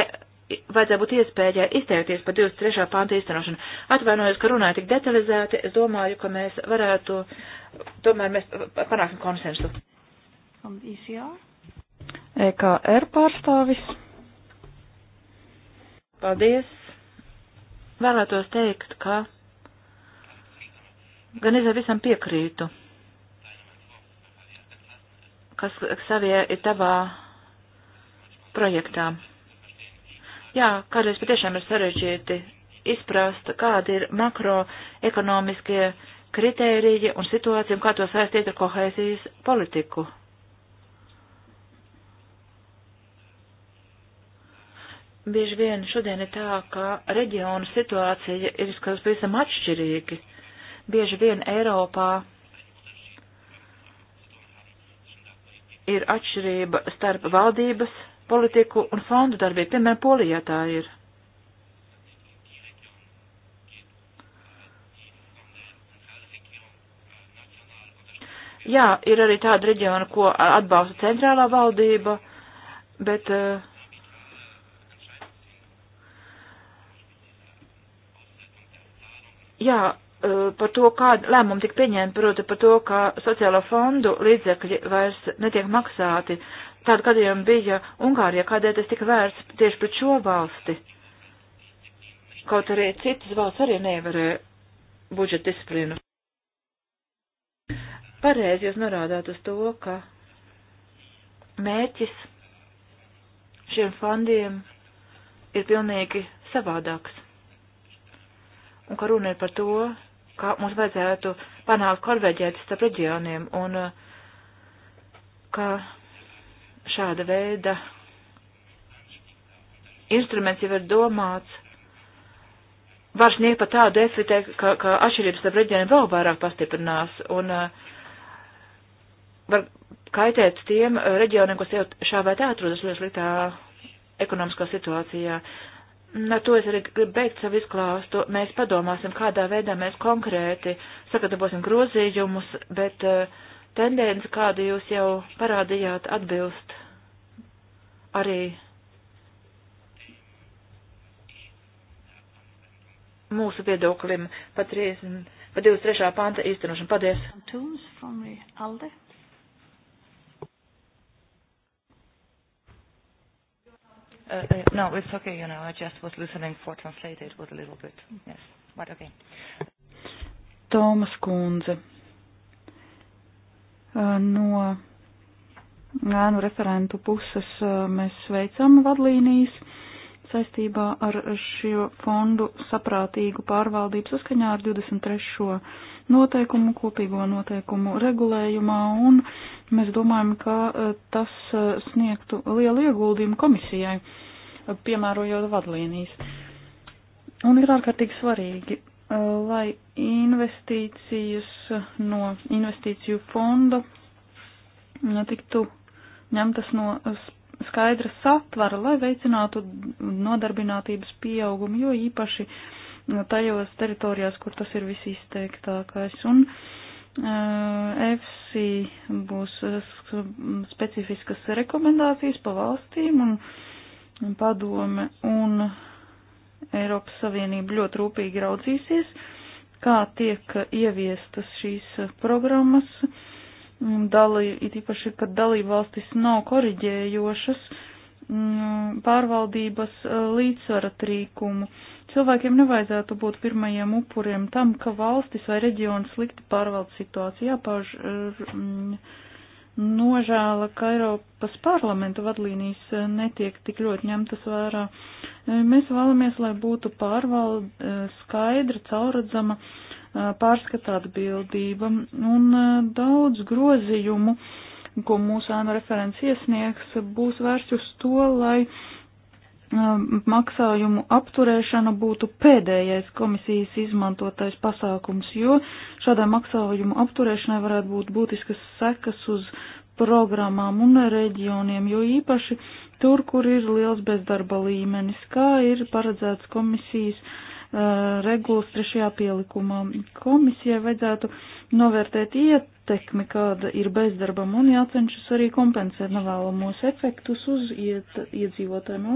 vajadzēja būt iespējai izteikties par 23. pāntu īstenošanu. Atvainojos, ka runāju tik detalizēti, es domāju, ka mēs varētu, tomēr mēs panāksim konsensu. EKR e pārstāvis. Paldies. Vēlētos teikt, ka gan es visam piekrītu kas savie ir tavā projektā. Jā, kādreiz patiešām ir sarežģīti izprast, kādi ir makroekonomiskie kritēriji un situācija un kā to saistīt ar kohēzijas politiku. Bieži vien šodien ir tā, ka reģionu situācija ir izskatās pavisam atšķirīgi. Bieži vien Eiropā ir atšķirība starp valdības politiku un fondu darbību. Piemēram, Polijā tā ir. Jā, ir arī tāda reģiona, ko atbalsta centrālā valdība, bet uh, jā, Eh, par to, kāda lēmuma tika pieņēma, proti par to, ka sociālo fondu līdzekļi vairs netiek maksāti. Tāda gadījuma bija Ungārijā, kādēļ tas tika vērsts tieši pret šo valsti. Kaut arī citas valsts arī nevarēja budžeta disciplīnu. Pareizi jūs norādāt uz to, ka mērķis šiem fondiem ir pilnīgi savādāks. Un ka runa ir par to, kā mums vajadzētu panākt konverģēt starp reģioniem un eh, ka šāda veida instruments jau ir domāts, var sniegt pat tādu efektu, ka, ka atšķirības starp reģioniem vēl vairāk pastiprinās un eh, var kaitēt tiem reģioniem, kas jau šā vai tā atrodas ļoti sliktā ekonomiskā situācijā. Na, to es arī gribu beigt savu izklāstu. Mēs padomāsim, kādā veidā mēs konkrēti sagatavosim grozījumus, bet uh, tendence, kādu jūs jau parādījāt, atbilst arī mūsu viedoklim par 23. panta īstenošanu. Paldies! Uh, uh, no, it's okay, you know, I just was listening for translated was a little bit, yes, but okay. Tomas Kundze uh, no ēnu referentu puses uh, mēs veicam vadlīnijas saistībā ar šo fondu saprātīgu pārvaldību saskaņā ar 23 noteikumu, kopīgo noteikumu regulējumā, un mēs domājam, ka e, tas e, sniegtu lielu ieguldījumu komisijai, e, piemērojot vadlīnijas. Un ir ārkārtīgi svarīgi, lai investīcijas no investīciju fonda tiktu ņemtas no skaidra satvara, lai veicinātu nodarbinātības pieaugumu, jo īpaši uh, Nu, tajos teritorijās, kur tas ir visizteiktākais. Un EFSI eh, būs eh, specifiskas rekomendācijas pa valstīm un padome un Eiropas Savienība ļoti rūpīgi raudzīsies, kā tiek ieviestas šīs programmas, dalī, it īpaši, kad dalība valstis nav koriģējošas, uh, Mm, pārvaldības eh, līdzsvara trīkumu. Cilvēkiem nevajadzētu būt pirmajiem upuriem tam, ka valstis vai reģions slikti pārvalda situāciju. Jāpauž eh, mm, nožēla, ka Eiropas parlamenta vadlīnijas eh, netiek tik ļoti ņemtas vērā. Mēs vēlamies, lai būtu pārvalda skaidra, cauradzama, pārskatā atbildība un daudz grozījumu ko mūsu ēnu referents iesniegs, būs vērsts uz to, lai um, maksājumu apturēšana būtu pēdējais komisijas izmantotais pasākums, jo šādai maksājumu apturēšanai varētu būt būtiskas sekas uz programmām un reģioniem, jo īpaši tur, kur ir liels bezdarba līmenis, kā ir paredzēts komisijas uh, Eh, regulas trešajā pielikumā. Komisijai vajadzētu novērtēt ietekmi, kāda ir bezdarbam, un jācenšas arī kompensēt nevēlamos efektus uz iet, iedzīvotājiem.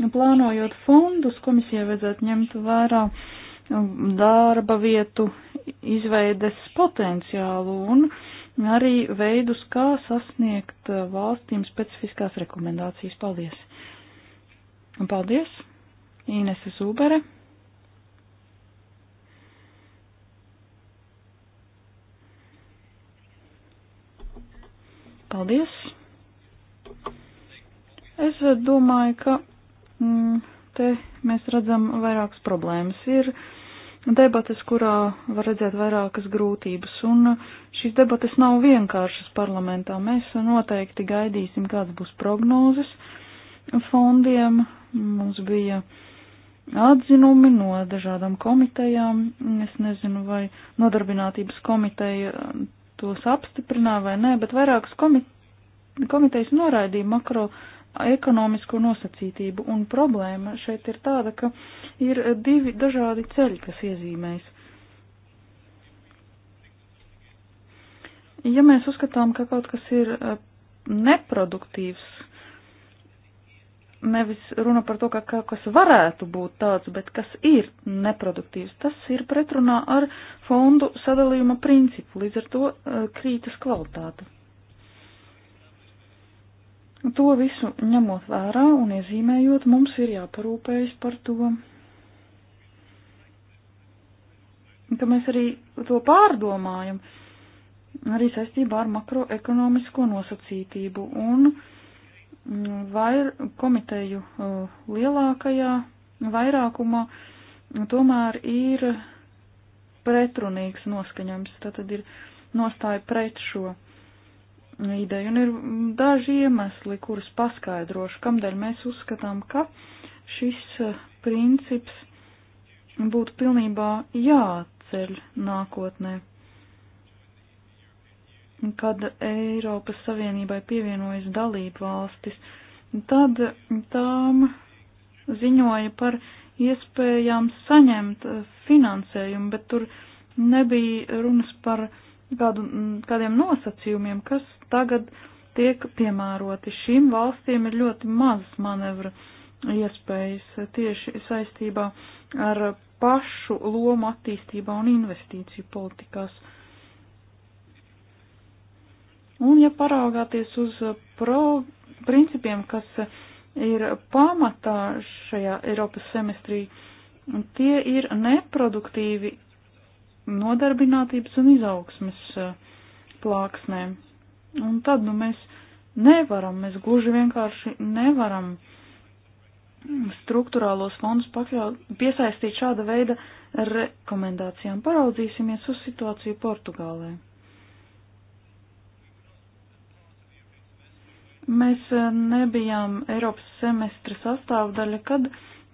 Un plānojot fondus, komisijai vajadzētu ņemt vērā um, darba vietu izveides potenciālu un arī veidus, kā sasniegt eh, valstīm specifiskās rekomendācijas. Paldies! Un paldies! Inese Zūbere! Paldies! Es domāju, ka mm, te mēs redzam vairākas problēmas. Ir debates, kurā var redzēt vairākas grūtības, un šīs debates nav vienkāršas parlamentā. Mēs noteikti gaidīsim, kāds būs prognozes fondiem. Mums bija atzinumi no dažādām komitejām. Es nezinu, vai nodarbinātības komiteja tos apstiprināja vai nē, bet vairākas komitejas noraidīja makro ekonomisko nosacītību, un problēma šeit ir tāda, ka ir divi dažādi ceļi, kas iezīmējas. Ja mēs uzskatām, ka kaut kas ir eh, neproduktīvs, nevis runa par to, ka kaut kas varētu būt tāds, bet kas ir neproduktīvs. Tas ir pretrunā ar fondu sadalījuma principu, līdz ar to eh, krītas kvalitāte. To visu ņemot vērā un iezīmējot, mums ir jāparūpējas par to, ka mēs arī to pārdomājam, arī saistībā ar makroekonomisko nosacītību un uh, vair, komiteju uh, lielākajā vairākumā tomēr ir pretrunīgs noskaņojums, tātad ir nostāja pret šo ideju. Un ir daži iemesli, kurus paskaidrošu, kamdēļ mēs uzskatām, ka šis uh, princips būtu pilnībā jāatceļ nākotnē kad Eiropas Savienībai pievienojas dalību valstis, tad tām ziņoja par iespējām saņemt eh, finansējumu, bet tur nebija runas par kādu, kādiem nosacījumiem, kas tagad tiek piemēroti. Šīm valstīm ir ļoti maz manevra iespējas tieši saistībā ar pašu lomu attīstībā un investīciju politikās. Uh, Un, ja paraugāties uz uh, pro principiem, kas uh, ir pamatā šajā Eiropas semestrī, tie ir neproduktīvi nodarbinātības un izaugsmes uh, plāksnē. Un tad, nu, mēs nevaram, mēs gluži vienkārši nevaram struktūrālos fondus pakļaut, piesaistīt šāda veida rekomendācijām. Paraudzīsimies uz situāciju Portugālē. Mēs eh, nebijām Eiropas semestra sastāvdaļa, kad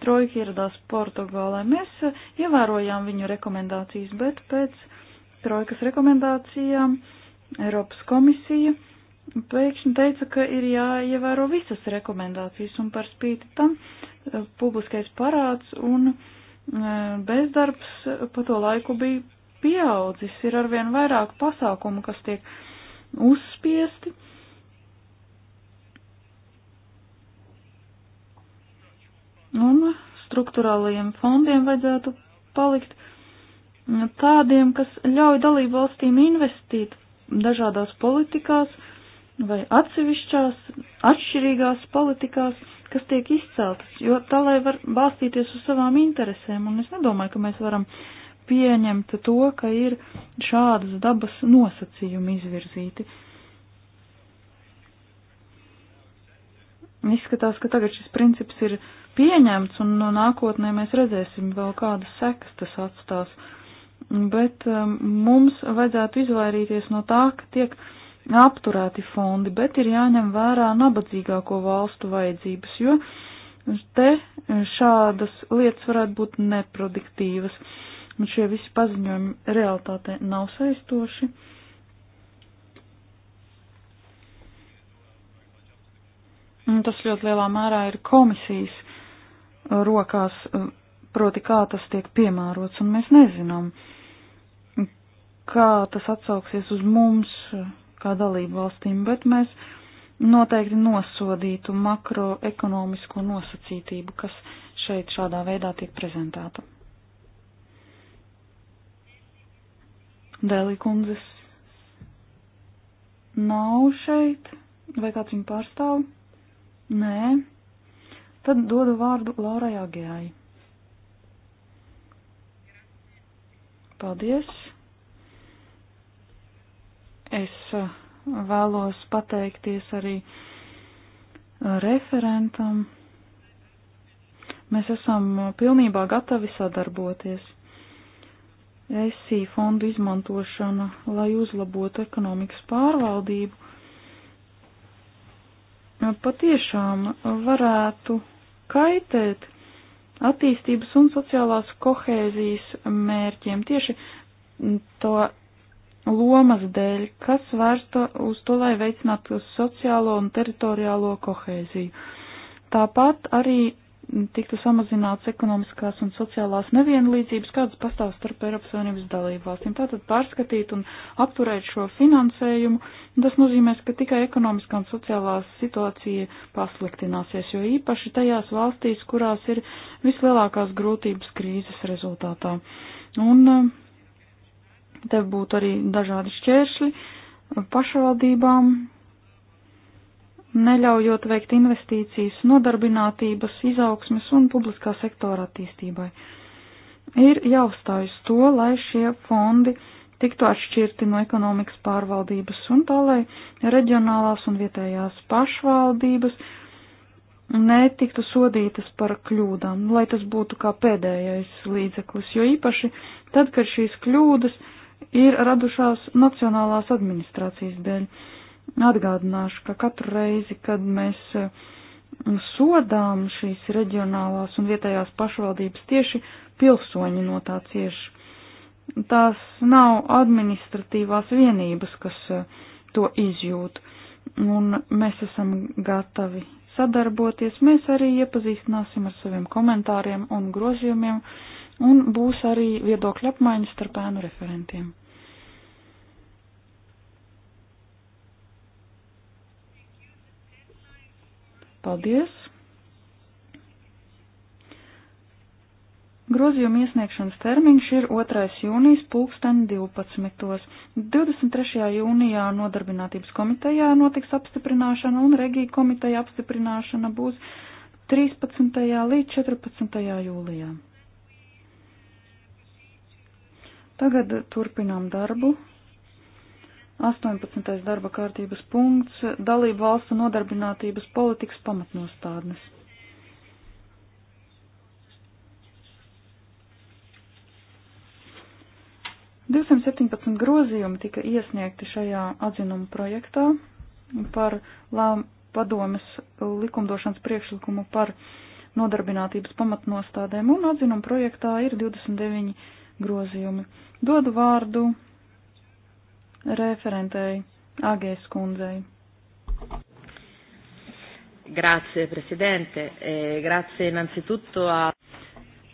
trojka ieradās Portugālē. Mēs eh, ievērojām viņu rekomendācijas, bet pēc trojkas rekomendācijām Eiropas komisija pēkšņi teica, ka ir jāievēro visas rekomendācijas un par spīti tam eh, publiskais parāds un bezdarbs pa to laiku bija pieaudzis. Ir arvien vairāk pasākumu, kas tiek uzspiesti Un struktūrālajiem fondiem vajadzētu palikt tādiem, kas ļauj dalību valstīm investīt dažādās politikās vai atsevišķās, atšķirīgās politikās, kas tiek izceltas, jo tā lai var balstīties uz savām interesēm, un es nedomāju, ka mēs varam pieņemt to, ka ir šādas dabas nosacījumi izvirzīti. Izskatās, ka tagad šis princips ir uh, pieņemts, un no nākotnē mēs redzēsim vēl kādas sekas tas atstās. Bet um, mums vajadzētu izvairīties no tā, ka tiek apturēti fondi, bet ir jāņem vērā nabadzīgāko valstu vajadzības, jo te šādas lietas varētu būt neproduktīvas. Un šie visi paziņojumi realitātē nav saistoši. Un tas ļoti lielā mērā ir komisijas rokās, eh, proti kā tas tiek piemērots, un mēs nezinām, kā tas atsauksies uz mums, eh, kā dalību valstīm, bet mēs noteikti nosodītu makroekonomisko nosacītību, kas šeit šādā veidā tiek prezentēta. Dēlī kundzes nav šeit, vai kāds viņu pārstāv? Nē. Tad dodu vārdu Laurai Agējai. Paldies! Es uh, vēlos pateikties arī uh, referentam. Mēs esam uh, pilnībā gatavi sadarboties. ESI fondu izmantošana, lai uzlabotu ekonomikas pārvaldību, patiešām varētu kaitēt attīstības un sociālās kohēzijas mērķiem tieši to lomas dēļ, kas vērsta uz to, lai veicinātu sociālo un teritoriālo kohēziju. Tāpat arī tiktu samazināts ekonomiskās un sociālās nevienlīdzības, kādas pastāv starp Eiropas Savienības dalību valstīm. Tātad pārskatīt un apturēt šo finansējumu, tas nozīmēs, ka tikai ekonomiskā un sociālā situācija pasliktināsies, jo īpaši tajās valstīs, kurās ir vislielākās grūtības krīzes rezultātā. Un eh, te būtu arī dažādi šķēršļi pašvaldībām, neļaujot veikt investīcijas nodarbinātības, izaugsmes un publiskā sektora attīstībai. Ir jāuzstājas to, lai šie fondi tiktu atšķirti no ekonomikas pārvaldības un tā, lai reģionālās un vietējās pašvaldības netiktu sodītas par kļūdām, lai tas būtu kā pēdējais līdzeklis, jo īpaši tad, kad šīs kļūdas ir radušās nacionālās administrācijas dēļ. Atgādināšu, ka katru reizi, kad mēs uh, sodām šīs reģionālās un vietējās pašvaldības, tieši pilsoņi no tā cieši. Tās nav administratīvās vienības, kas uh, to izjūt, un mēs esam gatavi sadarboties. Mēs arī iepazīstināsim ar saviem komentāriem un grozījumiem, un būs arī viedokļa apmaiņas starp ēnu referentiem. Paldies! Grozījuma iesniegšanas termiņš ir 2. jūnijas pulksten 12. 23. jūnijā nodarbinātības komitejā notiks apstiprināšana un regija komiteja apstiprināšana būs 13. līdz 14. jūlijā. Tagad turpinām darbu 18. darba kārtības punkts - dalību valstu nodarbinātības politikas pamatnostādnes. Divsimt septiņpadsmit grozījumi tika iesniegti šajā atzinuma projektā par lēm padomes likumdošanas priekšlikumu par nodarbinātības pamatnostādēm, un atzinuma projektā ir 29 grozījumi. Dodu vārdu referentei Agēs kundzei. Grazie, prezidente. E, grazie innanzitutto a.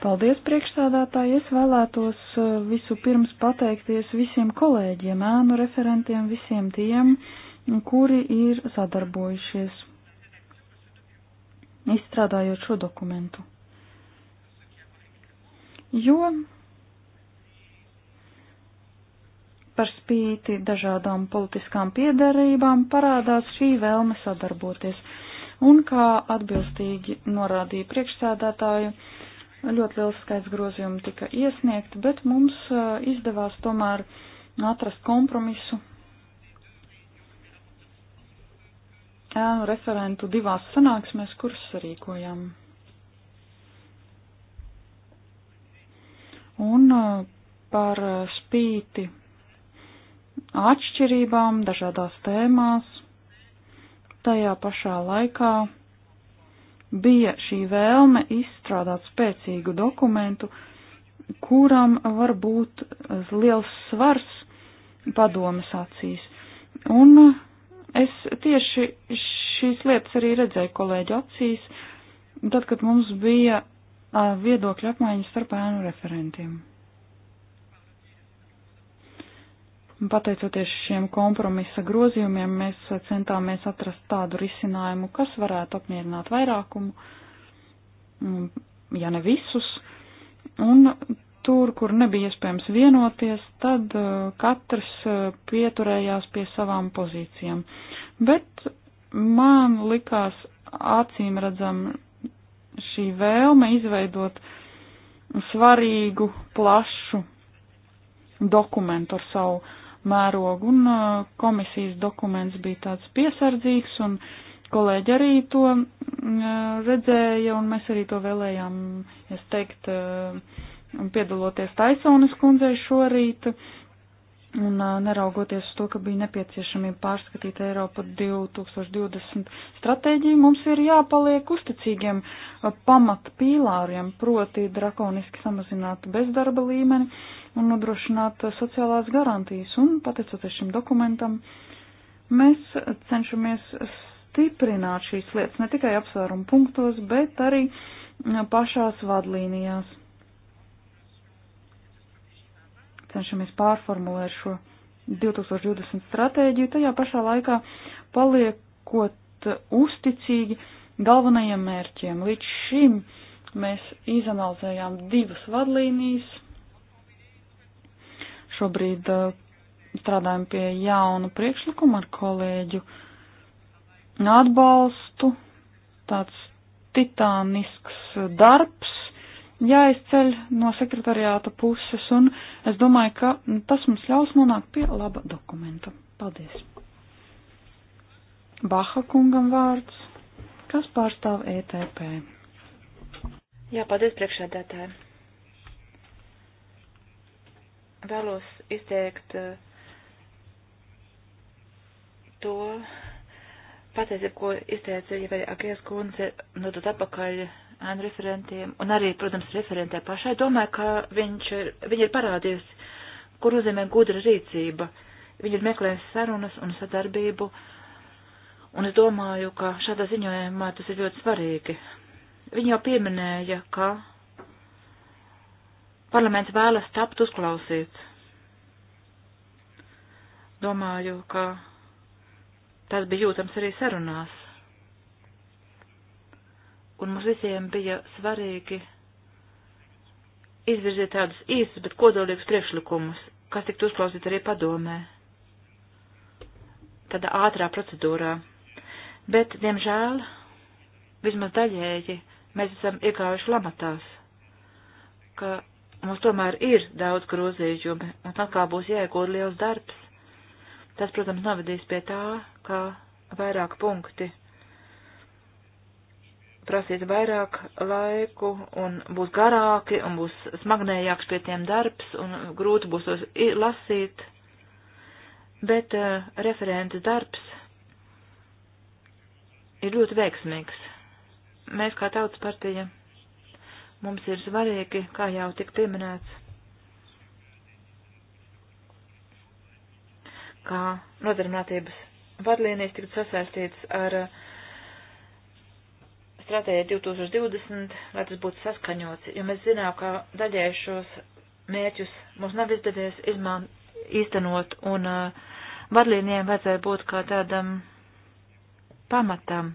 Paldies, priekšstādātāji! Es vēlētos e, visu pirms pateikties visiem kolēģiem, ēnu referentiem, visiem tiem, kuri ir sadarbojušies, izstrādājot šo dokumentu. Jo par spīti dažādām politiskām piedarībām parādās šī vēlme sadarboties. Un kā atbilstīgi norādīja priekšsēdētāju, ļoti liels skaits grozījumu tika iesniegt, bet mums izdevās tomēr atrast kompromisu ēnu referentu divās sanāksmēs, kuras sarīkojām. Un par spīti atšķirībām, dažādās tēmās. Tajā pašā laikā bija šī vēlme izstrādāt spēcīgu dokumentu, kuram var būt liels svars padomas acīs. Un es tieši šīs lietas arī redzēju kolēģi acīs, tad, kad mums bija viedokļa apmaiņa starp ēnu referentiem. Pateicoties šiem kompromisa grozījumiem, mēs centāmies atrast tādu risinājumu, kas varētu apmierināt vairākumu, mm, ja ne visus, un tur, kur nebija iespējams vienoties, tad uh, katrs uh, pieturējās pie savām pozīcijām. Bet man likās acīm redzam šī vēlme izveidot svarīgu, plašu dokumentu ar savu mērogu, un uh, komisijas dokuments bija tāds piesardzīgs, un kolēģi arī to mm, uh, redzēja, un mēs arī to vēlējām, es teikt, uh, piedaloties Taisonas kundzei šorīt, un neraugoties uz to, ka bija nepieciešamība pārskatīt Eiropa 2020 stratēģiju, mums ir jāpaliek uzticīgiem pamatpīlāriem, proti drakoniski samazināt bezdarba līmeni un nodrošināt sociālās garantijas. Un, pateicoties šim dokumentam, mēs cenšamies stiprināt šīs lietas ne tikai apsvērumu punktos, bet arī pašās vadlīnijās. Cenšamies pārformulēt šo 2020 stratēģiju, tajā pašā laikā paliekot uzticīgi galvenajiem mērķiem. Līdz šim mēs izanalizējām divas vadlīnijas Šobrīd eh, strādājam pie jauna priekšlikuma ar kolēģu atbalstu. Tāds titānisks darbs jāizceļ no sekretariāta puses, un es domāju, ka tas mums ļaus nonākt pie laba dokumenta. Paldies! Baha kungam vārds, kas pārstāv ETP. Jā, paldies priekšādātājiem! vēlos izteikt eh, to pateicību, ko izteica jau arī Akijas kundze, nodot apakaļ ēnu referentiem un arī, protams, referentē pašai. Domāju, ka viņš ir, viņa ir parādījusi, kur nozīmē gudra rīcība. Viņa ir meklējusi sarunas un sadarbību, un es domāju, ka šādā ziņojumā tas ir ļoti svarīgi. Viņa jau pieminēja, ka parlaments vēlas tapt uzklausīts. Domāju, ka tas bija jūtams arī sarunās. Un mums visiem bija svarīgi izvirzīt tādus īstus, bet kodolīgus priekšlikumus, kas tiktu uzklausīt arī padomē. Tādā ātrā procedūrā. Bet, diemžēl, vismaz daļēji mēs esam iekāvuši lamatās, ka Mums tomēr ir daudz grozījumi, un atkal būs jāiegūda liels darbs. Tas, protams, novadīs pie tā, ka vairāk punkti prasīs vairāk laiku un būs garāki un būs smagnējāks pie tiem darbs un grūti būs tos lasīt, bet uh, referenta darbs ir ļoti veiksmīgs. Mēs kā tautas partija Mums ir svarīgi, kā jau tik pieminēts, kā nodarbinātības vadlīnijas tiks sasaistīts ar uh, stratēģiju 2020, lai tas būtu saskaņots, jo mēs zinām, ka daļēji šos mērķus mums nav izdevies izman, īstenot, un uh, vadlīnijiem vajadzēja būt kā tādam pamatam,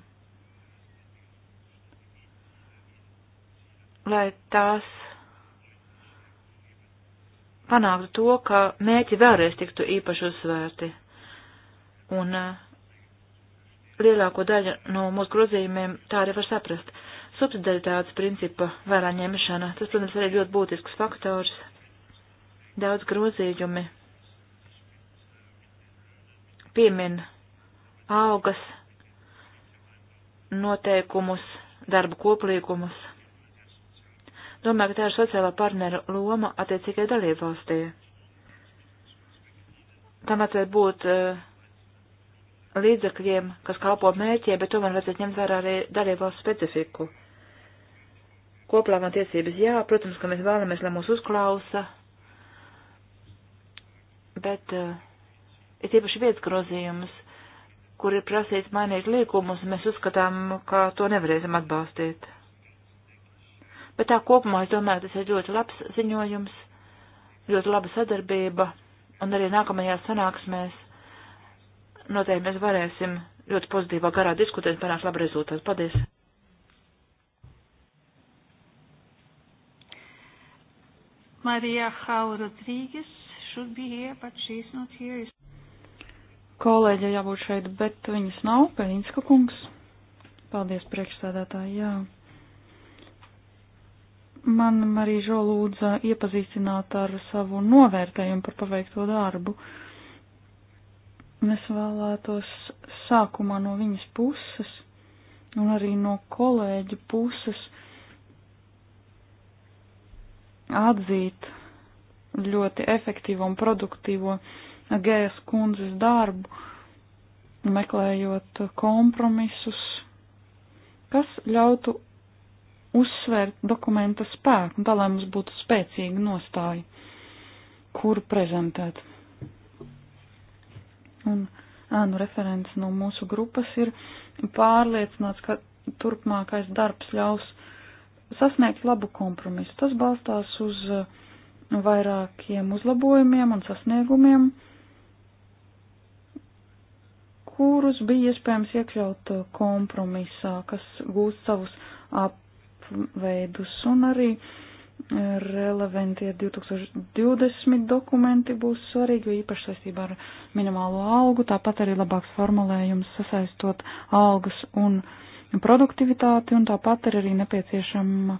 lai tās panāktu to, ka mēķi vēlreiz tiktu īpaši uzsvērti. Un uh, lielāko daļu no mūsu grozījumiem tā arī var saprast. Subsidiaritātes principa vērā ņemšana, tas, protams, arī ļoti būtisks faktors. Daudz grozījumi piemin augas noteikumus, darba koplīgumus Domāju, ka tā ir sociālā partnera loma attiecīgai dalībvalstī. Tam vajadzētu būt uh, līdzekļiem, kas kalpo mērķiem, bet tomēr vajadzētu ņemt vērā arī dalībvalstu specifiku. Koplāma tiesības jā, protams, ka mēs vēlamies, lai mūs uzklausa, bet uh, ir īpaši vietas grozījumus, kur ir prasīts mainīt līkumus, un mēs uzskatām, ka to nevarēsim atbalstīt. Bet tā kopumā es domāju, tas ir ļoti labs ziņojums, ļoti laba sadarbība, un arī nākamajās sanāksmēs noteikti mēs varēsim ļoti pozitīvā garā diskutēt par nāks labu rezultātu. Paldies! Marija Hau Rodrīgas should be here, but she's not here. Kolēģi jābūt šeit, bet viņas nav, Pelinska kungs. Paldies priekšstādātāji, jā. Man Marīžo lūdza iepazīstināt ar savu novērtējumu par paveikto darbu. Es vēlētos sākumā no viņas puses un arī no kolēģa puses atzīt ļoti efektīvo un produktīvo Gējas kundzes darbu, meklējot kompromisus, kas ļautu uzsvērt dokumenta spēku, un tā, lai mums būtu spēcīga nostāja, kuru prezentēt. Un ēnu referents no mūsu grupas ir pārliecināts, ka turpmākais darbs ļaus sasniegt labu kompromisu. Tas balstās uz uh, vairākiem uzlabojumiem un sasniegumiem, kurus bija iespējams iekļaut uh, kompromisā, kas gūst savus ap veidus un arī e, relevantie 2020 dokumenti būs svarīgi, īpaši saistībā ar minimālo algu, tāpat arī labāks formulējums sasaistot algas un produktivitāti, un tāpat ir arī nepieciešama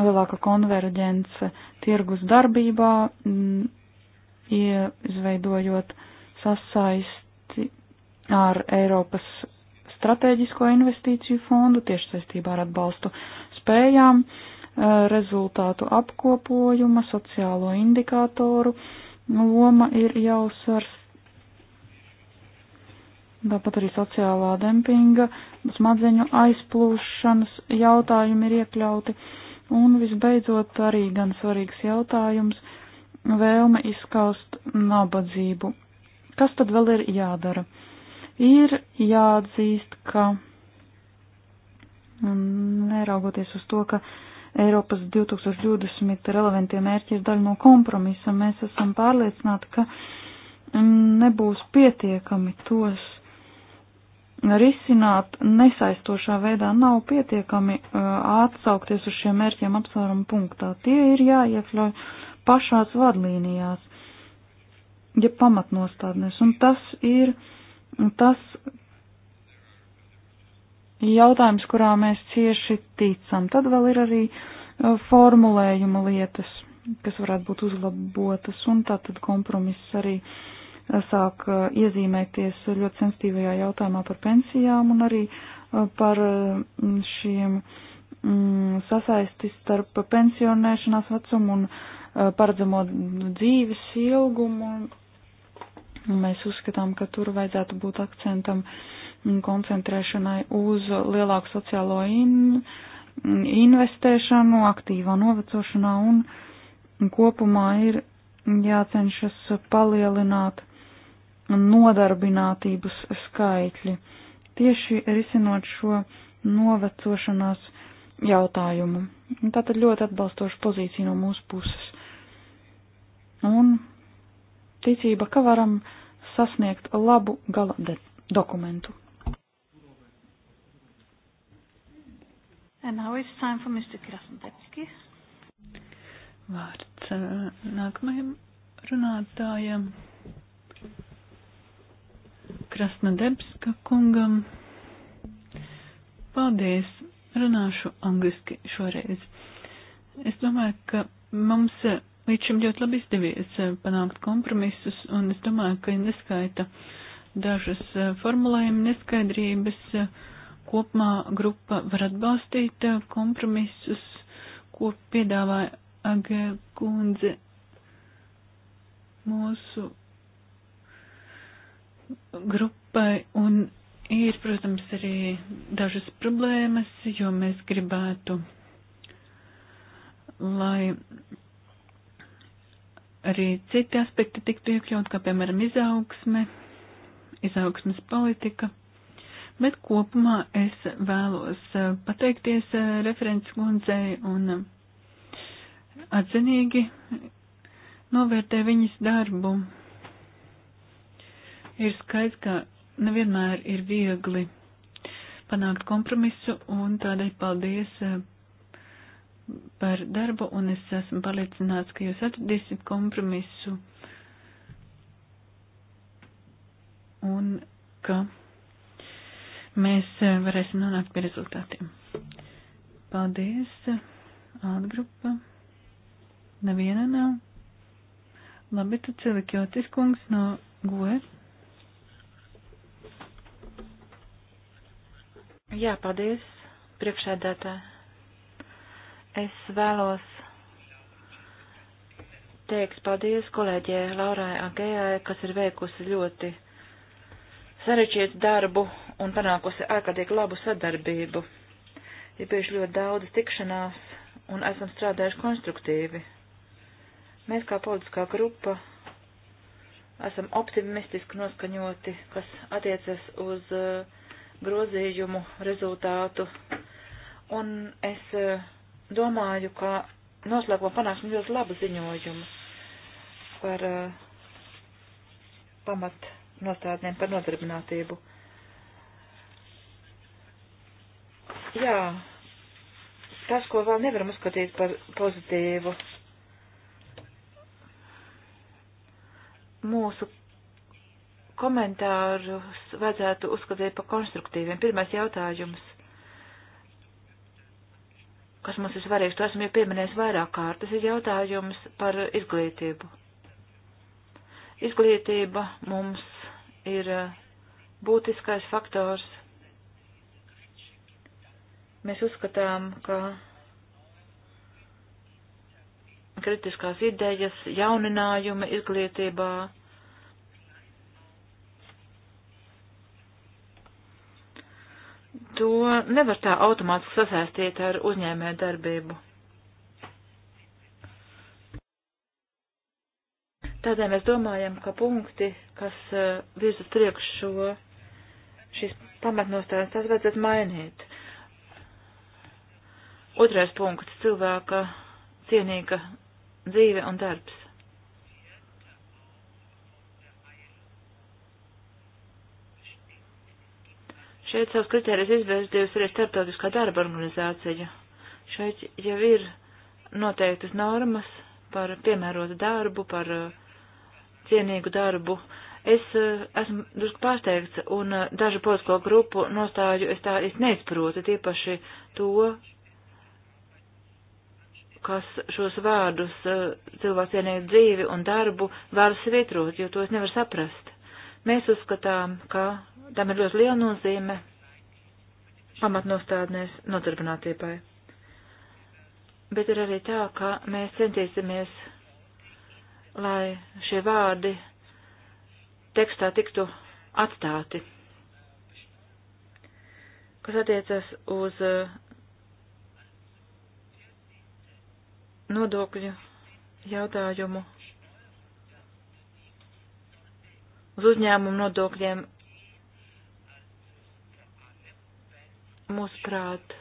lielāka konverģence tirgus darbībā, mm, izveidojot sasaisti ar Eiropas strateģisko investīciju fondu tieši saistībā ar atbalstu spējām, eh, rezultātu apkopojuma, sociālo indikātoru loma ir jāuzsver. Tāpat arī sociālā dempinga, smadzeņu aizplūšanas jautājumi ir iekļauti. Un visbeidzot arī gan svarīgs jautājums - vēlme izskaust nabadzību. Kas tad vēl ir jādara? Ir jāatzīst, ka neraugoties uz to, ka Eiropas 2020 relevantie mērķi ir daļa no kompromisa, mēs esam pārliecināti, ka mm, nebūs pietiekami tos risināt nesaistošā veidā, nav pietiekami uh, atsaukties uz šiem mērķiem apsvērumu punktā. Tie ir jāiekļauj pašās vadlīnijās, ja pamatnostādnēs, un tas ir tas, jautājums, kurā mēs cieši ticam. Tad vēl ir arī e, formulējuma lietas, kas varētu būt uzlabotas, un tātad kompromiss arī e, sāk e, iezīmēties ļoti sensitīvajā jautājumā par pensijām un arī par šiem mm, sasaisti starp pensionēšanās vecumu un paredzamo dzīves ilgumu. Mēs uzskatām, ka tur vajadzētu būt akcentam uh, koncentrēšanai uz lielāku sociālo in, investēšanu, aktīvā novecošanā un kopumā ir jācenšas palielināt nodarbinātības skaitļi. Tieši risinot šo novecošanās jautājumu. Tātad ļoti atbalstoša pozīcija no mūsu puses. Un ticība, ka varam sasniegt labu gala dokumentu. And now it's time for Mr. Krasnodebski. Vārds uh, nākamajam runātājam. Krasnodebska kungam. Paldies! Runāšu angliski šoreiz. Es domāju, ka mums uh, līdz šim ļoti labi izdevies uh, panākt kompromisus, un es domāju, ka neskaita dažas formulējuma neskaidrības. Uh, kopumā grupa var atbalstīt eh, kompromisus, ko piedāvāja Agēla kundze mūsu grupai. Un ir, protams, arī dažas problēmas, jo mēs gribētu, lai arī citi aspekti tiktu iekļaut, kā piemēram izaugsme, izaugsmes politika Bet kopumā es vēlos eh, pateikties eh, referents kundzei un eh, atzinīgi novērtē viņas darbu. Ir skaidrs, ka nevienmēr ir viegli panākt kompromisu un tādēļ paldies par darbu un es esmu pārliecināts, ka jūs atradīsiet kompromisu un ka mēs eh, varēsim nonākt pie rezultātiem. Paldies, Altgrupa. Neviena nav. Labi, tad Cilikjotis kungs no Goe. Jā, paldies, priekšēdētā. Es vēlos teikt paldies kolēģē Laurai Agējai, kas ir veikusi ļoti sarežģītu darbu un panākusi ārkārtīgi labu sadarbību. Ir bijuši ļoti daudz tikšanās un esam strādājuši konstruktīvi. Mēs kā politiskā grupa esam optimistiski noskaņoti, kas attiecas uz eh, grozījumu rezultātu. Un es eh, domāju, ka noslēgumā panāksim ļoti labu ziņojumu par eh, pamat nostādnēm par nodarbinātību. Jā, tas, ko vēl nevaram uzskatīt par pozitīvu, mūsu komentārus vajadzētu uzskatīt par konstruktīviem. Pirmais jautājums, kas mums ir svarīgs, to esmu jau pieminējis vairāk kārt, tas ir jautājums par izglītību. Izglītība mums ir eh, būtiskais faktors Mēs uzskatām, ka kritiskās idejas, jauninājumi izglītībā to nevar tā automātiski sasaistīt ar uzņēmē darbību. Tādēļ mēs domājam, ka punkti, kas eh, virz uz priekšu šo, šīs pamatnostājas, tās vajadzētu mainīt. Otrais punkts - cilvēka cienīga dzīve un darbs. Šeit savus kritērijus izvērstījus arī starptautiskā darba organizācija. Šeit jau ir noteiktas normas par piemērotu darbu, par uh, cienīgu darbu. Es uh, esmu drusku pārsteigts un uh, dažu politisko grupu nostāju es tā es neizprotu, tīpaši to, kas šos vārdus eh, cilvēcienīgu dzīvi un darbu var svietrot, jo tos nevar saprast. Mēs uzskatām, ka tam ir ļoti liela nozīme pamatnostādnēs nodarbinātībai. Bet ir arī tā, ka mēs centīsimies, lai šie vārdi tekstā tiktu atstāti. Kas attiecas uz eh, nodokļu jautājumu, uz uzņēmumu nodokļiem. Mūsuprāt,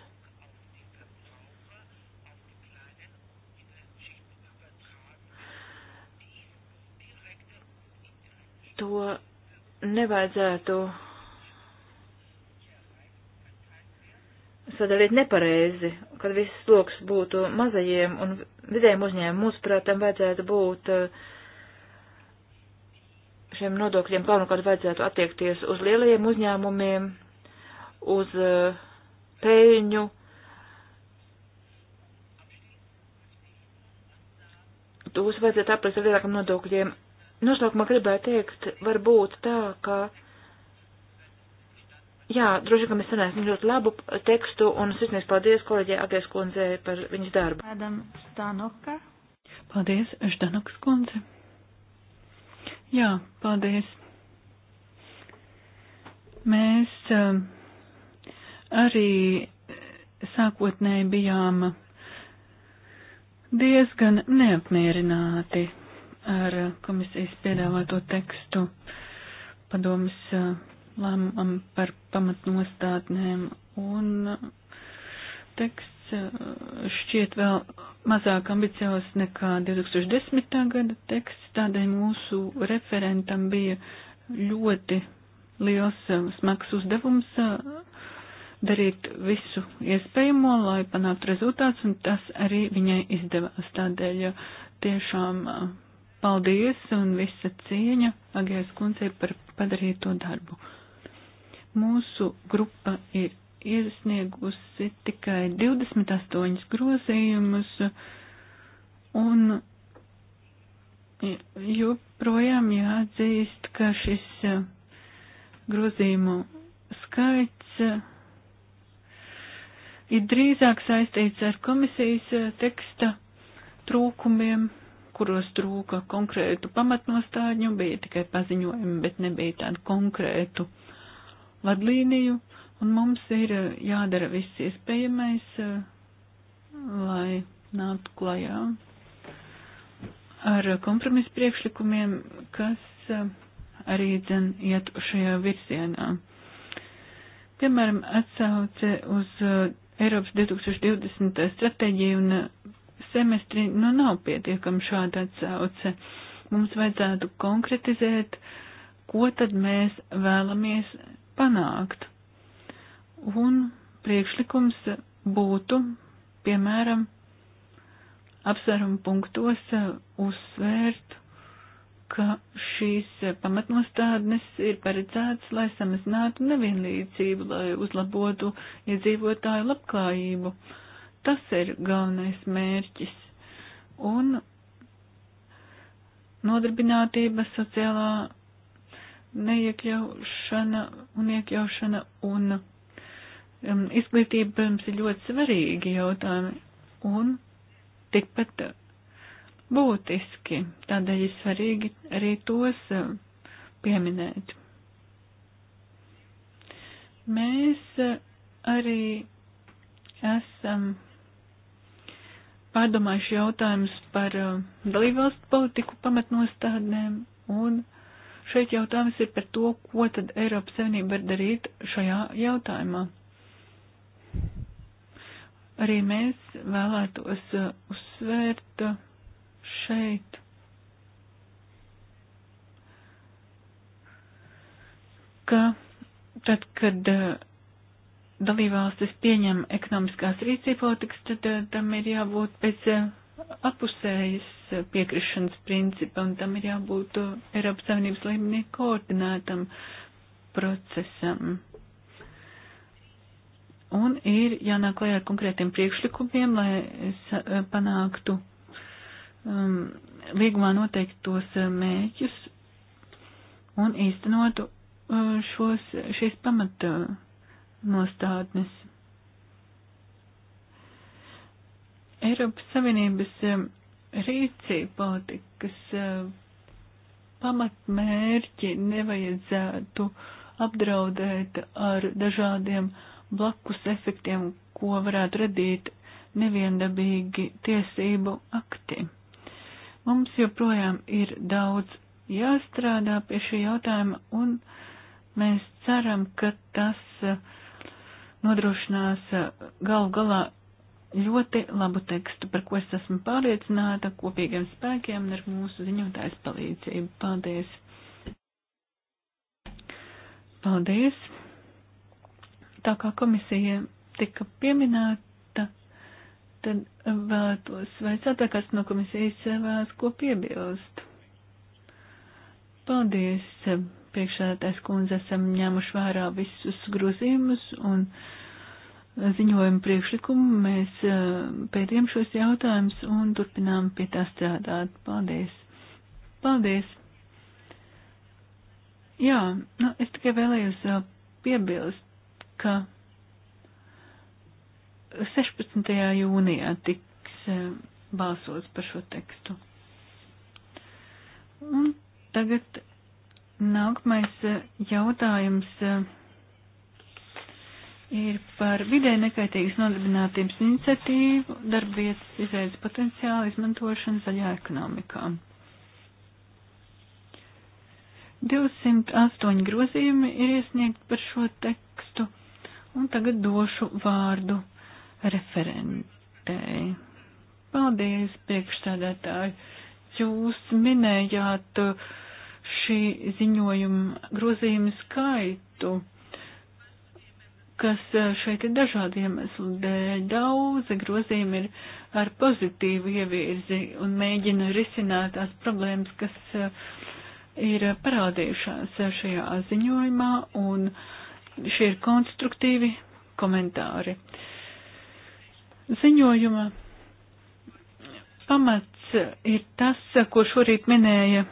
to nevajadzētu sadalīt nepareizi, kad viss sloks būtu mazajiem un vidējiem uzņēmumiem. Mūsuprāt, tam vajadzētu būt eh, šiem nodokļiem galvenokārt vajadzētu attiekties uz lielajiem uzņēmumiem, uz eh, peļņu. Tūs vajadzētu aplēst ar lielākiem nodokļiem. Noslēgumā gribētu teikt, varbūt tā, ka Jā, droši, ka mēs sanāksim ļoti labu tekstu un sirsnīgs paldies kolēģē Agēs kundzei par viņas darbu. Ēdam Stanoka. Paldies, Ždanoks kundze. Jā, paldies. Mēs um, arī sākotnēji bijām diezgan neapmierināti ar komisijas piedāvāto tekstu padomas uh, lēmumam par pamatnostādnēm, un teksts uh, šķiet vēl mazāk ambiciozs nekā 2010. gada teksts, tādēļ mūsu referentam bija ļoti liels uh, smags uzdevums uh, darīt visu iespējamo, lai panāktu rezultāts, un tas arī viņai izdevās. Tādēļ tiešām paldies un visa cieņa Agijas kundzei par padarīto darbu. Mūsu grupa ir iesniegusi tikai 28 grozījumus un joprojām jāatzīst, ka šis eh, grozījumu skaits eh, ir drīzāk saistīts ar komisijas eh, teksta trūkumiem, kuros trūka konkrētu pamatnostādņu, bija tikai paziņojumi, bet nebija tādu konkrētu vadlīniju, un mums ir eh, jādara viss iespējamais, eh, lai nāktu klajā ar kompromisu priekšlikumiem, kas eh, arī dzen iet šajā virzienā. Piemēram, atsauce uz Eiropas 2020. stratēģiju un semestri, nu nav pietiekama šāda atsauce. Mums vajadzētu konkretizēt, ko tad mēs vēlamies panākt. Un priekšlikums būtu, piemēram, apsvērumu punktos uzsvērt, ka šīs pamatnostādnes ir paredzētas, lai samazinātu nevienlīdzību, lai uzlabotu iedzīvotāju labklājību. Tas ir galvenais mērķis. Un nodarbinātība, sociālā neiekļaušana un iekļaušana un um, izglītība, protams, ir ļoti svarīgi jautājumi un tikpat būtiski. Tādēļ ir svarīgi arī tos um, pieminēt. Mēs uh, arī esam pārdomājuši jautājumus par um, dalībvalstu politiku pamatnostādnēm un uh, Šeit jautājums ir par to, ko tad Eiropas Savienība var darīt šajā jautājumā. Arī mēs vēlētos uh, uzsvērt uh, šeit. ka tad, kad uh, dalībvalstis pieņem ekonomiskās rīcība politikas, tad tam ir jābūt pēc apusējas piekrišanas principa, un tam ir jābūt Eiropas Savienības līmenī koordinētam procesam. Un ir jānāk klajā ar konkrētiem priekšlikumiem, lai eh, panāktu um, līgumā noteiktos eh, mēķus un īstenotu eh, šos, šīs pamata nostādnes. Eiropas Savienības rīcība politikas eh, pamatmērķi nevajadzētu apdraudēt ar dažādiem blakus efektiem, ko varētu radīt neviendabīgi tiesību akti. Mums joprojām ir daudz jāstrādā pie šī jautājuma, un mēs ceram, ka tas eh, nodrošinās eh, galu galā ļoti labu tekstu, par ko es esmu pārliecināta kopīgiem spēkiem un ar mūsu ziņotājs palīdzību. Paldies! Paldies! Tā kā komisija tika pieminēta, tad vēlētos sveicāt, kas no komisijas vēlas ko piebilst. Paldies! Priekšādātais kundze esam ņēmuši vērā visus grozījumus un. Uh, ziņojumu priekšlikumu. Mēs eh, pētījām šos jautājumus un turpinām pie tā strādāt. Paldies! Paldies! Jā, nu, es tikai vēlējos eh, piebilst, ka 16. jūnijā tiks eh, balsots par šo tekstu. Un tagad nākamais jautājums ir par vidē nekaitīgas nodarbinātības iniciatīvu, darbvietas izveidas potenciāla izmantošana zaļā ekonomikā. 208 grozījumi ir iesniegt par šo tekstu, un tagad došu vārdu referentei. Paldies, priekšsēdētāji! Jūs minējāt šī ziņojuma grozījuma skaitu kas eh, šeit ir dažādi iemesli dēļ. Daudzi grozījumi ir ar pozitīvu ievirzi un mēģina risināt tās problēmas, kas eh, ir parādījušās šajā ziņojumā, un šie ir konstruktīvi komentāri. Ziņojuma pamats ir tas, ko šorīt minēja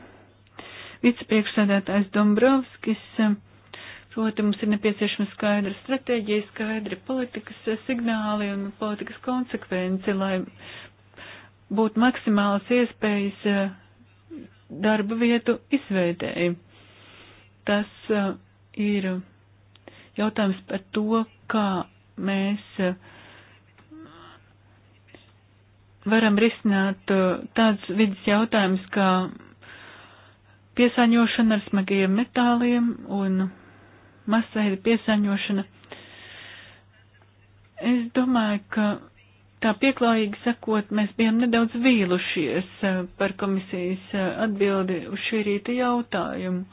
vicepriekšsēdētājs Dombrovskis Proti, mums ir nepieciešama skaidra stratēģija, skaidri politikas signāli un politikas konsekvence, lai būtu maksimāls iespējas eh, darba vietu izveidēji. Tas eh, ir jautājums par to, kā mēs eh, varam risināt tāds vidas jautājums, kā piesāņošana ar smagajiem metāliem un masveida piesaņošana. Es domāju, ka tā pieklājīgi sakot, mēs bijām nedaudz vīlušies eh, par komisijas eh, atbildi uz šī rīta jautājumu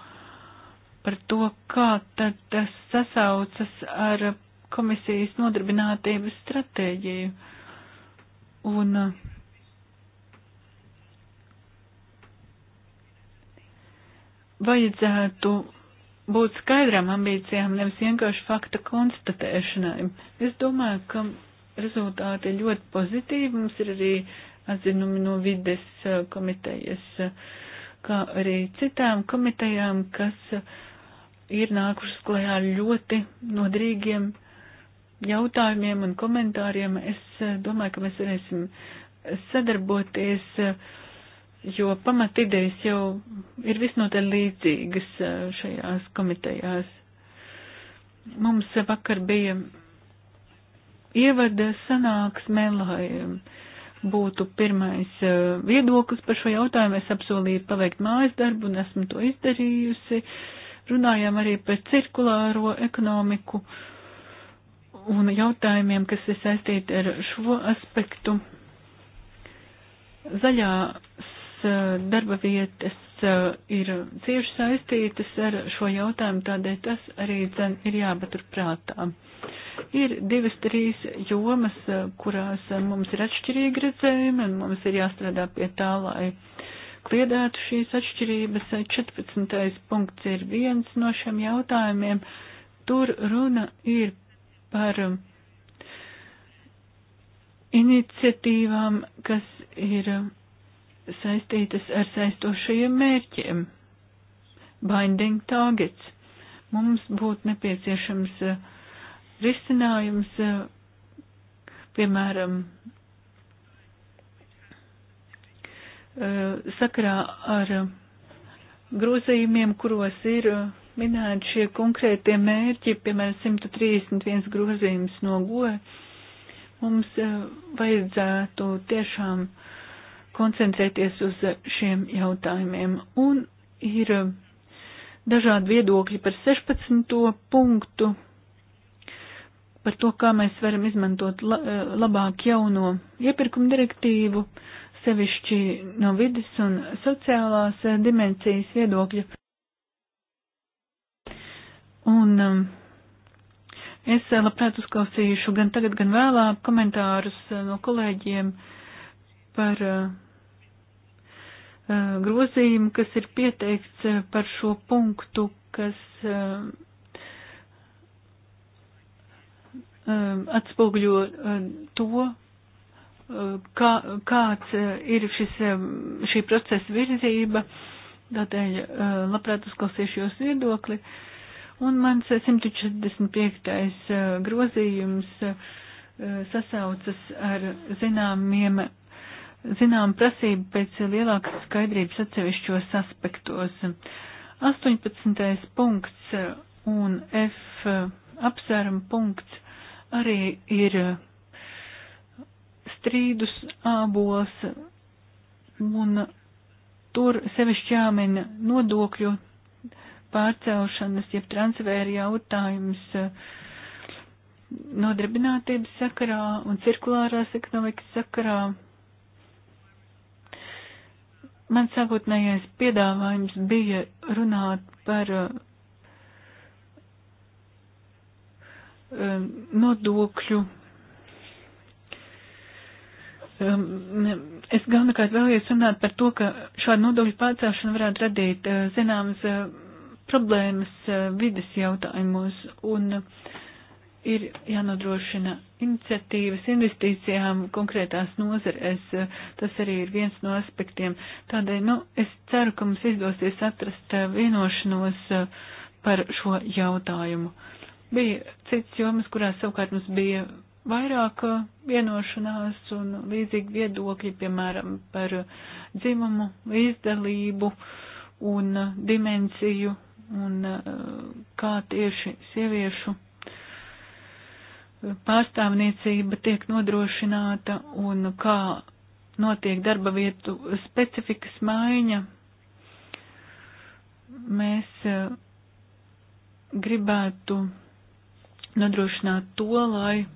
par to, kā tad tas sasaucas ar komisijas nodarbinātības stratēģiju. Un eh, vajadzētu būt skaidrām ambīcijām, nevis vienkārši fakta konstatēšanai. Es domāju, ka rezultāti ir ļoti pozitīvi. Mums ir arī atzinumi no vides uh, komitejas, uh, kā arī citām komitejām, kas uh, ir nākušas klajā ļoti nodrīgiem jautājumiem un komentāriem. Es domāju, ka mēs varēsim sadarboties jo pamatidejas jau ir visnotaļ līdzīgas eh, šajās komitejās. Mums vakar bija ievada sanāksme, lai būtu pirmais eh, viedoklis par šo jautājumu. Es apsolīju paveikt mājas darbu un esmu to izdarījusi. Runājām arī par cirkulāro ekonomiku un jautājumiem, kas ir saistīti ar šo aspektu. Zaļā Uh, darba vietas uh, ir cieši saistītas ar šo jautājumu, tādēļ tas arī dzen, ir jāpatur prātā. Ir divas, trīs jomas, uh, kurās mums ir atšķirīgi redzējumi, un mums ir jāstrādā pie tā, lai kliedētu šīs atšķirības. 14. punkts ir viens no šiem jautājumiem. Tur runa ir par um, iniciatīvām, kas ir um, saistītas ar saistošajiem mērķiem. Binding targets. Mums būtu nepieciešams eh, risinājums, eh, piemēram, eh, sakarā ar grozījumiem, kuros ir minēti šie konkrētie mērķi, piemēram, 131 grozījums no goja, mums vajadzētu tiešām uh, koncentrēties uz šiem jautājumiem. Un ir eh, dažādi viedokļi par 16. punktu, par to, kā mēs varam izmantot eh, labāk jauno iepirkumu direktīvu, sevišķi no vidas un sociālās eh, dimensijas viedokļa. Un um, es labprāt uzklausīšu gan tagad, gan vēlāk komentārus no kolēģiem par uh, Uh, grozījumu, kas ir pieteikts uh, par šo punktu, kas uh, um, atspoguļo to, kā, kāds ir šis, um, šī procesa virzība. Tādēļ labprāt uzklausīšu jūs viedokli. Un mans 145. grozījums sasaucas ar zināmiem zinām prasību pēc lielākas skaidrības atsevišķos aspektos. 18. punkts un F apsvēruma punkts arī ir strīdus ābols, un tur sevišķi jāmin nodokļu pārcelšanas, jeb transvēra jautājums nodarbinātības sakarā un cirkulārās ekonomikas sakarā Man sākotnējais piedāvājums bija runāt par uh, um, nodokļu. Um, es galvenokārt vēlējos runāt par to, ka šāda nodokļu pārcelšana varētu radīt uh, zināmas uh, problēmas uh, vidas jautājumos. Un, uh, ir jānodrošina iniciatīvas investīcijām konkrētās nozarēs. Tas arī ir viens no aspektiem. Tādēļ, nu, es ceru, ka mums izdosies atrast eh, vienošanos eh, par šo jautājumu. Bija cits jomas, kurās savukārt mums bija vairāk eh, vienošanās un līdzīgi viedokļi, piemēram, par dzimumu, līdzdalību un dimensiju un kā tieši sieviešu pārstāvniecība tiek nodrošināta un kā notiek darba vietu specifikas maiņa. Mēs e, gribētu nodrošināt to, lai e,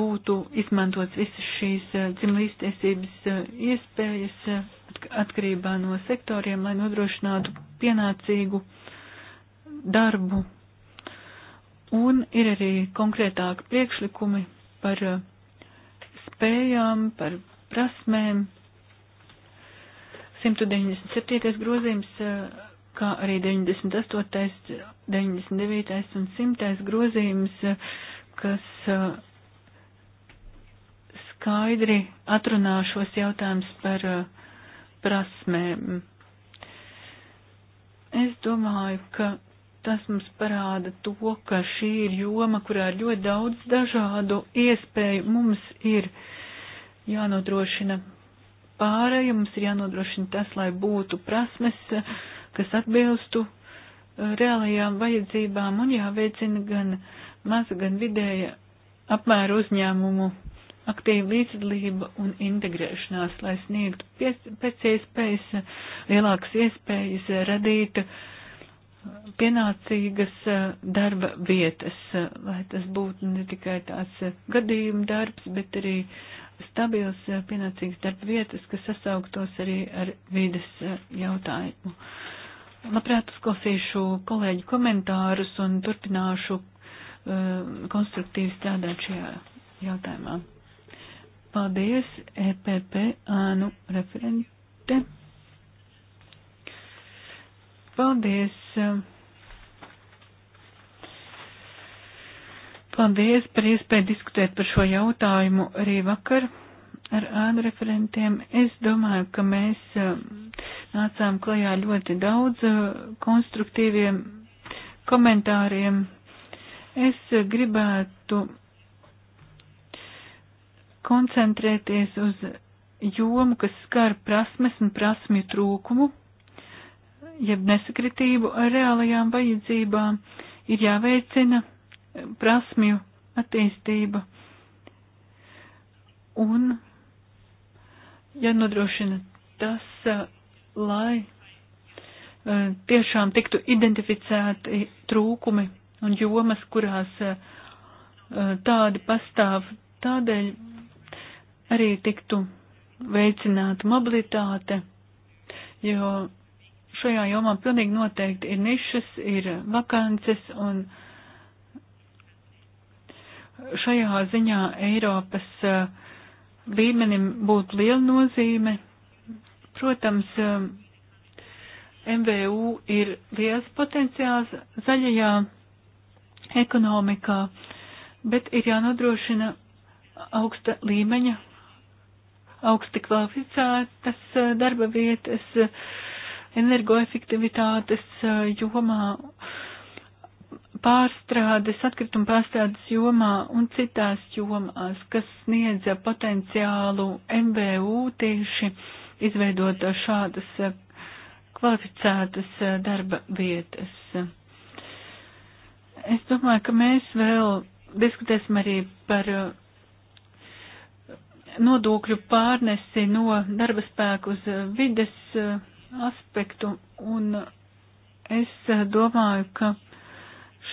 būtu izmantots visas šīs e, dzimlīstiesības iespējas atkarībā no sektoriem, lai nodrošinātu pienācīgu darbu Un ir arī konkrētāki priekšlikumi par uh, spējām, par prasmēm. 197. grozījums, uh, kā arī 98., 99. un 100. grozījums, uh, kas skaidri atrunā šos jautājumus par prasmēm. Es domāju, ka tas mums parāda to, ka šī ir joma, kurā ir ļoti daudz dažādu iespēju. Mums ir jānodrošina pārēja, mums ir jānodrošina tas, lai būtu prasmes, kas atbilstu eh, reālajām vajadzībām un jāveicina gan maza, gan vidēja apmēra uzņēmumu aktīva līdzdalība un integrēšanās, lai sniegtu pēc iespējas eh, lielākas iespējas eh, radīt uh, pienācīgas eh, darba vietas, eh, lai tas būtu ne tikai tāds eh, gadījuma darbs, bet arī stabils pienācīgas darba vietas, kas sasauktos arī ar vides jautājumu. Labprāt uzklausīšu kolēģu komentārus un turpināšu um, konstruktīvi strādāt šajā jautājumā. Paldies, EPP, Ānu referente. Paldies! Paldies par iespēju diskutēt par šo jautājumu arī vakar ar ānu referentiem. Es domāju, ka mēs um, nācām klajā ļoti daudz uh, konstruktīviem komentāriem. Es gribētu koncentrēties uz jomu, kas skar prasmes un prasmju trūkumu jeb nesakritību ar reālajām vajadzībām, ir jāveicina prasmju attīstība un jānodrošina tas, lai eh, tiešām tiktu identificēti trūkumi un jomas, kurās eh, tādi pastāv. Tādēļ arī tiktu veicināta mobilitāte, jo šajā jomā pilnīgi noteikti ir nišas, ir vakances un šajā ziņā Eiropas eh, līmenim būtu liela nozīme. Protams, eh, MVU ir liels potenciāls zaļajā ekonomikā, bet ir jānodrošina augsta līmeņa, augsti kvalificētas eh, darba vietas, uh, energoefektivitātes jomā, pārstrādes, atkrituma pārstrādes jomā un citās jomās, kas sniedza potenciālu MVU tieši izveidot šādas kvalificētas darba vietas. Es domāju, ka mēs vēl diskutēsim arī par nodokļu pārnesi no darba spēku uz vides aspektu, un es domāju, ka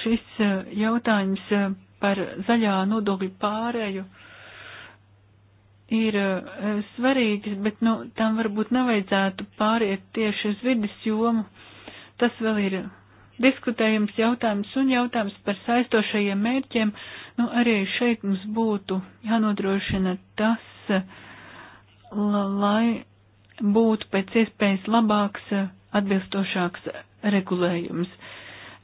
šis jautājums par zaļā nodokļu pārēju ir svarīgs, bet nu, tam varbūt nevajadzētu pāriet tieši uz vidas jomu. Tas vēl ir diskutējums jautājums un jautājums par saistošajiem mērķiem. Nu, arī šeit mums būtu jānodrošina tas, lai būtu pēc iespējas labāks, atbilstošāks regulējums.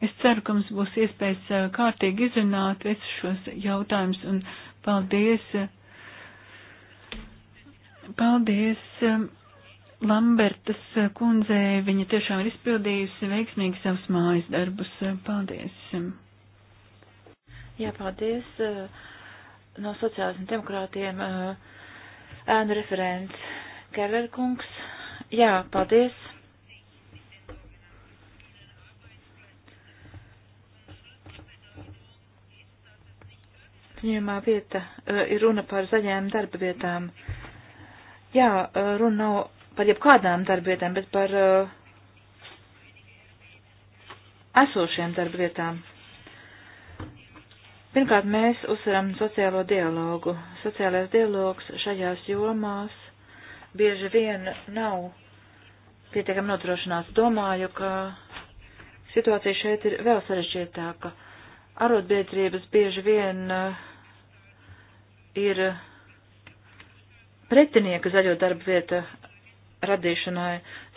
Es ceru, ka mums būs iespējas eh, kārtīgi izrunāt visus šos jautājumus un paldies, paldies eh, Lambertas kundzei. Viņa tiešām ir izpildījusi veiksmīgi savus mājas darbus. Paldies. Jā, paldies. Eh, no sociālās un demokrātiem ēnu referents Keller kungs. Jā, paldies. Pieņemā vieta eh, ir runa par zaļajām darba vietām. Jā, eh, runa nav par jebkādām darba vietām, bet par eh, esošiem darba vietām. Pirmkārt, mēs uzsveram sociālo dialogu. Sociālais dialogs šajās jomās bieži vien nav pietiekami nodrošināts. Domāju, ka situācija šeit ir vēl sarežģītāka. Arotbiedrības bieži vien eh, ir pretinieka zaļo darba vieta radīšanai.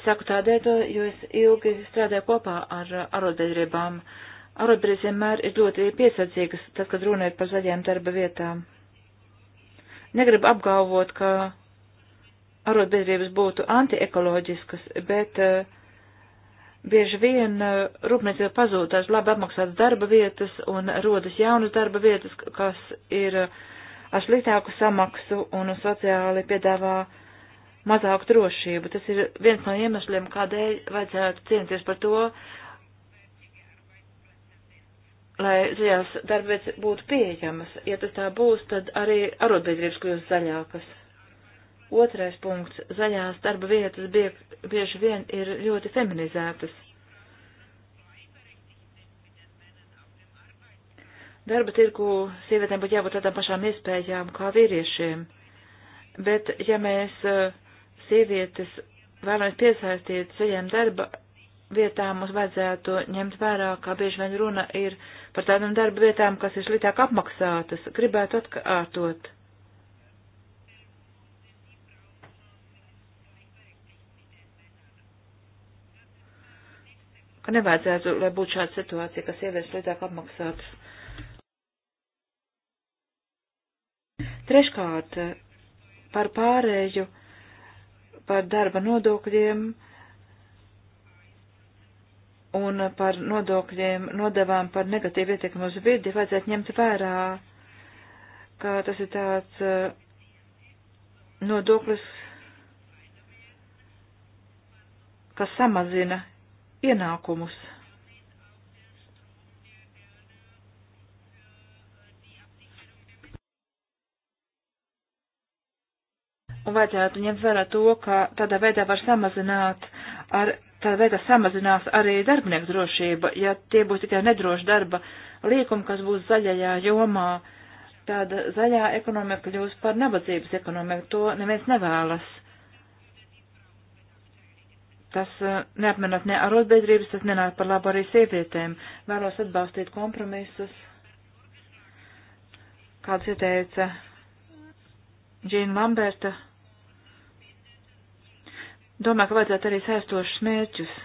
Saku tādēļ, jo es ilgi strādāju kopā ar arotbiedrībām. Arotbiedrības vienmēr ir ļoti piesardzīgas, tad, kad runājot par zaļajām darba vietām. Negribu apgalvot, ka arotbiedrības būtu antiekoloģiskas, bet uh, bieži vien uh, rūpniecība pazūtās labi apmaksātas darba vietas un rodas jaunas darba vietas, kas ir uh, ar sliktāku samaksu un sociāli piedāvā mazāku drošību. Tas ir viens no iemesliem, kādēļ vajadzētu cienties par to, lai zaļās darbvietas būtu pieejamas. Ja tas tā būs, tad arī arotbiedrības kļūst zaļākas. Otrais punkts - zaļās darba vietas bieg, bieži vien ir ļoti feminizētas. Darba tirku sievietēm būtu jābūt tādām pašām iespējām kā vīriešiem, bet ja mēs eh, sievietes vēlamies piesaistīt zaļiem darba vietām mums vajadzētu ņemt vērā, kā bieži vien runa ir par tādām darba vietām, kas ir sliktāk apmaksātas, gribētu atkārtot. ka nevajadzētu, lai būtu šāda situācija, kas sievietes sliktāk apmaksātas. Treškārt, par pārēju, par darba nodokļiem un par nodokļiem, nodevām par negatīvu ietekmi uz vidi vajadzētu ņemt vērā, ka tas ir tāds eh, nodoklis, kas samazina ienākumus. Un vajadzētu ņemt vērā to, ka tādā veidā var samazināt ar tādā veidā samazinās arī darbinieku drošība, ja tie būs tikai nedroši darba līkumi, kas būs zaļajā jomā. Tāda zaļā ekonomika kļūst par nabadzības ekonomiku, to neviens nevēlas. Tas eh, neapmienāt ne arotbiedrības, tas nenāk par labu arī sievietēm. Vēlos atbalstīt kompromisus, kāds ieteica Džīna Lamberta. Domāju, ka vajadzētu arī saistošus mērķus.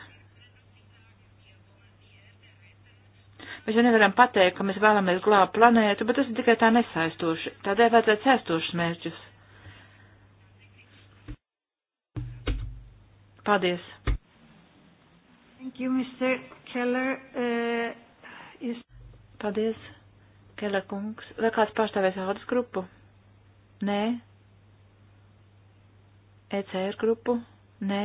Mēs jau nevaram pateikt, ka mēs vēlamies glābt planētu, bet tas ir tikai tā nesaistoši. Tādēļ vajadzētu saistošus mērķus. Paldies! Thank you, Mr. Keller. Uh, is... Paldies, Keller kungs. Vai kāds pārstāvēs ādas grupu? Nē. ECR grupu? Nē.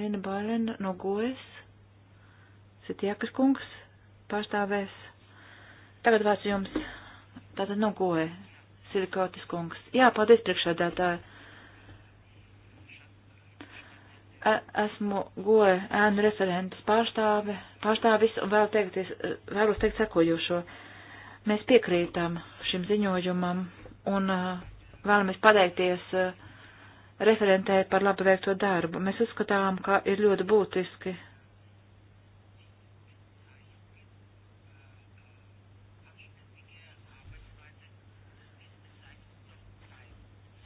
Lina Bailena no Gojas, Sitiekas kungs pārstāvēs. Tagad vārds jums, tātad no Gojas. Silikotis kungs. Jā, paldies priekšādātāji. E, esmu goja ēnu referentus pārstāve, pārstāvis un vēl teikties, e, vēlos teikt sekojošo. Mēs piekrītam šim ziņojumam un e, vēlamies pateikties referentē par labi veikto darbu. Mēs uzskatām, ka ir ļoti būtiski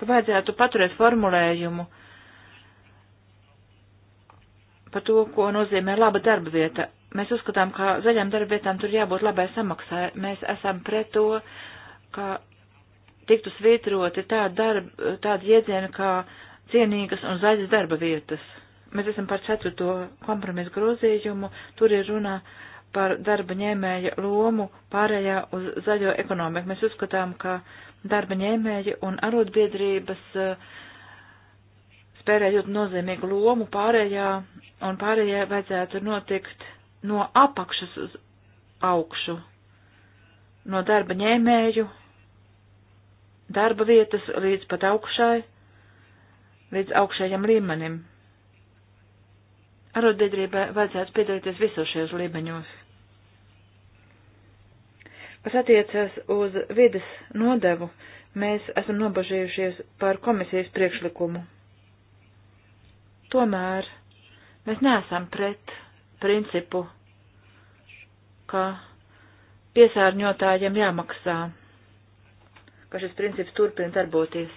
ka vajadzētu paturēt formulējumu par to, ko nozīmē laba darba vieta. Mēs uzskatām, ka zaļām darba vietām tur jābūt labai samaksai. Mēs esam pret to, ka tiktu svītroti tādi darba, tādi iedzieni kā cienīgas un zaļas darba vietas. Mēs esam par ceturto kompromisu grozījumu, tur ir runa par darba ņēmēja lomu pārējā uz zaļo ekonomiku. Mēs uzskatām, ka uh, darba ņēmēji un arotbiedrības eh, spēlē ļoti nozīmīgu lomu pārējā, un pārējai vajadzētu notikt no apakšas uz augšu, no darba ņēmēju, darba vietas līdz pat augšai, līdz augšējam līmenim. Arotbiedrībai vajadzētu piedalīties visos šajos līmeņos. Kas attiecas uz vides nodevu, mēs esam nobažījušies par komisijas priekšlikumu. Tomēr mēs neesam pret principu, ka piesārņotājiem jāmaksā, ka šis princips turpina darboties.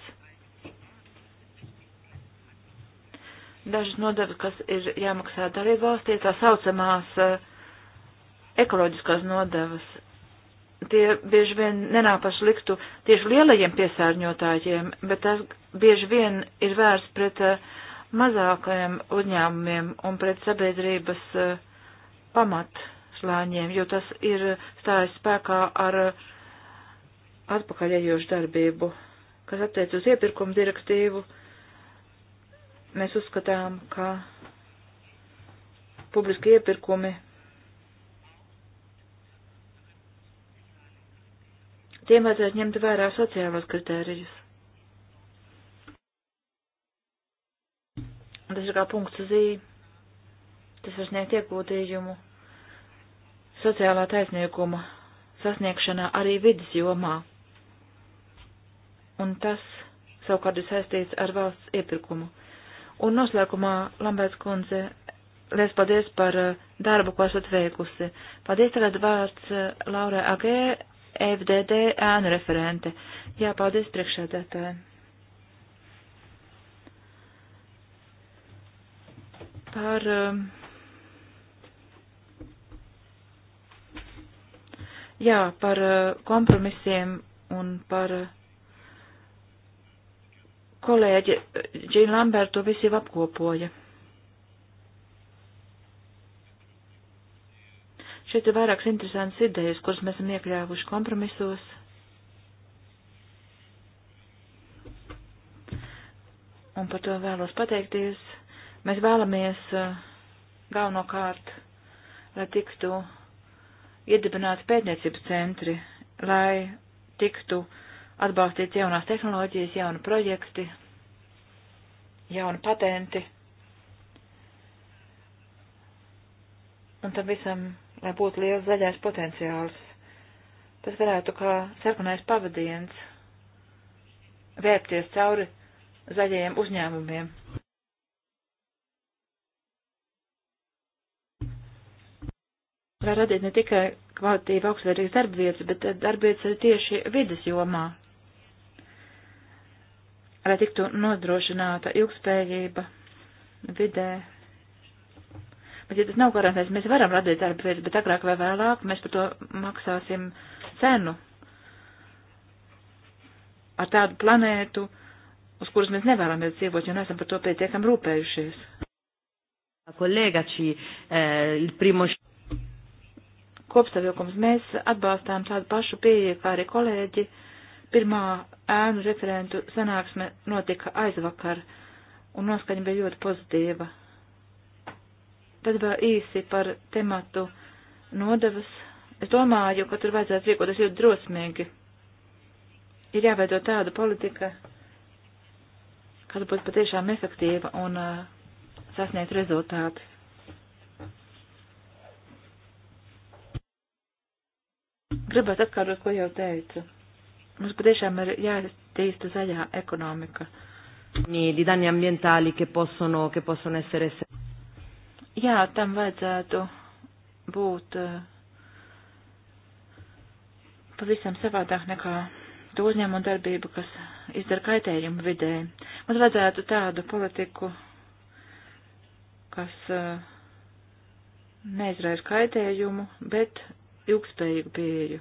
Dažas nodevas, kas ir jāmaksā dalībvalstī, tā saucamās eh, ekoloģiskās nodevas, tie bieži vien nenāk par sliktu tieši lielajiem piesārņotājiem, bet tas bieži vien ir vērsts pret eh, mazākajiem uzņēmumiem un pret sabiedrības eh, pamatslāņiem, jo tas ir stājis spēkā ar eh, atpakaļējošu darbību, kas attiec uz iepirkumu direktīvu. Mēs uzskatām, ka publiski iepirkumi Tiem vajadzētu ņemt vērā sociālos kritērijus. Tas ir kā punkts uz ī. Tas var sniegt iekūtījumu sociālā taisnieguma sasniegšanā arī vidas jomā. Un tas savukārt ir saistīts ar valsts iepirkumu. Un noslēgumā, Lambēts kundze, liels paldies par eh, darbu, ko esat veikusi. Paldies tagad vārds eh, Laurai Agē, FDD ēnu referente. Jā, paldies priekšādātājiem. Par um, jā, par uh, kompromisiem un par uh, kolēģi Džīna uh, Lambertu visi apkopoja. Šeit ir vairākas interesantas idejas, kuras mēs esam iekļāvuši kompromisos. Un par to vēlos pateikties. Mēs vēlamies eh, galvenokārt, lai tiktu iedibināti pētniecības centri, lai tiktu atbalstīts jaunās tehnoloģijas, jauni projekti, jauni patenti. Un tam visam lai būtu liels zaļais potenciāls. Tas varētu kā sarkanais pavadiens vērties cauri zaļajiem uzņēmumiem. Lai radītu ne tikai kvalitīvu augstvērtīgas darbvietas, bet darbvietas arī tieši vidas jomā, lai tiktu nodrošināta ilgspējība vidē, Bet, ja tas nav garantēts, mēs varam radīt darba vietas, bet agrāk vai vēlāk mēs par to maksāsim cenu ar tādu planētu, uz kuras mēs nevēlamies dzīvot, jo neesam par to pietiekam rūpējušies. Kolēgači, eh, primo... Kopsavilkums mēs atbalstām tādu pašu pieeju, kā arī kolēģi. Pirmā ēnu referentu sanāksme notika aizvakar, un noskaņa bija ļoti pozitīva. Tad vēl īsi par tematu nodevas. Es domāju, ka tur vajadzētu rīkoties ļoti drosmīgi. Ir jāveido tāda politika, kas būtu patiešām efektīva un uh, sasniegt rezultātus. Gribētu atkārtot, ko jau teicu. Mums patiešām ir jātīsta zaļā ekonomika. Di danni ambientali che possono, che possono essere Jā, tam vajadzētu būt eh, pavisam savādāk nekā to uzņēmumu darbību, kas izdara kaitējumu vidē. Mums vajadzētu tādu politiku, kas eh, neizraisa kaitējumu, bet ilgspējīgu pieeju.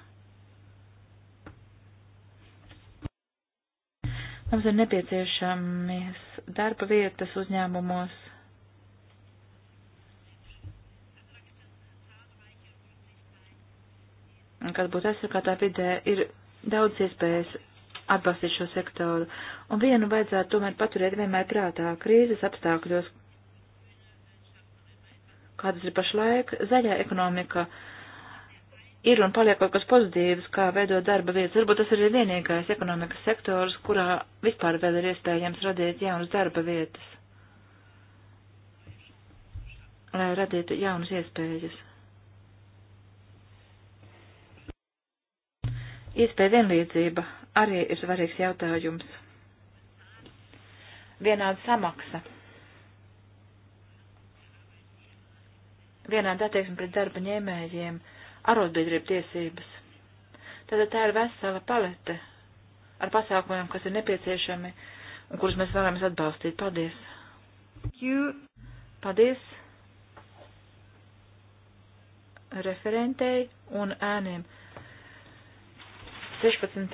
Mums ir nepieciešamies darba vietas uzņēmumos, kas būtu aizsargātā vidē, ir daudz iespējas atbalstīt šo sektoru, un vienu vajadzētu tomēr paturēt vienmēr prātā krīzes apstākļos, kādas ir pašlaik, zaļā ekonomika ir un paliek kaut kas pozitīvs, kā veidot darba vietas. Varbūt tas ir vienīgais ekonomikas sektors, kurā vispār vēl ir iespējams radīt jaunas darba vietas, lai radītu jaunas iespējas. Iespēja vienlīdzība arī ir svarīgs jautājums. Vienāda samaksa. Vienāda attieksme pret darba ņēmējiem, arotbiedrību tiesības. Tātad tā ir vesela palete ar pasākumiem, kas ir nepieciešami un kurus mēs vēlamies atbalstīt. Paldies! You. Paldies referentei un ēniem. 16.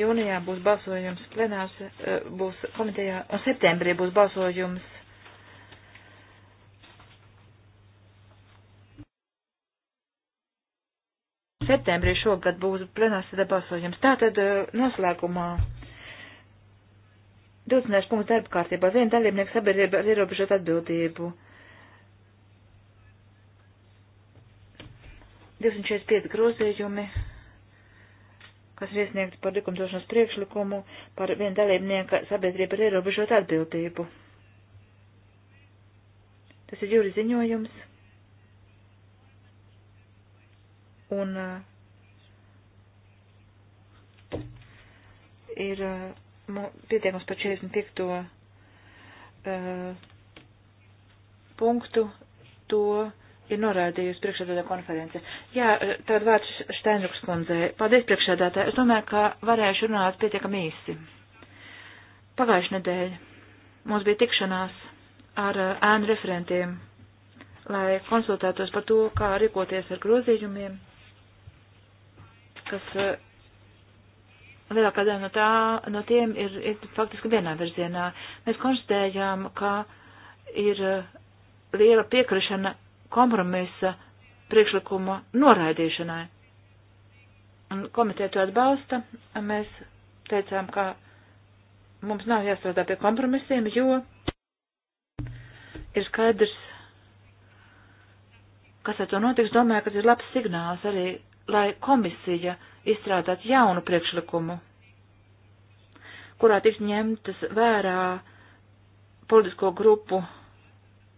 jūnijā būs balsojums plenārs, eh, būs komitejā, un septembrī būs balsojums. Septembrī šogad būs plenārs balsojums. Tātad eh, noslēgumā. 12. punkts darba kārtībā. Viena dalībnieka sabiedrība ar ierobežotu atbildību. 245 grozījumi kas ir iesniegti par likumdošanas priekšlikumu par vienu dalībnieka sabiedrību ar ierobežotu atbildību. Tas ir jūri ziņojums. Un uh, ir uh, pietiekams par 45. Uh, punktu to ir norādījusi priekšsēdētāja konference. Jā, eh, tad vārds Steinruks kundzei. Paldies priekšsēdētāji. Es domāju, ka varēšu runāt pietiekami īsi. Pagājuši nedēļa mums bija tikšanās ar eh, ēnu referentiem, lai konsultētos par to, kā rīkoties ar grozījumiem, kas eh, lielākā daļa no, tā, no tiem ir, ir faktiski vienā virzienā. Mēs konstatējām, ka ir liela piekrišana kompromisa priekšlikuma noraidīšanai. Un komiteja to atbalsta, un mēs teicām, ka mums nav jāstrādā pie kompromisiem, jo ir skaidrs, kas ar to notiks. Domāju, ka tas ir labs signāls arī, lai komisija izstrādātu jaunu priekšlikumu, kurā tiks ņemtas vērā politisko grupu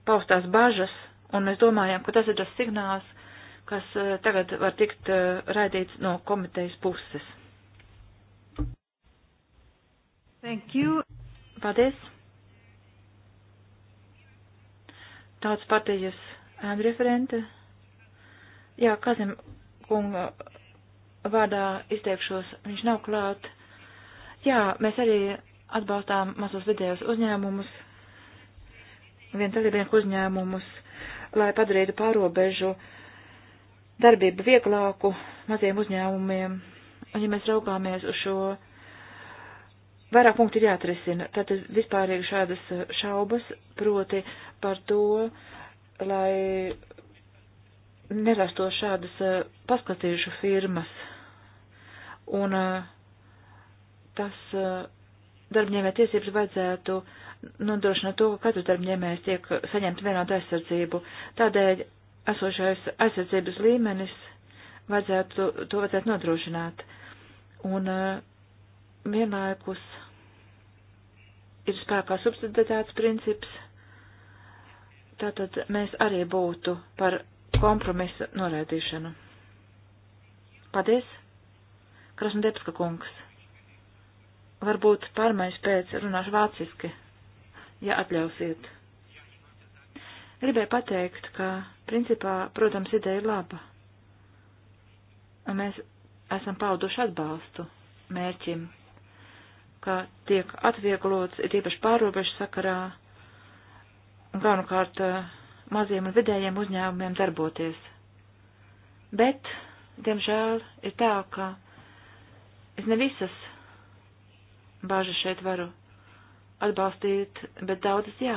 paustās bažas un mēs domājām, ka tas ir tas signāls, kas eh, tagad var tikt eh, raidīts no komitejas puses. Thank you. Paldies. Tāds partijas referente. Jā, Kazim kunga vārdā izteikšos, viņš nav klāt. Jā, mēs arī atbalstām mazos vidējos uzņēmumus, vientulībnieku uzņēmumus lai padarītu pārobežu darbību vieglāku maziem uzņēmumiem. Un ja mēs raugāmies uz šo, vairāk punktu ir jāatrisina. Tātad vispārīgi šādas uh, šaubas proti par to, lai nerastos šādas uh, paskatījušu firmas. Un uh, tas darbņēmē tiesības vajadzētu uh, nodrošina to, ka katrs darbņēmējs tiek saņemt vienotu aizsardzību. Tādēļ esošais aizsardzības līmenis vajadzētu, to vajadzētu nodrošināt. Un eh, vienlaikus ir spēkā subsidētāts princips, tātad mēs arī būtu par kompromisu noraidīšanu. Paldies, Krasnodebska kungs. Varbūt pārmaiņas pēc runāšu vāciski ja atļausiet. Gribēju pateikt, ka, principā, protams, ideja ir laba. Un mēs esam pauduši atbalstu mērķim, ka tiek atvieglots, ir īpaši pārobežu sakarā, un galvenokārt eh, maziem un vidējiem uzņēmumiem darboties. Bet, diemžēl, ir tā, ka es ne visas bāžas šeit varu atbalstīt, bet daudzas jā.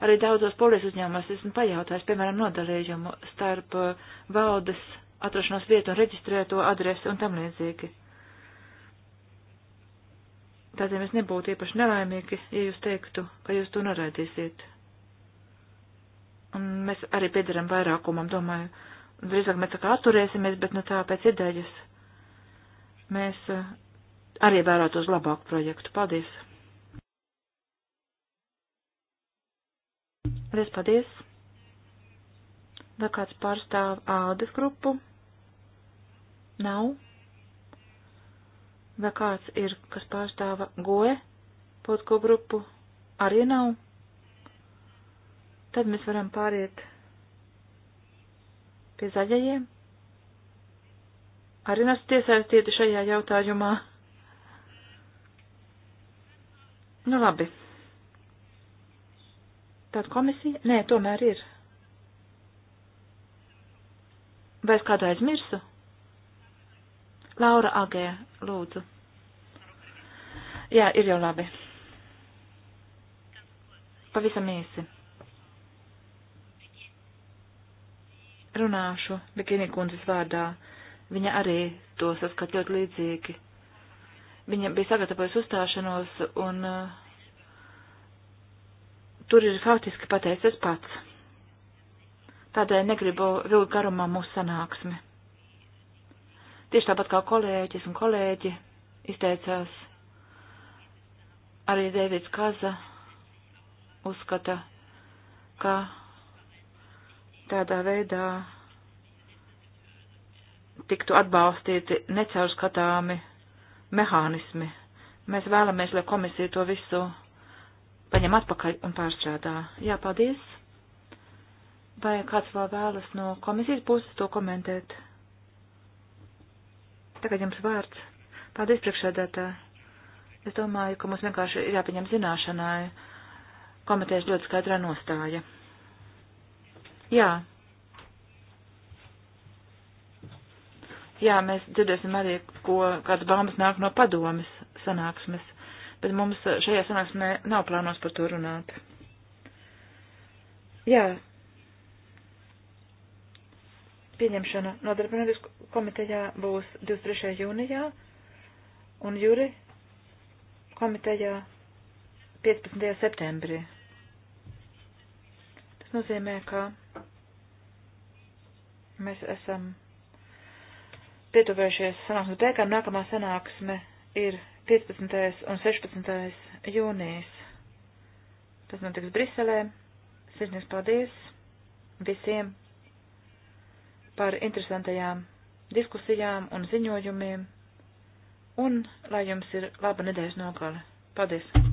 Arī daudzos polijas uzņēmumos esmu pajautājis, piemēram, nodalījumu starp uh, valdes atrašanos vietu un reģistrēto adresi un tam līdzīgi. Tādēļ mēs nebūtu īpaši nelaimīgi, ja jūs teiktu, ka jūs to noraidīsiet. Un mēs arī piedaram vairākumam, domāju, drīzāk mēs tā kā atturēsimies, bet nu tā pēc idejas. Mēs uh, arī vērātos labāku projektu. Paldies! Liels paldies! Vai kāds pārstāv ādas grupu? Nav. Vai kāds ir, kas pārstāva goe potko grupu? Arī nav. Tad mēs varam pāriet pie zaļajiem. Arī nesat iesaistīti šajā jautājumā. Nu labi. Tad komisija? Nē, tomēr ir. Vai es kādu aizmirsu? Laura Agē, lūdzu. Jā, ir jau labi. Pavisam īsi. Runāšu Bikini kundzes vārdā. Viņa arī to saskat ļoti līdzīgi. Viņa bija sagatavojusi uzstāšanos un uh, tur ir faktiski pateicis tas pats. Tādēļ negribu vilkt garumā mūsu sanāksmi. Tieši tāpat kā kolēģis un kolēģi izteicās, arī Dēvids Kaza uzskata, ka tādā veidā tiktu atbalstīti necaurskatāmi mehānismi. Mēs vēlamies, lai komisija to visu paņem atpakaļ un pārstrādā. Jā, paldies. Vai kāds vēl vēlas no komisijas puses to komentēt? Tagad jums vārds. Paldies, priekšsēdētā. Es domāju, ka mums vienkārši ir jāpieņem zināšanai komitejas ļoti skaidrā nostāja. Jā. Jā, mēs dzirdēsim arī, ko kāds baumas nāk no padomes sanāksmes bet mums šajā sanāksmē nav plānos par to runāt. Jā. Pieņemšana nodarbinātības komitejā būs 23. jūnijā un Juri komitejā 15. septembrī. Tas nozīmē, ka mēs esam pietuvējušies sanāksmes beigām. Nākamā sanāksme ir 15. un 16. jūnijas. Tas notiks Briselē. Sirdnieks paldies visiem par interesantajām diskusijām un ziņojumiem. Un lai jums ir laba nedēļas nogale. Paldies!